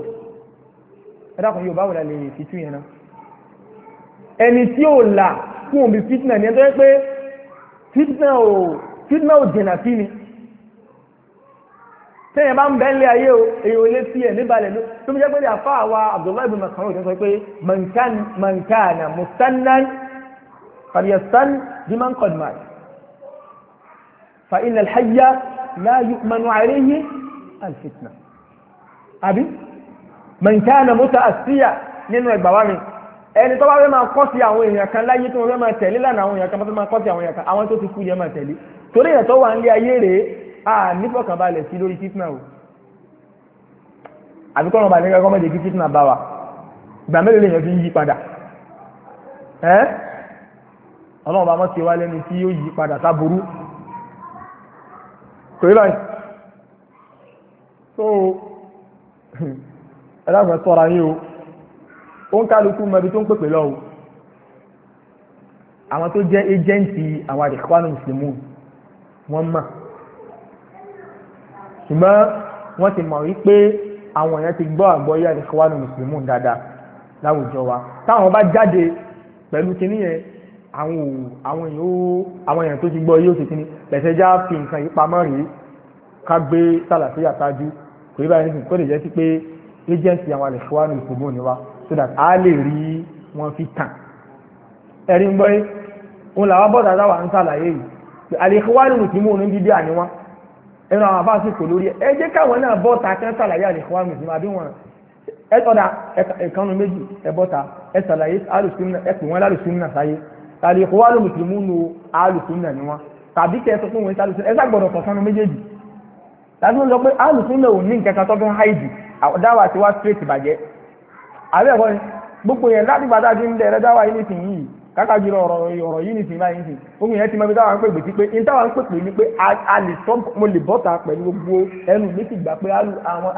ẹ̀dàkùn yóò bá wùdà lè fi tú yẹn náà ẹni tí ó là fún òbí fitna ní ẹjọ́ pé fitna ò fitna ò jìnà sí ni tẹ́yìn bá ń bẹ́ lé ayé o èyí ò lé sí ẹ̀ níbalẹ̀ ló tó fi jẹ́ pé àfa àwa Abdullahi ibn la yu'manu alayhi alfitna àbí mẹ̀ǹkánà mọ́ta àṣíyà nínú ẹgbà wa mi ẹni tó bá fẹ́ máa kọ́ sí àwọn èèyàn kan láyé tí wọ́n fẹ́ máa tẹ̀lé lánàá àwọn èèyàn kan fẹ́ máa kọ́ sí àwọn èèyàn kan àwọn tó ti kú yẹn máa tẹ̀lé torí èèyàn tó wà ń lé ayé rèé a nífọ̀kànbalẹ̀ sí lórí fitna o àbí kọ́nà bá nígbà gọ́mọ̀dé kí fitna bá wa ìgbà mélòó lèèyàn fi ń yí padà ẹ́ ọlọ́run bá mọ́ ti wá lẹ́nu tí yóò yí padà sáburú torí báyìí so ẹlẹ́gbẹ̀ẹ́ tọ́ra yín o ó ń kálukú mẹbi tó ń pèpè lọ́wọ́ àwọn tó jẹ́ ẹjẹ́ǹtì àwọn àdìkọ́nù mùsùlùmù wọ́n mọ̀ ṣùgbọ́n wọ́n ti mọ̀ wípé àwọn èèyàn ti gbọ́ àgbọ́yé àdìkọ́nù mùsùlùmù dáadáa láwùjọ wa táwọn bá jáde pẹ̀lú kinní yẹn àwọn ò àwọn èèyàn ó àwọn èèyàn tó ti gbọ́ yóò ṣe kinní lẹ́sẹ̀ já fi nǹkan yìí pamọ́ rèé ká gbé sàlàfíà ṣáájú kò yí báyìí nísìnyí kó lè jẹ́ sí pé agency àwọn àlẹ́fọ́wánù ìfòmù ni wa so that a lè rí wọn fi tàn ẹ̀rí ń gbọ́ yé òun làwọn bọ́ọ̀dà táwa ń sàlàyé yìí àlẹ́fọ́wánù ìfòmù ní bíbí àní wọn ẹnu àwọn àbá sì kò lórí ẹ jẹ́ káwọn náà bọ́ọ̀tà kẹ́ sàlàyé àlẹ́fọ́wánù ìfòmù àbí wọn ẹ tọ́da ẹ̀kanu méjì ẹ bọ́ta ẹ sàlàyé alùsùnà ẹ pè wọ́n lálùsùnà sáyé àlẹ́fọ́wánù ìfòmù nù alùsùnà ni wọn tàbí kẹ́ ẹ sọ fún wọn sálùsùnà ẹ sàgbọ̀dọ̀ kọ̀ọ̀kan láti wọ́n sọ pé ò ní nǹkan tó fi háìdì tí ni gbogbo yẹn láti bàtà ti ń dẹ̀rẹ́ dáwà yìí nìsín yìí kákà jùlọ ọ̀rọ̀ yìí nìsín báyìí nìsín gbogbo yẹn ti mọ ibi táwa ń pé táwa ń pé a lè sọ mo lè bọ́ta pẹ̀lú gbogbo ẹnu mi ti gbà pé àwọn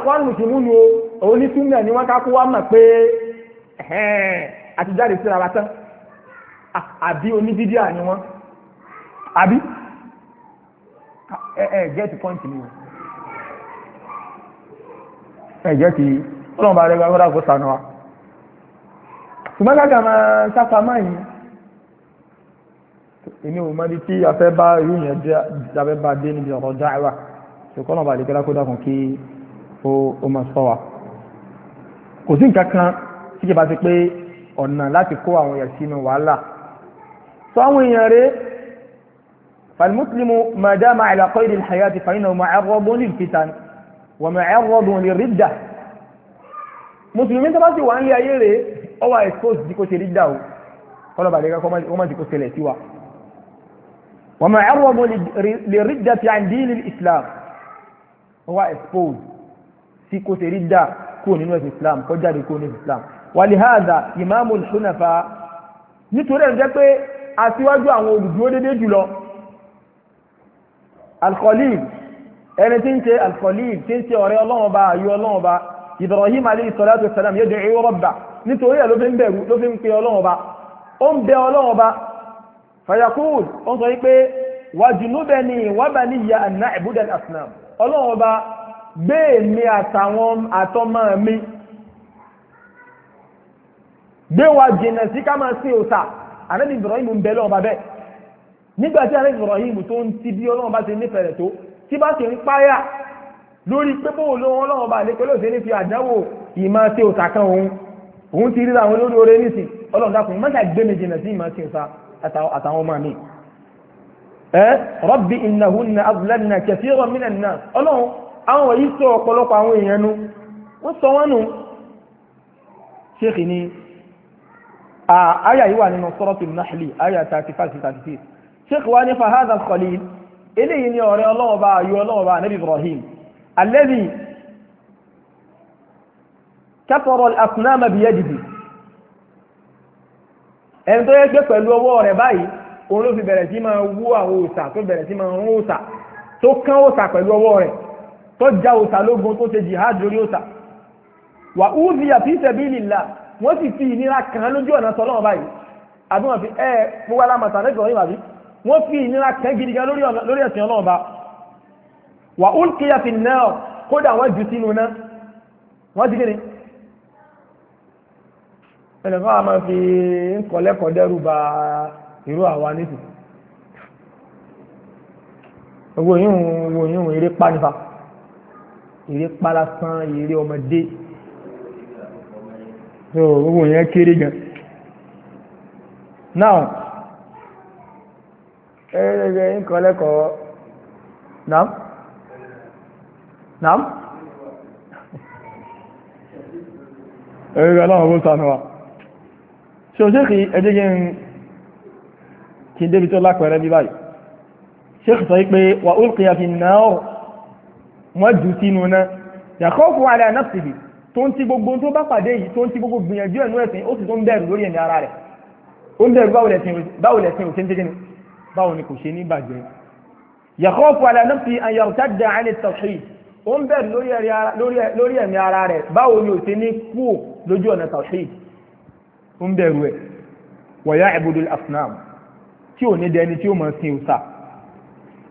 àlèfò òun ní súnà ni wọ́n ká kó wá mọ̀ pé àti jáde síra wa tán àbí oníbídíà ni wọ́n àbí ẹ ẹ get point ni o ẹ get ọlọ́run bá rẹ bá rọ́dà kó sànù wa ṣùgbọ́n káàkà máa sáfà máa yìí èmi ò mọ́ di tí afẹ́ bá irú yẹn jẹ́ abẹ́ bá dé níbi ọ̀rọ̀ kò sí nǹkan kan tí kìí bá ti pé ọ̀nà láti kó àwọn èèyàn sínú wàhálà sọ àwọn èèyàn rẹ̀ falmuslimu madama ala qaydil hayati fàyínà mu'arradun lil fitan wa mu'arradun lirridda mùsùlùmí tó bá sì wà ń lé ayé rẹ̀ ó wà expose di kó ṣe rí dà o kọlọ̀bà lè kọ́ wọ́n má di kó ṣẹlẹ̀ sí wa wa mu'arradun lirridda ti an dinil islam ó wà expose sí kó ṣe rí kúrò nínú ẹ̀sìn islam kó jáde kúrò nínú islam wàlíhàdà ìmáàmù ìṣúnàfà nítorí ẹ̀ jẹ́ pé aṣíwájú àwọn olùdúró dédé jùlọ alkhalil ẹni tí ń ṣe alkhalil tí ń ṣe ọ̀rẹ́ ọlọ́run ọba àyè ọlọ́run ọba ibrahim alayhi salatu wasalam yad'u rabba nítorí ẹ̀ ló fi ń bẹ̀rù ló fi ń pe ọlọ́run ọba ó ń bẹ ọlọ́run ọba ó sọ wípé wàjùnúbẹ̀ni wàbàníyà an na'budu al-asnam ọlọ́run ọba gbé èmi àtàwọn àtọmọ mi gbé wa jìnà sí ká máa sí òsà ànábì Ibrahim ń bẹ lọ́wọ́ bàbẹ́ nígbà tí ànábì Ibrahim tó ń ti bí ọlọ́run bá ti nífẹ̀ẹ́ rẹ̀ tó tí bá ti ń páyà lórí pé bóun ló wọn lọ́wọ́ bá lè pé lóòsè ní fi àdánwò ìmọ̀ sí kẹfì rọ̀ mí náà ọlọ́run àwọn wọ̀nyí sọ ọ̀pọ̀lọpọ̀ àwọn èèyàn nu wọ́n sọ wọ́n nù ṣéèkì ni àyà yìí wà nínú suratul Nahli àyà 35-36 ṣéèkì wá ní fahadà khalil eléyìí ni ọ̀rẹ́ ọlọ́wọ́ba ayọ́ ọlọ́wọ́ba anabi Ibrahim alladhi kẹfọ̀rọ̀ àkùnámà bí yẹ́dìdì ẹni tó yẹ pé pẹ̀lú ọwọ́ rẹ̀ báyìí òun pẹ̀lú ọwọ́ rẹ̀ tó já òsà lógun tó ṣe jihad lórí òsà wà úzi àfi wọ́n sì fi ìnira kan lójú ọ̀nà sọlọ́wọ́ báyìí àbí wọ́n fi ẹ fún wa lámàtà lẹ́gbẹ̀ẹ́ wọ́n yìí wọ́n fi ìnira kan gidi gan lórí ẹ̀sìn ọlọ́wọ́ bá wà ulqiya fin nar kódà wọ́n jù sínú náà wọ́n ti kéde ẹnìkan a máa fi ń kọ́lẹ́kọ̀ọ́ dẹ́rù ba irú àwa nísìn owó yìí ń eré pálásán eré ọmọdé so gbogbo yẹn kéré gan now ẹ̀rẹ́gbẹ̀ nǹkan lẹ́kọ̀ọ́ nam nam ẹ̀rẹ́gbẹ̀ aláwọ̀ bó sànú wa ṣe o ṣe kìí ẹjẹ́gẹ́ ń kí débi tó lápẹẹrẹ bí báyìí ṣe kìí sọ pé wà ó kìí àfi náà wọ́n jù sínú náà yàkọ́ fún alẹ́ anáfìsì tó ń ti gbogbo tó bá pàdé yìí tó ń ti gbogbo gbìyànjú ẹ̀nu ẹ̀sìn ó sì tó ń bẹ̀rù lórí ẹ̀mí ara rẹ̀ ó ń bẹ̀rù báwo lẹ̀sìn òṣèǹ tẹ́gẹ́ni báwo ni kò ṣe ní bàjẹ́ yàkọ́ fún alẹ́ anáfìsì ayọ̀tá dà á ní tọ̀ṣì ó ń bẹ̀rù lórí ẹ̀mí ara rẹ̀ báwo ni òṣè ní kú lójú ọ̀nà tọ̀ṣì ó ń bẹ̀rù ẹ̀ wọ̀yá ẹ̀bùdùl asnam tí ò ní dẹni tí ó mọ̀ sin òsà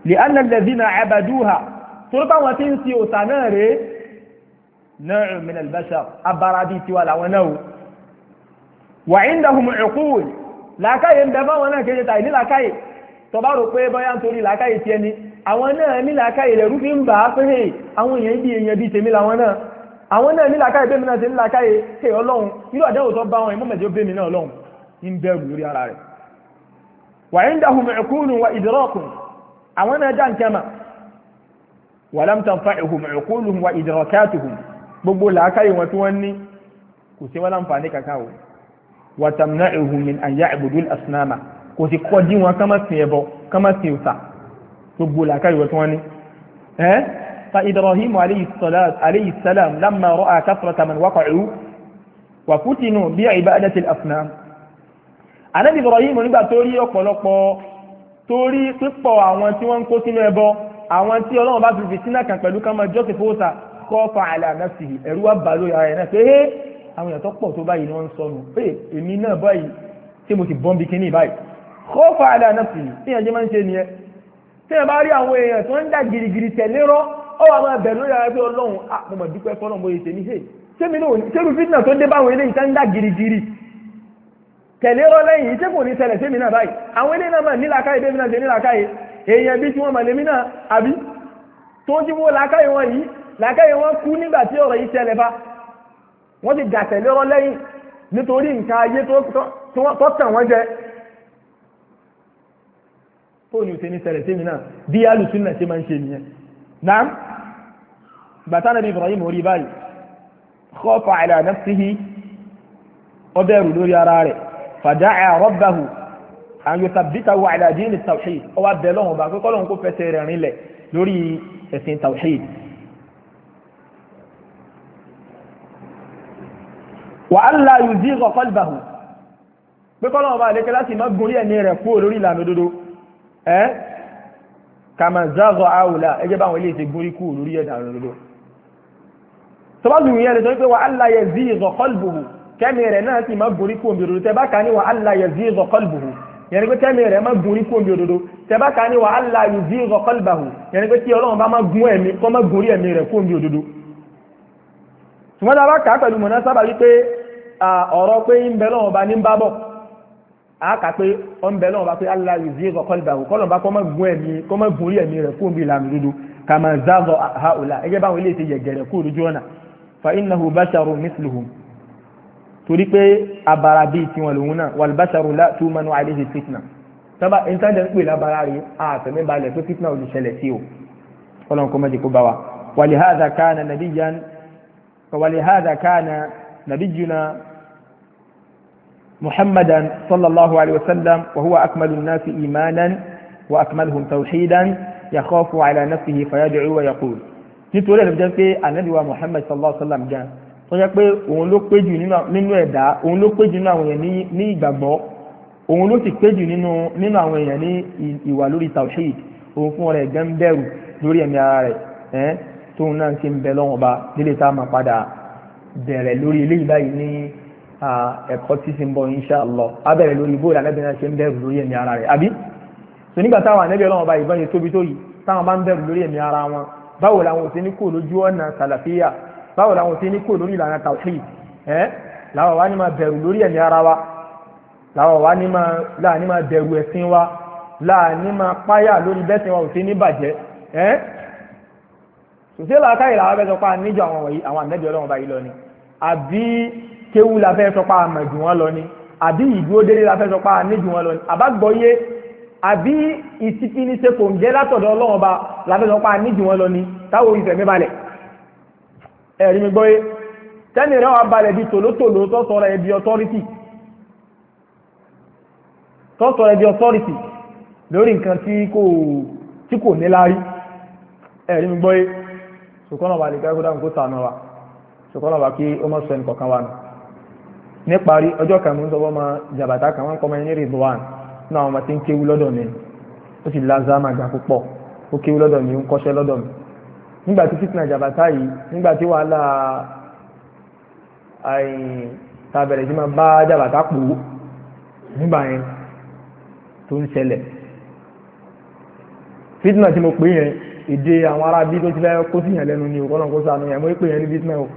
lè annalẹ́zínà àbàdúhà torí báwọn tí ń sin òòtà náà rèé náà bashar abara bíi tiwa làwọn náà o wa indahum uqul làákàyè ń bẹ fáwọn náà kéde tàyè ní làákàyè tó bá rò pé bóyá nítorí làákàyè ni àwọn náà ní làákàyè lẹ̀rú fi ń bà á pé àwọn èèyàn bí èèyàn bíi tèmi làwọn náà àwọn náà ní làákàyè bẹ́ẹ̀ náà ní làákàyè ọlọ́run irú tó bá wọn ìmọ̀mẹ̀jọ náà ọlọ́run ń bẹ̀rù lórí ara rẹ̀ wàlám tanfa'uhum uquluhum wa idrakatuhum gbogbo làákàyè wọn tí wọ́n ní kò sí wọn láǹfààní kankan o wa tamna'uhum min an ya'budu al-asnama kò sí kọ́ dí wọn kama sin ẹbọ kama sin òsà gbogbo làákàyè wọn tí wọ́n ní. ẹ́ fa ibrahim alayhi salam lamma ra'a kathrata man waqa'u wa futinu bi ibadati al-asnam anabi ibrahim nígbà tó rí ọ̀pọ̀lọpọ̀ tó rí pípọ̀ àwọn tí wọ́n ń kó sínú ẹbọ àwọn tí ọlọ́run bá fi fìtínà kan pẹ̀lú kan máa jọ́sìn fowóta kọ́ fa àlànà sí i ẹ̀rú wa bà lórí ara ẹ̀ náà pé é àwọn èèyàn tó pọ̀ tó báyìí ni wọ́n ń sọnù pé èmi náà báyìí tí mo ti bọ́n bí kíní báyìí kọ́ fa àlànà sí i tí ìyànjẹ máa ń ṣe nìyẹn tí ẹ bá rí àwọn èèyàn tó ń dà gìrìgìrì tẹ̀lé rọ́ ọ wà máa bẹ̀ lórí ara pé ọlọ́run à mo mọ̀ dúpẹ́ fọ́nà mo ṣe ní ṣe sẹ́mi náà sẹ́mi fitna tó dé báwọn eléyìí tó ń dà gìrìgìrì tẹ̀lé rọ́ lẹ́yìn èèyàn bí tí wọ́n mọ̀lẹ́mí náà àbí tó ti wo làákàyè wọn yìí làákàyè wọn kú nígbà tí ọ̀rọ̀ yìí tẹ̀lé bá wọ́n ti dàtẹ̀lé ọ̀rọ̀ lẹ́yìn nítorí nǹkan ayé tó tàn wọ́n jẹ fóònù ṣe ní ṣẹlẹ̀ sí mi bí alùsùn náà ṣe máa ń ṣe nìyẹn náà bàtà nàbí Ibrahim orí báyìí khafa ala nafsihi ó bẹ̀rù lórí ara rẹ̀ fada'a rabbahu an yuthabbitahu ala dini tawhid ó wá bẹ̀ lọ́hùn bá kọ́kọ́ lọ́hùn kó fẹsẹ̀ rẹ̀ rinlẹ̀ lórí ẹ̀sìn tawhid. wa alla yuzigha qalbahu pé kọ́ lọ́hùn bá lè kẹ́ láti má gun orí ẹ̀mí rẹ̀ kúrò lórí ìlànà òdodo ẹ́ kàmá zagha àwùlà ẹgẹ́ báwọn ilé ìṣègùn rí kúrò lórí ìlànà òdodo. sọ́bàbí ìyẹn lè sọ pé wa alla yazigha qalbuhu kẹ́mi rẹ̀ náà sì má gun orí kúrò lórí tẹ́ bá kà ní wa alla yazigha qalbuhu yẹni pé tẹ́mi rẹ̀ máa gun orí kóńbi òdodo tẹ́bá ká ní wàhálà yìí zọ kọ́lbàhù yẹni pé tí ọlọ́run bá máa gun ẹ̀mí kọ́ máa gun orí ẹ̀mí rẹ̀ kóńbi òdodo. ṣùgbọ́n bá kà á pẹ̀lú mọ̀nà sábà wípé ọ̀rọ̀ pé ń bẹ lọ́wọ́ bá ní ń bá bọ̀ á kà pé ọ ń bẹ lọ́wọ́ bá pé àlà yìí zọ kọ́lbàhù kọ́lọ̀ bá kọ́ máa gun ẹ̀mí kọ́ máa gun orí ẹ̀mí rẹ̀ kóńbi ìlànà torí pé abara bíi tiwọn lòun náà wàlúbáṣàrò tó mọnú àìlèṣe fitna sábà ìntàdé ń pè lábara rí àtẹ̀mí balẹ̀ pé fitna ò lè ṣẹlẹ̀ sí o ọlọ́run kó mẹ́jẹ kó bá wa wàlíhàdà káàna nàbíyàn wàlíhàdà muhammadan sallallahu alayhi wa sallam wa huwa akmalu nasi imanan wa akmaluhum tawhidan yakhafu ala nafsihi fayad'u wa yaqul nítorí ẹ̀ lọ́jọ́ pé anabi wa muhammad sallallahu alayhi wa sallam gan tó jẹ́ pé òun ló pé jù nínú ẹ̀dá òun ló pé jù nínú àwọn èèyàn ní ìgbàgbọ́ òun ló sì pé jù nínú àwọn èèyàn ní ìwà lórí tawhid òun fún rẹ̀ gẹ́ ń bẹ̀rù lórí ẹ̀mí ara rẹ̀ ẹ́ tóun náà ṣe ń bẹ lọ́wọ́n ba délé tá a máa padà bẹ̀rẹ̀ lórí eléyìí báyìí ní ẹ̀kọ́ tí ti ń bọ̀ insha Allah á bẹ̀rẹ̀ lórí bóyá anábìnrin ṣe ń bẹ̀rù lórí ẹ̀mí ara rẹ̀ àbí tó báwo làwọn ti ní kò lórí ìlànà tawhid ẹ́ làwọn wá ní máa bẹ̀rù lórí ẹ̀mí ara wa làwọn wá ní máa láàní máa bẹ̀rù ẹ̀sìn wa láàní máa páyà lórí bẹ́sìn wa ò ti ní bàjẹ́ ẹ́ sòsí làákàyè làwọn fẹ́ sọ pé níjọ àwọn wọ̀nyí àwọn àmẹ́jọ ọlọ́run báyìí lọ ni àbí kéwú la fẹ́ sọ pé àmọ̀jù wọn lọ ni àbí ìdúró délé la fẹ́ sọ pé àníjù wọn lọ ni àbágbọ́yé àbí ìsìpínisẹ́kò ń látọ̀dọ̀ ọlọ́run ba la fẹ́ sọ pé àníjù wọn lọ ni táwọn ìfẹ̀mí balẹ̀ ẹ̀rí mi gbọ́yé tẹ́nì rẹ̀ wà balẹ̀ bí tòlótòló tọ́sọ̀rọ̀ ẹbí authority tọ́sọ̀rọ̀ ẹbí authority lórí nǹkan tí kò níláárí ẹ̀rí mi gbọ́yé ṣùkọ́nà wà lè kẹ́kọ́ dáhùn kó sànà wa ṣùkọ́nà wà kí ó mọ̀ sọ ẹnì kọ̀ọ̀kan wa nù níparí ọjọ́ kan mú nígbà tí fitna jàbátá yìí nígbà tí wàhálà àyìn tàbẹ̀rẹ̀ sí máa bá jàbátá pò nígbà yẹn tó ń ṣẹlẹ̀ fitna tí mo pè yẹn èdè àwọn ará bí tó ti fẹ́ kó sí yẹn lẹ́nu ni òkọ́nà kó sànù yẹn mo pè yẹn ní fitna o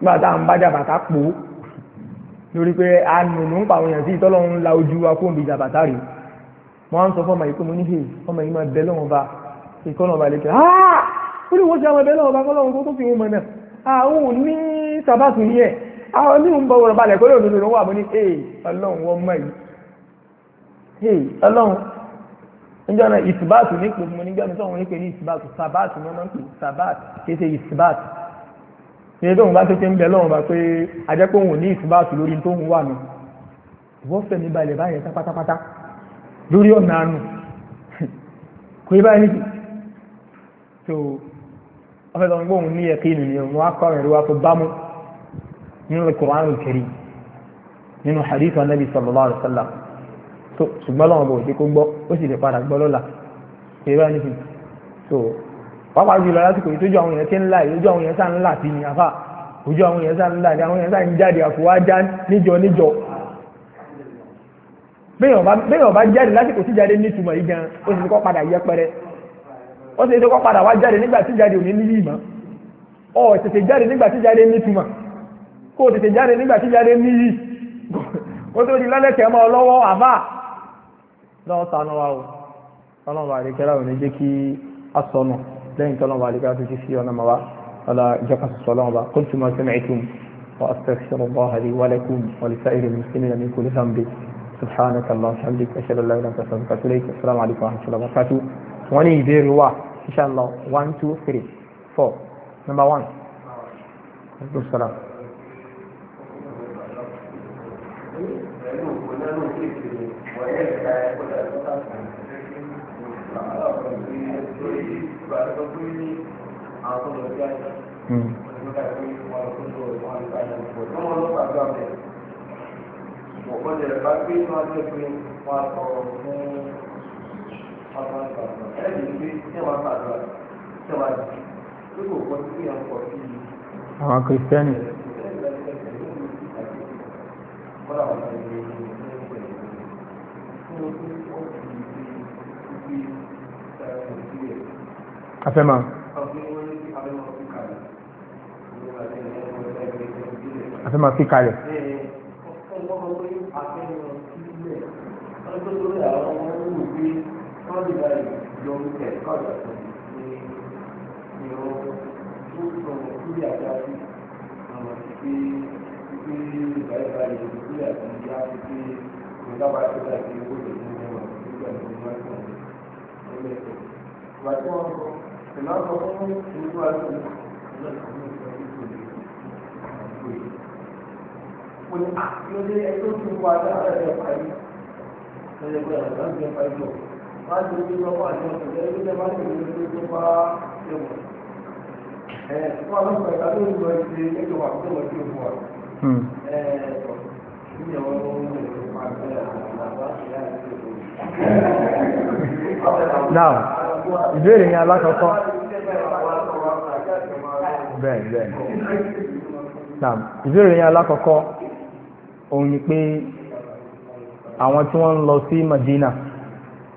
nígbà tá à ń bá jàbátá pò ó lórí pé a nùnú ń pa àwọn èèyàn sí ìtọ́lọ́run la ojú wa fóònù jàbátá rèé wọ́n á sọ fọ́ọ̀mà yìí pé mo ní hì fọ́ọ̀mà yìí máa bẹ lọ́wọ́n ba ìkọ́nà ọba lè kẹ́ ó ní wọ́n ti àwọn ẹbẹ̀ lọ́wọ́ bá kọ́lọ́run tó tó fi wọn mọ̀nà àwọn ò ní sàbátù yìí ẹ̀ àwọn ní ń bọ̀ wọ̀rọ̀ balẹ̀ pẹ̀lú òdodo ló wà mọ́ ní ee ọlọ́run wọ́n mọ̀ yìí ee ọlọ́run níjọ́ náà ìsìbáàtù ní pè mo níjọ́ náà sọ̀rọ̀ ní pè ní ìsìbáàtù sàbáàtù ní wọ́n pè balẹ̀ báyẹn pátápátá lórí ọ̀nà àánú kò yẹ báyìí nìkì ọfẹ́ sọ gbóhùn ní ẹ̀kí ìlú ni wọ́n kọ́ rẹ̀ wá tó bámú nínú Al-Qur'an Al-Karim nínú hadith anabi sallallahu alaihi wasallam so ṣùgbọ́n lọ́wọ́ bò ó ti kó gbọ́ ó sì lè padà gbọ́ lọ́la ṣe bá nífi so pàápàá jùlọ lásìkò yìí tójú àwọn èèyàn ti ń là yìí ojú àwọn èèyàn sá ń là sí ni àfà ojú àwọn èèyàn sá ń là ní àwọn èèyàn sá ń jáde àfọwájá níjọ níjọ béèyàn bá jáde lásìkò tí nítumọ̀ yìí gan ó sì kọ́ padà yẹpẹrẹ ó sì ṣe kọ́ padà wá jáde nígbà tí jáde ò ní níyì mọ́ ọ tètè jáde nígbà tí jáde ní túmọ̀ kó o tètè jáde nígbà tí jáde níyì ó tó di lálẹ́kẹ̀ mọ́ ọ lọ́wọ́ àbá lọ́wọ́ sànú wa o ọlọ́run bá àdékẹ́lá ò ní jẹ́ kí a sọnù lẹ́yìn tọ́lọ́run bá àdékẹ́lá tó ti fi ọ̀nà mọ́ wa ọ̀la ìjọba sọ̀rọ̀ ọlọ́run bá kó tuma sami'tum wa astaghfiru Allaha li wa lakum wa li sa'iri muslimina min kulli dhanbi subhanaka Allahumma wa bihamdika ashhadu an la inshallah one two three four number one. aleykum salaam. Mm àwọn kìrìsìtẹ́nì afẹ́mà afẹ́mà fi kalẹ̀ bí àti ìyá ti pé ìjọba tó dà sí owó lè mú ẹwà nígbà tó ń wájú ọ̀hún ọ̀hún ẹ̀kọ́. ìgbà tí wọ́n sọ ìlú àgbà fún ìlú Now, ìbéèrè yẹn alákọ̀ọ́kọ́. Bẹ́ẹ̀ bẹ́ẹ̀. Now, ìbéèrè alákọ̀ọ́kọ́ òun ni pé àwọn tí wọ́n ń lọ sí Madina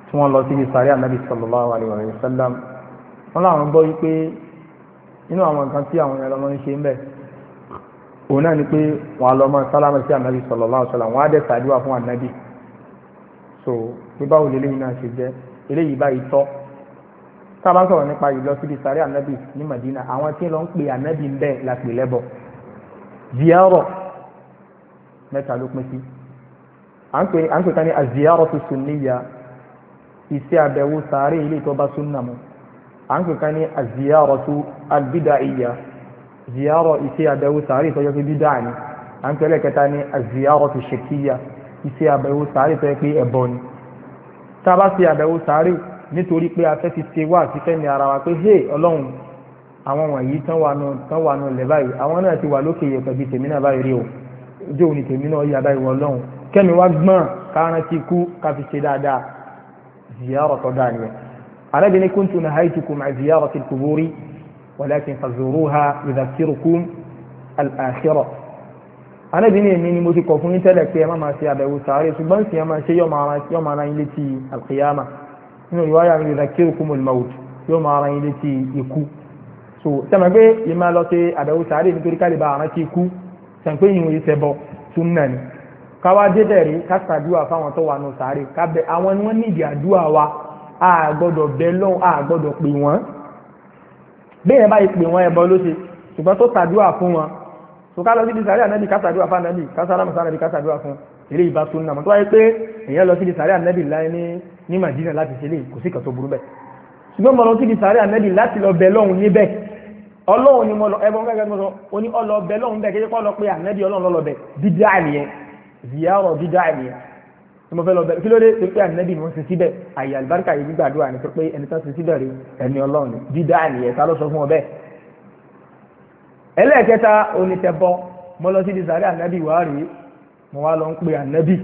tí lọ sí Anabi sallallahu alaihi wa sallam wọ́n láwọn gbọ́ wípé nínú àwọn nǹkan tí àwọn èèyàn lọ́mọ ń ṣe ń bẹ̀ òun náà ni pé wọ́n á lọ mọ́ sálámà sí ànábì sallallahu alaihi wasallam wọ́n á dẹ̀ sàdúrà fún ànábì so pé báwo lélẹ́yìn náà ṣe jẹ́ eléyìí báyìí tọ́ tá a bá sọ̀rọ̀ nípa ìlọ síbi ànábì ní Madina àwọn tí lọ ń pe ànábì ń bẹ̀ la pè lẹ́bọ̀ ziyarọ̀ mẹ́ta ló pín sí à ń pè ká ní àziyarọ̀ tuntun níyà iṣẹ́ àbẹ̀wò sàárẹ̀ ilé ìtọ́ súnnà mu à ń pèkà ní àzíyárọ̀tú albidaiya ziyárọ̀ iṣẹ́ àbẹ̀wò sàárì tó jẹ́ pé bídà ni à ń pẹ̀lẹ̀ kẹta ní àzíyárọ̀tú ṣèkíyà iṣẹ́ àbẹ̀wò sàárì tó jẹ́ pé ẹ̀bọ ni tá a bá ṣe àbẹ̀wò sàárì nítorí pé a fẹ́ ti ṣe wá àfikẹ́ ní ara wa pé hé ọlọ́run àwọn wọ̀nyí tán wà nù tán wà nù lẹ̀ báyìí àwọn náà ti wà lókè yẹpẹ̀ bíi tèmi náà báyìí rí arábìnrin ní kuntu nahaytukum an ziyarati al-quburi walakin fazuruha yudhakirukum al-akhirah arábìnrin èmi ni mo ti kọ̀ fún yín tẹ́lẹ̀ pé ẹ má máa ṣe àbẹ̀wò sàárè ṣùgbọ́n sì ẹ máa ṣe yọ máa ra yín létí al-qiyama nínú ìwáyà yudhakirukum al-maut yọ máa ra yín létí ikú so sẹ́mi pé yìí máa lọ ṣe àbẹ̀wò sàárè nítorí ká lè ba àrántí ikú sẹ́mi pé yìí ń wòye ṣẹbọ tún náà ni káwá débẹ̀ rí ká ṣàdúrà fáwọn tó wà nù sàárè ká bẹ àwọn ni wọ́n nídìí àdúrà wa a gbọ́dọ̀ bẹ lọ́hùn a gbọ́dọ̀ pè wọ́n bẹ́ẹ̀ bá yìí pè wọ́n ẹ̀bọ ló ṣe ṣùgbọ́n tó tàdúrà fún wọn tó ká lọ sí ìdísàrí ànẹ́bì ká tàdúrà fún ànẹ́bì ká sálámù sára ká tàdúrà fún eré ìbá tó nà mọ́ tó wáyé pé èèyàn lọ sí ìdísàrí ànẹ́bì láì ní ní màdínà láti ṣe lè kò sí kan tó burú bẹ́ẹ̀ ṣùgbọ́n mo lọ sí ìdísàrí ànẹ́bì láti lọ bẹ lọ́hùn níbẹ̀ ọlọ́hun ni mo lọ ẹbọn gẹ́gẹ́ mo sọ ó ní ọlọ bẹ lọ́hùn bẹ́ẹ̀ kéjẹ́ kọ́ lọ pé ànẹ́bì ọlọ́hun lọ bẹ dídá àníyẹn ziyarọ̀ dídá àníyẹn tí mo fẹ́ lọ bẹ̀rẹ̀ kí ló dé tó pé ànábì mo ń sin síbẹ̀ àyè àlùbáríkà yìí gbàdúrà ní tó pé ẹni tó ń sin síbẹ̀ rí ẹni ọlọ́run dídá àníyẹ ta ló sọ fún ọ bẹ́ẹ̀. ẹlẹ́ẹ̀kẹta onítẹ̀bọ mo lọ sí di sàárẹ̀ ànábì wàá rèé mo wá lọ ń pe ànábì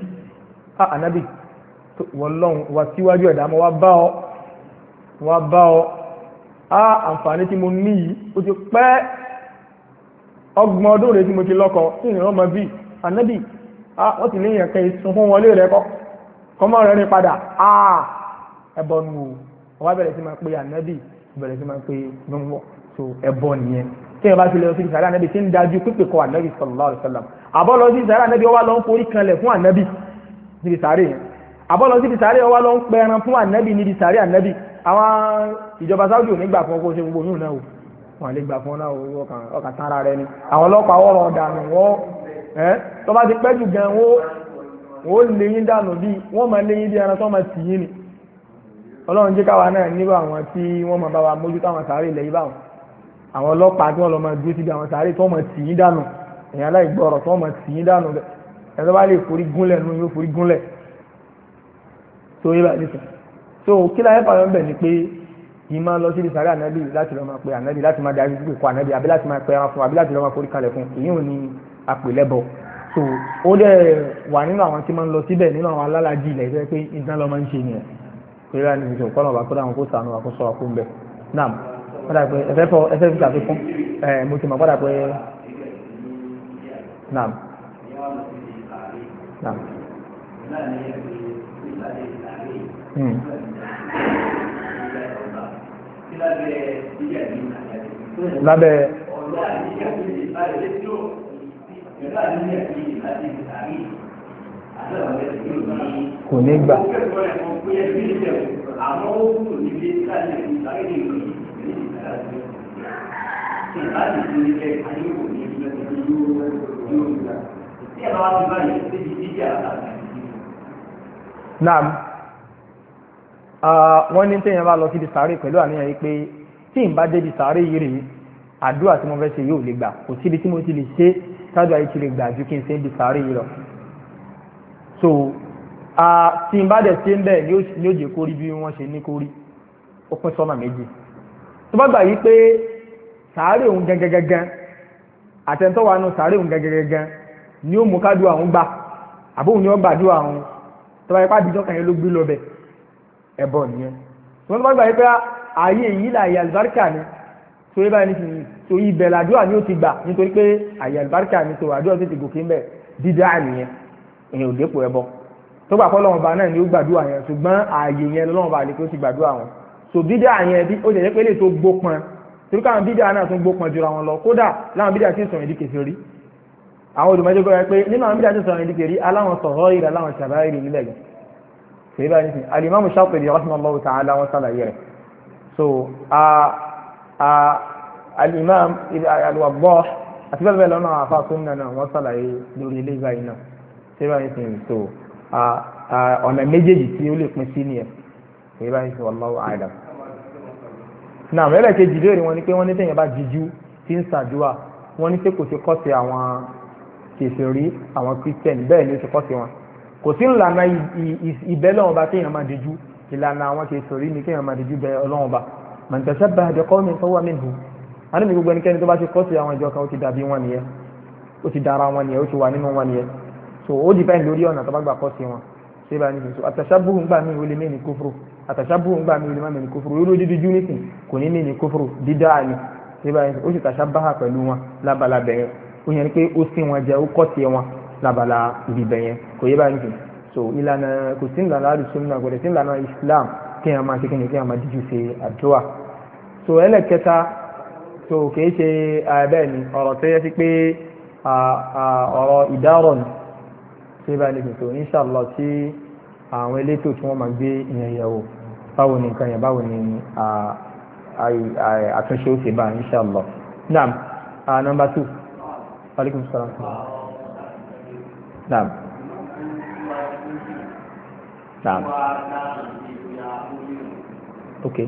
ah ànábì wọlọ́run wá síwájú ẹ̀dá mo wá bá ọ wá bá ọ ah àǹfààní tí mo ní yìí ó ti pẹ́ ọgbọ̀n ọdún rèé tí mo ti lọ́kọ ìrìn wọ́n ah, ti léyìn ẹ̀kẹ́ ìsun fún wọlé rẹ̀ kọ́ kọ́mọ́ rẹ̀ ní padà ah, ẹbọ nù ọwọ́ bẹ̀rẹ̀ sí máa pe ànábì bẹ̀rẹ̀ sí máa pe nùwọ̀ so ẹbọ nìyẹn tí ẹ bá ti lọ sí ìsàrà ànábì tí ń dájú pípé kọ ànábì sallallahu alaihi wasallam àbọ̀ lọ sí ìsàrà ànábì ọwọ́ lọ ń forí kanlẹ̀ fún ànábì níbi sàárè yẹn àbọ̀ lọ sí ibi sàárè ọwọ́ lọ ń pẹran fún ànábì níbi sàárè ànábì àwọn ìjọba Saudi ò ní gbà fún ọkọ̀ ṣe gbogbo yóò náà o ni àwọn ọlọ́pàá ọ̀rọ̀ ni ẹ́ tó bá ti pẹ́ jù gan wọ́n léyìn dànù bí wọ́n máa léyìn bí ẹran tó máa tì yín ni ọlọ́run jẹ́ káwa náà nílò àwọn tí wọ́n máa bá wa mójútó àwọn sáré ilẹ̀ yìí báwọn àwọn ọlọ́pàá tí wọ́n lọ máa dúró síbi àwọn sáré tó máa tì yín dànù èèyàn aláìgbọ́rọ̀ tó máa tì yín dànù bẹ́ẹ̀ ẹ̀rọ bá lè forí gúnlẹ̀ nínú yóò forí gúnlẹ̀ tó yé báyìí sọ so kí láyé fàyọ̀ ń bẹ̀ ni pé ìmọ̀ lọ síbi sàárẹ̀ ànábì láti lọ máa pe ànábì láti máa darí pé kọ ànábì àbí láti máa pe ẹran fún àbí láti lọ máa forí kalẹ̀ fún èyí ò ní apèlẹ́bọ so ó dẹ̀ wà nínú àwọn tí máa ń lọ síbẹ̀ nínú àwọn alálàájì ilẹ̀ tó yẹ pé ìdáná lọ máa ń ṣe nìyẹn pẹ̀lú àni ìṣòwò kọ́nà ọ̀bà kọ́nà àwọn kó sànù àkóso àkóńbẹ nam padà pé ẹfẹ́ fọ ẹfẹ́ fi ṣàfikún ẹ mo ti mọ̀ padà pé nam nam. Hmm lábẹ́ kò ní gbà. Naam ah, wọ́n ní tẹ́yìn bá lọ sí ibi sàárè pẹ̀lú àníyàn yìí pé tí n bá débi sàárè yìí rèé àdúrà tí mo fẹ́ ṣe yóò lè gbà kò síbi tí mo ti lè ṣe é tádùá yìí ti lè gbà ju kí n ṣe ń bi sàárè yìí lọ so tí n bá dẹ̀ ṣe ń bẹ̀ ni ó jẹ́ kó rí bí wọ́n ṣe ní kó rí ó pín sọ́nà méjì tó bá gbà yí pé sàárè òun gangan àtẹ̀ntọ́ wa nu sàárè òun gangan ni ó mú kádùá òun gbà àbóhùn ni ó gbàdúrà òun tó bá yẹ pé àdìjọ́ kan yẹn ló gbé lọ bẹ̀ ẹ̀bọ̀ nìyẹn tó bá gbà yí pé ààyè yìí là tó ibẹ̀ làdúrà ni ó ti gbà nítorí pé àyè àlùbáríkà ni tó àdúrà tó ti gòkè ń bẹ̀ dídá nìyẹn èèyàn ò dépò ẹbọ tó gbà fọlọ́wọ́n ba náà ni ó gbàdúrà yẹn ṣùgbọ́n ààyè yẹn lọ́wọ́n ba àlekí ó ti gbàdúrà wọn so dídá yẹn bí ó jẹjẹ pé lè tó gbópọn torí káwọn dídá náà tún gbópọn jura wọn lọ kódà láwọn dídá sì sọ̀rọ̀ ìdí kèfèrí àwọn olùmọ̀jọ́ gbọ́dọ̀ pé nínú àwọn dídá sì sọ̀rọ̀ ìdí kèfèrí aláwọn sọ̀rọ̀ ìrẹ̀ aláwọn ṣàbáyé nílẹ̀ yìí ṣèyí báyìí nìsín alimami ta'ala wọn sàlàyé so a a alimam alwabọ àti bẹ́ẹ̀ bẹ́ẹ̀ lọ́nà àfa súnmọ́ náà wọ́n sàlàyé lórí ilé ìgbà yìí náà ṣé báyìí sì ń so ọ̀nà méjèèjì tí ó lè pín sí nìyẹn ṣé báyìí sì wọ́n lọ́wọ́ àìdá. náà mẹ́rẹ̀ kejì léèrè wọn ni pé wọ́n ní tẹ̀yìn bá jíjú tí ń ṣàdúrà wọ́n ní pé kò ṣe kọ́sì àwọn kèfèrí àwọn kírísítẹ̀nì bẹ́ẹ̀ ni ó ṣe kọ́sì wọn kò sí ìlànà ìbẹ́ lọ́wọ́ba kéèyàn kéèyàn máa a níbi gbogbo ẹnikẹ́ni tó bá ti kọ́ sí àwọn ìjọ kan ó ti dàbí wọn nìyẹn ó ti dára wọn nìyẹn ó ti wà nínú wọn nìyẹn so ó dìbẹ́ẹ̀ lórí ọ̀nà tó bá gbà kọ́ sí wọn ṣé bá nìyẹn so àtàṣàbùhù ń gbà mí ìwé lè mí kófòrò àtàṣàbùhù gbà mí ìwé lè má mí kófòrò irú dídí jú nìsín kò ní mí kófòrò dídá ni ṣé bá nìyẹn ó sì tàṣàbáhà pẹ̀lú wọn lábalábẹ̀ yẹn ó yẹn pé ó sí wọn jẹ ó kọ́ sí wọn lábala ìdìbẹ̀ yẹn kò yé bá nìyẹn so ìlànà kò sí ìlànà àdùsùnmùnà kò sí ìlànà Islam kí ẹ máa ṣe kí ẹ máa díjú ṣe àdúrà so ẹlẹ́kẹta so kìí ṣe ah, bẹ́ẹ̀ ni ọ̀rọ̀ tó yẹ sí pé ah, ah, ọ̀rọ̀ ìdárọ̀ ni tí bá ní tòtò inṣàlọ tí àwọn elétò tí wọ́n máa gbé ìyẹn yẹ̀wò báwo ni nǹkan yẹn báwo ni àtúnṣe ó ṣe bá inṣàlọ. naam number two aleykum salaam. naam. naam. okay.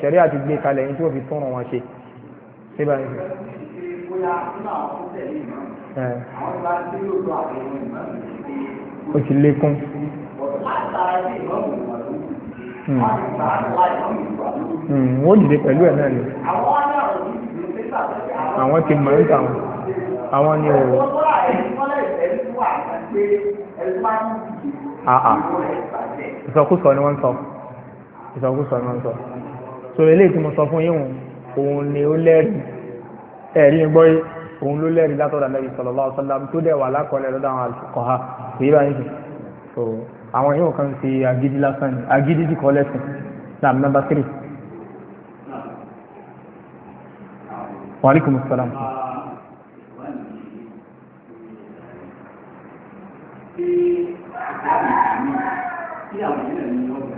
ṣẹ̀rí àti gbé kalẹ̀ yìí tí ó fi tún ọ̀rọ̀ wọn ṣe síbà ní. ó ti lékún. Hmm. Hmm, wọ́n dìde pẹ̀lú ẹ̀ náà ni àwọn ti mọ̀ níta wọn àwọn ni ò. àà ìsọkúsọ ni wọ́n sọ ìsọkúsọ ni wọ́n sọ sọ̀rọ̀ eléyìí tí mo sọ fún yín wọn òun ni ó lẹ́rìí ẹ̀rí gbọ́ yé òun ló lẹ́rìí látọ̀dọ̀ Ànábì sallallahu alaihi wasallam tó dẹ̀ wà lákọọ́lẹ̀ lọ́dọ̀ àwọn àkọ́ ha kò yí báyìí so àwọn yóò kàn ṣe agídí lásán ni agídí ti kọ́ lẹ́sìn náà nọ́mbà tírì. wa alaikum salam. Tí àwọn ìlànà ìjọba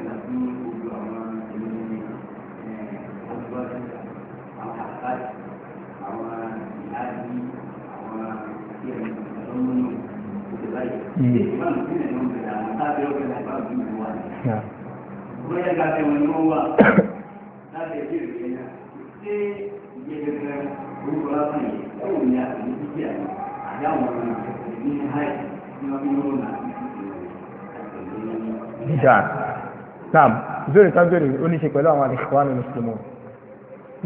bóyá gàtẹ̀ wọn ni wọ́n wà láti ẹ̀jẹ̀ rẹ̀ yẹn ṣé ìjẹ́ gẹ́gẹ́ orúkọ lásán yìí ẹ̀wọ̀n ni àti ní jíjẹ́ àti àwọn ọmọ ní háì ní ọdún yóò nà jíjà náà zori kan zori ó ní ṣe pẹ̀lú àwọn àdìsíwánù mùsùlùmù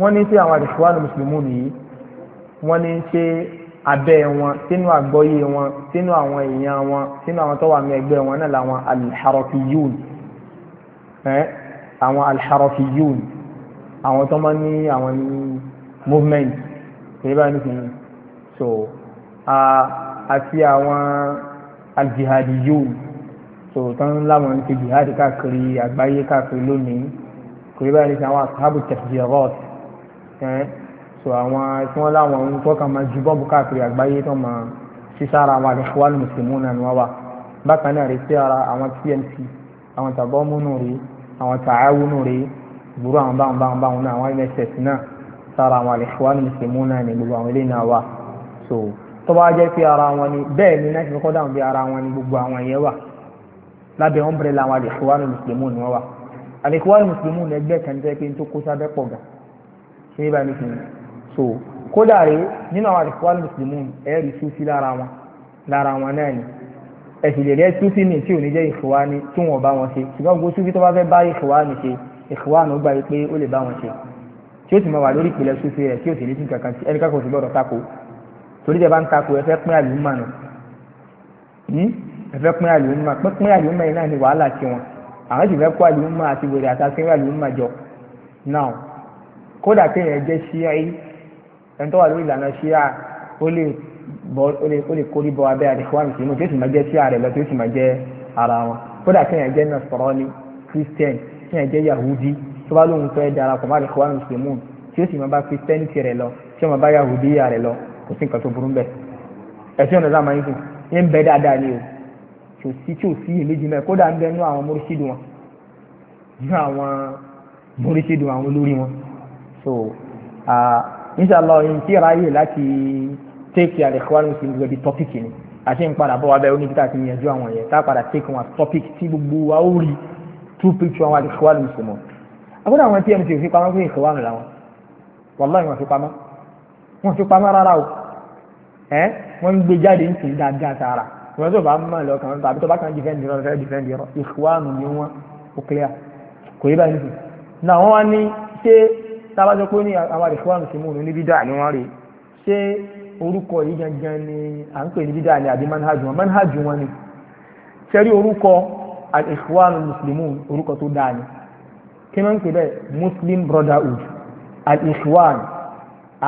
wọ́n ní sí àwọn àdìsíwánù mùsùlùmù nìyí wọ́n ní ṣe abẹ́ wọn sínú àgbọ́yé wọn sínú àwọn èèyàn wọn sínú àwọn tó wà ní ẹgbẹ́ wọn náà làwọn alḥarafiyun ẹ́ àwọn alḥarafiyun àwọn tó máa ní àwọn ní movement èyí bá nìkan so àti àwọn aljihadiyun so tó ń láwọn ti jihad káàkiri àgbáyé káàkiri lónìí kò yẹ nìkan àwọn àkàbù tẹ̀síọ̀rọ̀t so àwọn tí wọ́n láwọn ń tọ́ka máa ju bọ́ọ̀bù káàkiri àgbáyé tó máa ṣe sára àwọn àdìsíwá mùsùlùmí náà ni wọ́n wà bákan náà rí sí ara àwọn TNC àwọn tàbọ́mùnú rí àwọn tààwùnú rí gbúrú àwọn báwọn báwọn báwọn náà àwọn NSS náà sára àwọn àdìsíwá mùsùlùmí náà ni gbogbo àwọn ilé náà wà so tó bá jẹ́ pé ara wọn ni bẹ́ẹ̀ ni náà ti kọ́ dáhùn bí ara wọn ni gbogbo àwọn yẹn wà lábẹ́ ọ̀nbrẹ́là àwọn àdìsíwá mùsùlùmí ni wọ́n wà àdìsíwá mùsùlùmí ni ẹgbẹ́ so kódà rè nínú àwọn àdìsíwájú mùsùlùmí ẹ rí sufi lára wọn lára wọn náà ni ẹ sì lè rẹ sufi mi tí ò ní jẹ ìfowani tí wọn bá wọn ṣe ṣùgbọ́n gbogbo sufi tó bá fẹ́ bá ìfowani ṣe ìfowani ó gbà yí pé ó lè bá wọn ṣe tí ó sì máa wà lórí ìpìlẹ̀ sufi rẹ̀ tí ó sì lè tún kankan ẹni kankan sì gbọ́dọ̀ tako torí tẹ bá ń tako ẹ fẹ́ pín àlùmọ́ nù hmm? ẹ fẹ́ pín àlùmọ́ pín àlùmọ́ yìí náà ni wàhálà ti wọn àwọn sì fẹ́ kó àlùmọ́ àti wèrè àtàkùn àlùmọ́ jọ náà kódà kéèyàn jẹ́ ṣíáyí ẹni tó wà lórí ìlànà ṣíà ó lè bọ́ ó lè ó lè kórí bọ́ abẹ́ àdìsíwájú sí inú tí ó sì máa jẹ́ ṣíà rẹ̀ lọ tí ó sì máa jẹ́ ara wọn kódà kéèyàn jẹ́ nasarani christian kéèyàn jẹ́ yahudi tó bá lóun fẹ́ darapọ̀ má àdìsíwájú sí mú tí ó sì máa bá christianity rẹ̀ lọ tí ó máa bá yahudi yà rẹ̀ lọ kò sí nǹkan tó burú bẹ́ẹ̀ ẹ̀sìn ọ̀nà sáà máa ń bẹ dáadáa ni o kò sí tí ò sí èméjì mẹ́ẹ̀ kódà ń bẹ nú àwọn mórísìdù wọn nú àwọn mórísìdù àwọn olórí wọn so inshallah yìí ti ráyè láti take care ikhwan muslim lórí topic yìí àti ìpadà bọ́ wa bẹ́ẹ̀ oníbi tá a ti yanjú àwọn yẹn tá a padà take one topic tí gbogbo wa ó rí two picture wa ikhwan muslim mọ́ àbúrò àwọn tmc ò fi pamọ́ fún ikhwan làwọn wallahi wọn fi pamọ́ wọn fi pamọ́ rárá o ẹ wọn ń gbé jáde ń sìn dáadáa sára wọn tó bá ń mọ lọ kàn tàbí tó bá kàn defend irọ́ fẹ́ defend irọ́ ikhwan ni wọn ó clear kò yẹ báyìí nìyí náà wọn wá ní ṣé tábàjọ pé ní àwọn àdìfúwà mùsùlùmí ní bídà ni wọ́n rí ṣé orúkọ yìí gangan ni à ń pè ní bídà ni àbí manhajù wọn manhajù wọn ni ṣẹ́rí orúkọ àdìfúwà mùsùlùmí orúkọ tó dáa ni kí wọ́n ń pè bẹ́ẹ̀ muslim brotherhood al-ikhwan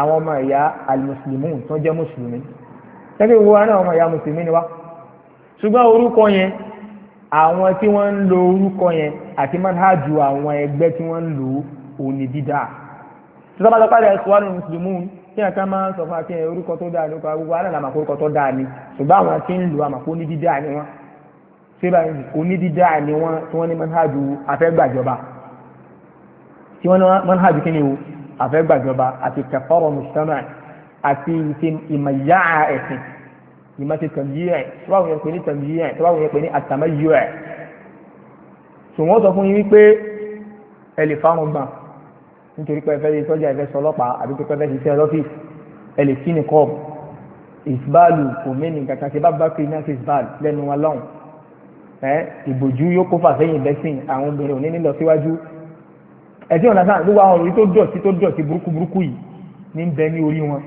àwọn ọmọ ẹ̀yà al-muslimun tó jẹ́ mùsùlùmí tẹ́lẹ̀ wo ara ọmọ ẹ̀yà mùsùlùmí ni wá ṣùgbọ́n orúkọ yẹn àwọn tí wọ́n ń lo orúkọ yẹn àti manhajú àwọn ẹgbẹ́ tí wọ́n ń lò ó ní dídá tọ́ba lọ pàdé ẹ̀kọ́ wánú mùsùlùmí tí a ká máa ń sọ fún akẹ́yẹ orúkọ tó dáa ló kọ gbogbo àná làmà kó orúkọ tó dáa ni ṣùgbọ́n àwọn tí ń lò àmà kó ní ni wọ́n ṣé báyìí kò ni wọ́n tí wọ́n ní manhaju afẹ́gbàjọba tí wọ́n ní manhaju kí ni o afẹ́gbàjọba àti kẹfọ́rọ̀ mùsùlùmí àti ìmọ̀yá ẹ̀sìn ìmọ̀ ti tẹ̀míyẹ̀ tọ́wọ́ yẹn pè ní tẹ̀míyẹ̀ tọ́wọ́ yẹn pè ní nítorí pé ẹfẹ́ sọ́jà ẹfẹ́ sọlọ́pàá àbí pé pẹ́fẹ́ ṣiṣẹ́ lọ́fíìsì ẹ lè kí ni kọ́ọ̀bù ìsbáàlù kò mẹ́ni kankan ṣe bá bá kiri náà ṣe ìsbáàlù lẹ́nu wa lọ́hùn ẹ ìbòjú yóò kó fàṣẹyìn bẹ́sìn àwọn obìnrin ò ní ní lọ síwájú ẹtí ọ̀nà sáà gbogbo àwọn orí tó dọ̀tí tó dọ̀tí burúkú burúkú yìí ní bẹ ní orí wọn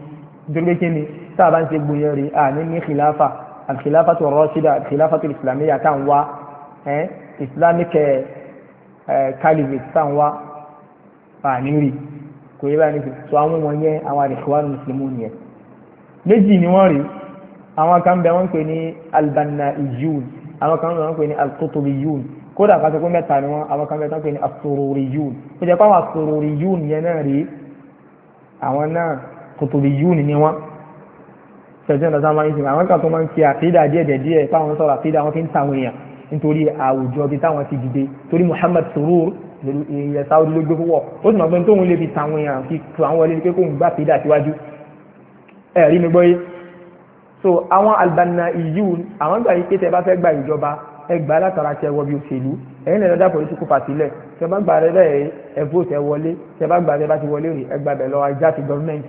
nítorí pé kí ni tá a bá ń ṣe gbòyàn rè à ní ní kìláfà àkìláfà tó rọ́ sídà kìláfà tó ìsìlámì yà tá à ń wá ẹ ìsìlámì kẹ ẹ kálífì àní ah, rí kò yẹ báyìí nìkan so àwọn wọn yẹn àwọn àdìsíwájú mùsùlùmí yẹn méjì ni wọ́n rí àwọn kan bẹ wọ́n pè ní albannaiyun àwọn kan bẹ wọ́n pè ní alkutubiyun kódà ká sọ mẹ́ta ni wọ́n àwọn kan bẹ wọ́n pè ní asururiyun ó jẹ́ pé àwọn asururiyun yẹn náà rí àwọn náà kutubiyun ni wọ́n sẹ̀sẹ̀ ọ̀dọ̀ sáà máa ń sìn àwọn kan tó máa ń fi àfídà díẹ̀ díẹ̀ fáwọn sọ̀rọ̀ àfídà wọn fi ń tàwọn èèyàn nítorí àwùjọ bí táwọn ti dìde torí Muhammad surur ìyẹn sáwọ́dí ló gbé púpọ̀ ó sì mọ̀ pé tóun lè fi tàwọn èèyàn fi tu àwọn ẹlẹ́ni pé kóun gbà pé dà síwájú ẹ̀rí mi gbọ́ yé so àwọn albanna ìyíw àwọn gbà yí pé tẹ bá fẹ́ gba ìjọba ẹ gbà látara tẹ wọ bí òṣèlú ẹ̀yin lẹ́nu dá political party lẹ̀ tẹ bá gbà rẹ bẹ́ẹ̀ ẹ vote ẹ wọlé tẹ bá gbà rẹ bá ti wọlé rè ẹ gbà bẹ̀ lọ ajá ti government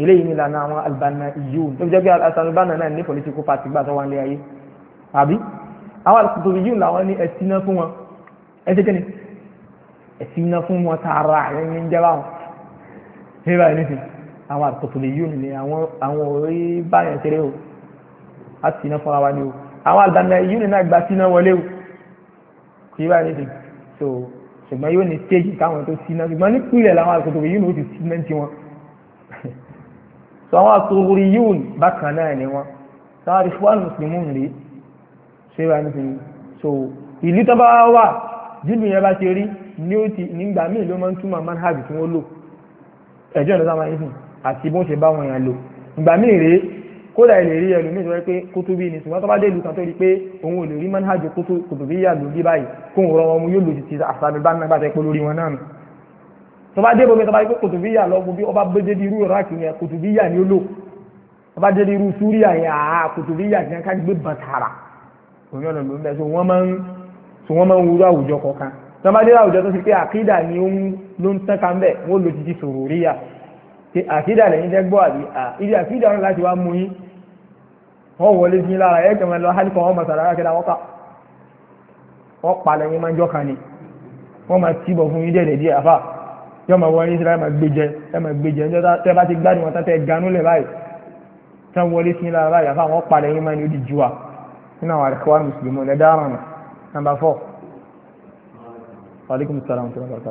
eléyìí ni lànà àwọn albanna ìyíw tó fi jẹ́ pé Al-Hassan Al-Banna náà ní political party gbà tó wà ní ayé àbí àwọn àtúntò ìyíw làwọn ní ẹ síná fún wọn ẹ ṣe kí ẹ̀sí iná fún wọn tààrà àyẹ̀yẹ̀ ń jẹ́bà wọn ní báyìí nìsín àwọn àtòkùnlé yìí ni àwọn òrí báyìí ṣeré o a sì iná fúnra wa ni o àwọn àgbàna yìí ni náà gba síná wọlé o kò yí báyìí so ṣùgbọ́n yóò ní stéèjì káwọn tó síná ṣùgbọ́n nípìnlẹ̀ làwọn àtòkùnlé yìí ni ó ti síná ti wọn so àwọn àtòkùnlé yìí bákan náà ni wọn sáwọn ìfúwàn mùsùlùmí rí ṣé báyìí nìsín so ìlú tó bá wà jílù yẹn bá ṣe rí ní ó ti nígbà míì ló máa ń túmọ̀ manhaj tí wọ́n lò ẹ̀jọ́ ìlú sáwọn ìsìn àti bó ń ṣe bá wọn yàn lò ìgbà míì rèé kódà ilé rí ẹlòmíì tó wáyé pé kútúbí ni ṣùgbọ́n tó bá dé ìlú kan tó rí pé òun ò lè rí manhaj kútúbí yà lòdì báyìí kóun rọ wọn mu yóò lò sí ti àṣàbí bá nàgbà tẹ pé lórí wọn náà tó bá dé bomi tó bá yẹ pé kùtùbíyà lọ gbogbo ọba gbẹdẹ di irú iraq yẹn kùtùbíyà ni ó lò ọba jẹ di irú súríà yẹn àá kùtùbíyà yẹn ká gbé bàtàrà òun yọ̀nà ló ń bẹ so wọ́n máa ń so wọ́n máa ń wúrú àwùjọ kọ̀ọ̀kan tọ́mọdé àwùjọ tó ti pé àkídà ni ó ń ló ń tán kan bẹ́ẹ̀ wọ́n lò títí sòrò rí ya pé àkídà lẹ́yìn dẹ́gbọ́ àbí ìdí àkídà wọn láti wá mú yín wọ́n wọlé sí lára ẹ̀ kẹ́mọ́ lọ hálì kan wọ́n mọ̀ sàrà kẹ́dà wọ́n kà wọ́n pa lẹ́yìn máa ń jọ́ kan ni wọ́n máa ti bọ̀ fún yín dẹ̀dẹ̀ díẹ̀ àfà yọ máa wọlé sí lára máa gbé jẹ ẹ máa gbé jẹ tẹ́ bá ti gbádùn wọn tán tẹ́ ganú lẹ̀ báyìí tán wọlé sí lára báyìí àfà wọ́n pa lẹ́yìn máa ń ní ó di jùwà nínú àwọn àrẹ̀kọ́wà alaikum salam tó lọ́kọ̀ọ́ta.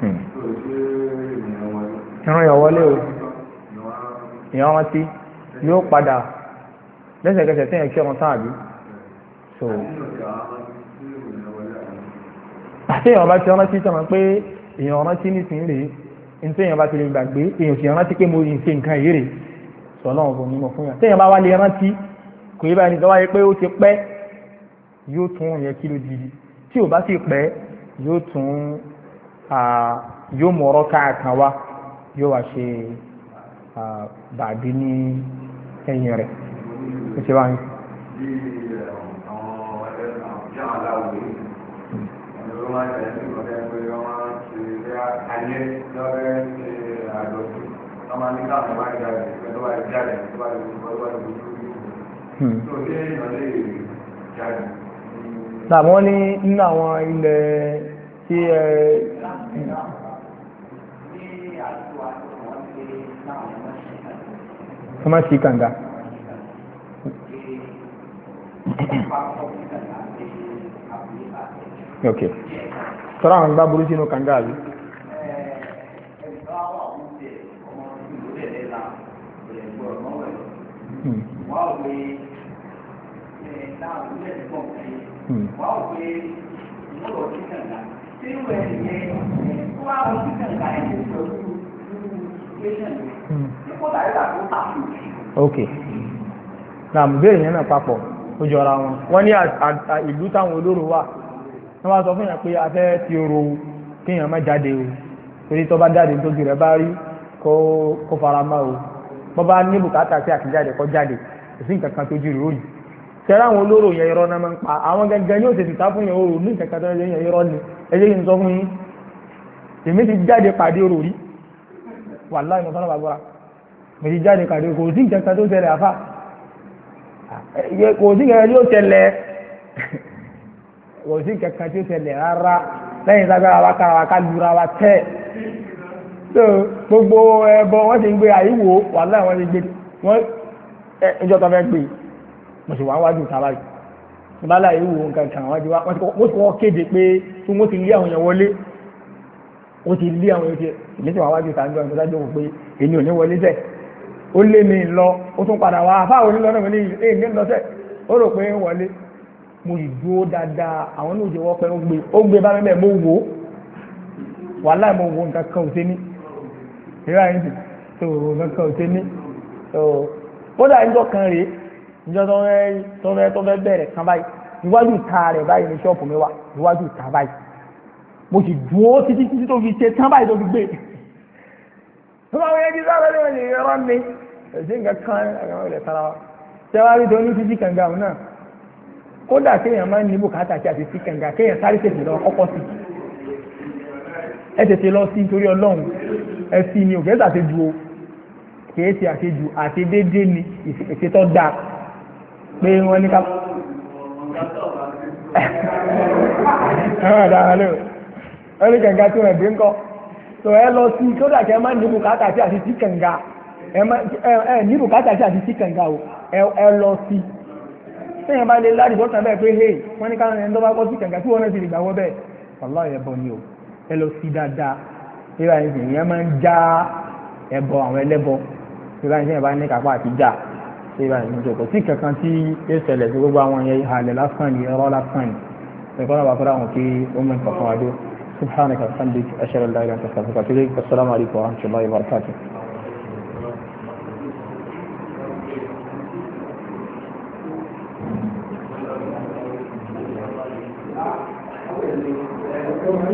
Hmm. ìran ìyàwọlé o ìyàn rántí yóò padà lẹ́sẹ̀kẹsẹ̀ tí èèyàn kí ọmọ sáàbí so àti èèyàn bá ti rántí sọ̀rọ̀ pé èèyàn rántí nísìnyí rèé ntẹ́yìn bá ti lè gbàgbé èèyàn sì rántí pé mo lè ṣe nǹkan ìrè sọ̀nà ọ̀bùn ni mo fún yàn tẹ́yìn bá wá lè rántí kò yẹ báyìí nígbà wáyé pé ó ti pẹ́ yóò tún yẹ kí ló di tí ò bá sì pẹ́ yóò tún yóò mú ọ̀rọ̀ káàkan wá yóò wá ṣe bàbí ní ẹ̀yìn rẹ̀ ó ṣe báyìí. àwọn ọ̀rẹ́ àwọn alẹ́ lọ́rẹ́ àjọ̀dún ọmọ ní káwọn bá jáde pẹ̀lú àti jáde tó bá hmm. lè wọ́n wá lójú tó dé ìrọ̀lẹ́ jáde. làwọn ní nínú àwọn ilẹ̀ tí ẹ. Wọ́n máa kànga. Ok. Sọ́ra àwọn gbá burú sínú kànga àbí? Hmm. ok na yẹn náà papọ̀ ó jọra wọn wọ́n ní ìlú táwọn olóró wà wọ́n sọ fún yàn pé a fẹ́ ti má jáde o torí bá jáde tó o bọ́ bá ní bùkátà sí àtijáde jáde kò sí nǹkan tẹ́lá àwọn olóró yẹn irọ́ náà máa ń pa àwọn gẹ́gẹ́ yóò tètè sá fún yẹn ní ìkẹta ni ẹjẹ́ yìí ń sọ fún yín èmi ti jáde pàdé orò rí wàláhì mo sọ́nà bàbá mo ti jáde pàdé kò sí ìkẹta so gbogbo ẹbọ wọ́n ti ń gbé àyíwò wàláhì wọ́n ti gbé mo sì wá wájú ìta báyìí ìbálà yìí wo nǹkan kan àwọn ti wá wọ́n ti wọ́n kéde pé tí wọ́n ti lé àwọn yẹn wọlé ó ti lé àwọn yẹn ti èmi sì wá wájú ìta níjọ́ ìgbésà jókòó pé èmi ò ní wọlé sẹ́ ó lé mi lọ ó tún padà wá afáwọn onílọ náà mi ní èmi ń lọ sẹ́ ó rò pé ń wọlé mo sì dúró dáadáa àwọn náà ò ti wọ́ pé ó gbé ó gbé bá mi mo wò ó wàhálà mo wò nǹkan kan ò sí ní ìrà yìí tó nǹkan kan ò sí ní kódà ìjọ kan rèé níjọ́ tó fẹ́ tó fẹ́ tó fẹ́ bẹ̀rẹ̀ kan báyìí iwájú ìta rẹ̀ báyìí ní ṣọ́ọ̀pù mi wà iwájú ìta báyìí mo sì dúró títí títí tó fi ṣe tán báyìí tó fi gbé tó bá wọlé kí sáré lè lè rọ́ mi èsì nǹkan kan àwọn ilẹ̀ tara wa tẹ́wárí tó ní títí kànga òun náà kódà kéèyàn máa ń ní bùkátà sí àti sí kànga kéèyàn sáré tètè lọ kọ́kọ́ sí ẹ tètè lọ sí nítorí ọlọ́run ẹ sì ni òkè sàṣejù o kèé ti àṣejù àti déédéé ni pé wọ́n ní ká ẹ̀rọ ìdára lè ẹ̀rí kẹ̀ǹgà tó rẹ̀ dé ń kọ́ tó ẹ lọ sí tó dàkẹ́ má ní bùkátà sí àti tí kẹ̀ǹgà ẹ ní bùkátà sí àti tí kẹ̀ǹgà o ẹ lọ sí sẹ́yìn bá lè láti bọ́tàn bẹ́ẹ̀ pé hey wọ́n ní káwọn ẹni tó bá kọ́ sí kẹ̀ǹgà tí wọ́n náà ti lè gbà wọ́ bẹ́ẹ̀ wàlá ẹ̀bọ ni o ẹ lọ sí dáadáa ṣe bá ìjọ kò sí kankan tí ó ṣẹlẹ̀ sí gbogbo àwọn yẹn ìhàlẹ̀ lásán ni ẹ̀rọ lásán ni ṣùgbọ́n náà bá fẹ́ràn kí ó mú nǹkan fún wa dé subhanaka alhamdulilayi ashhadu an la ilaha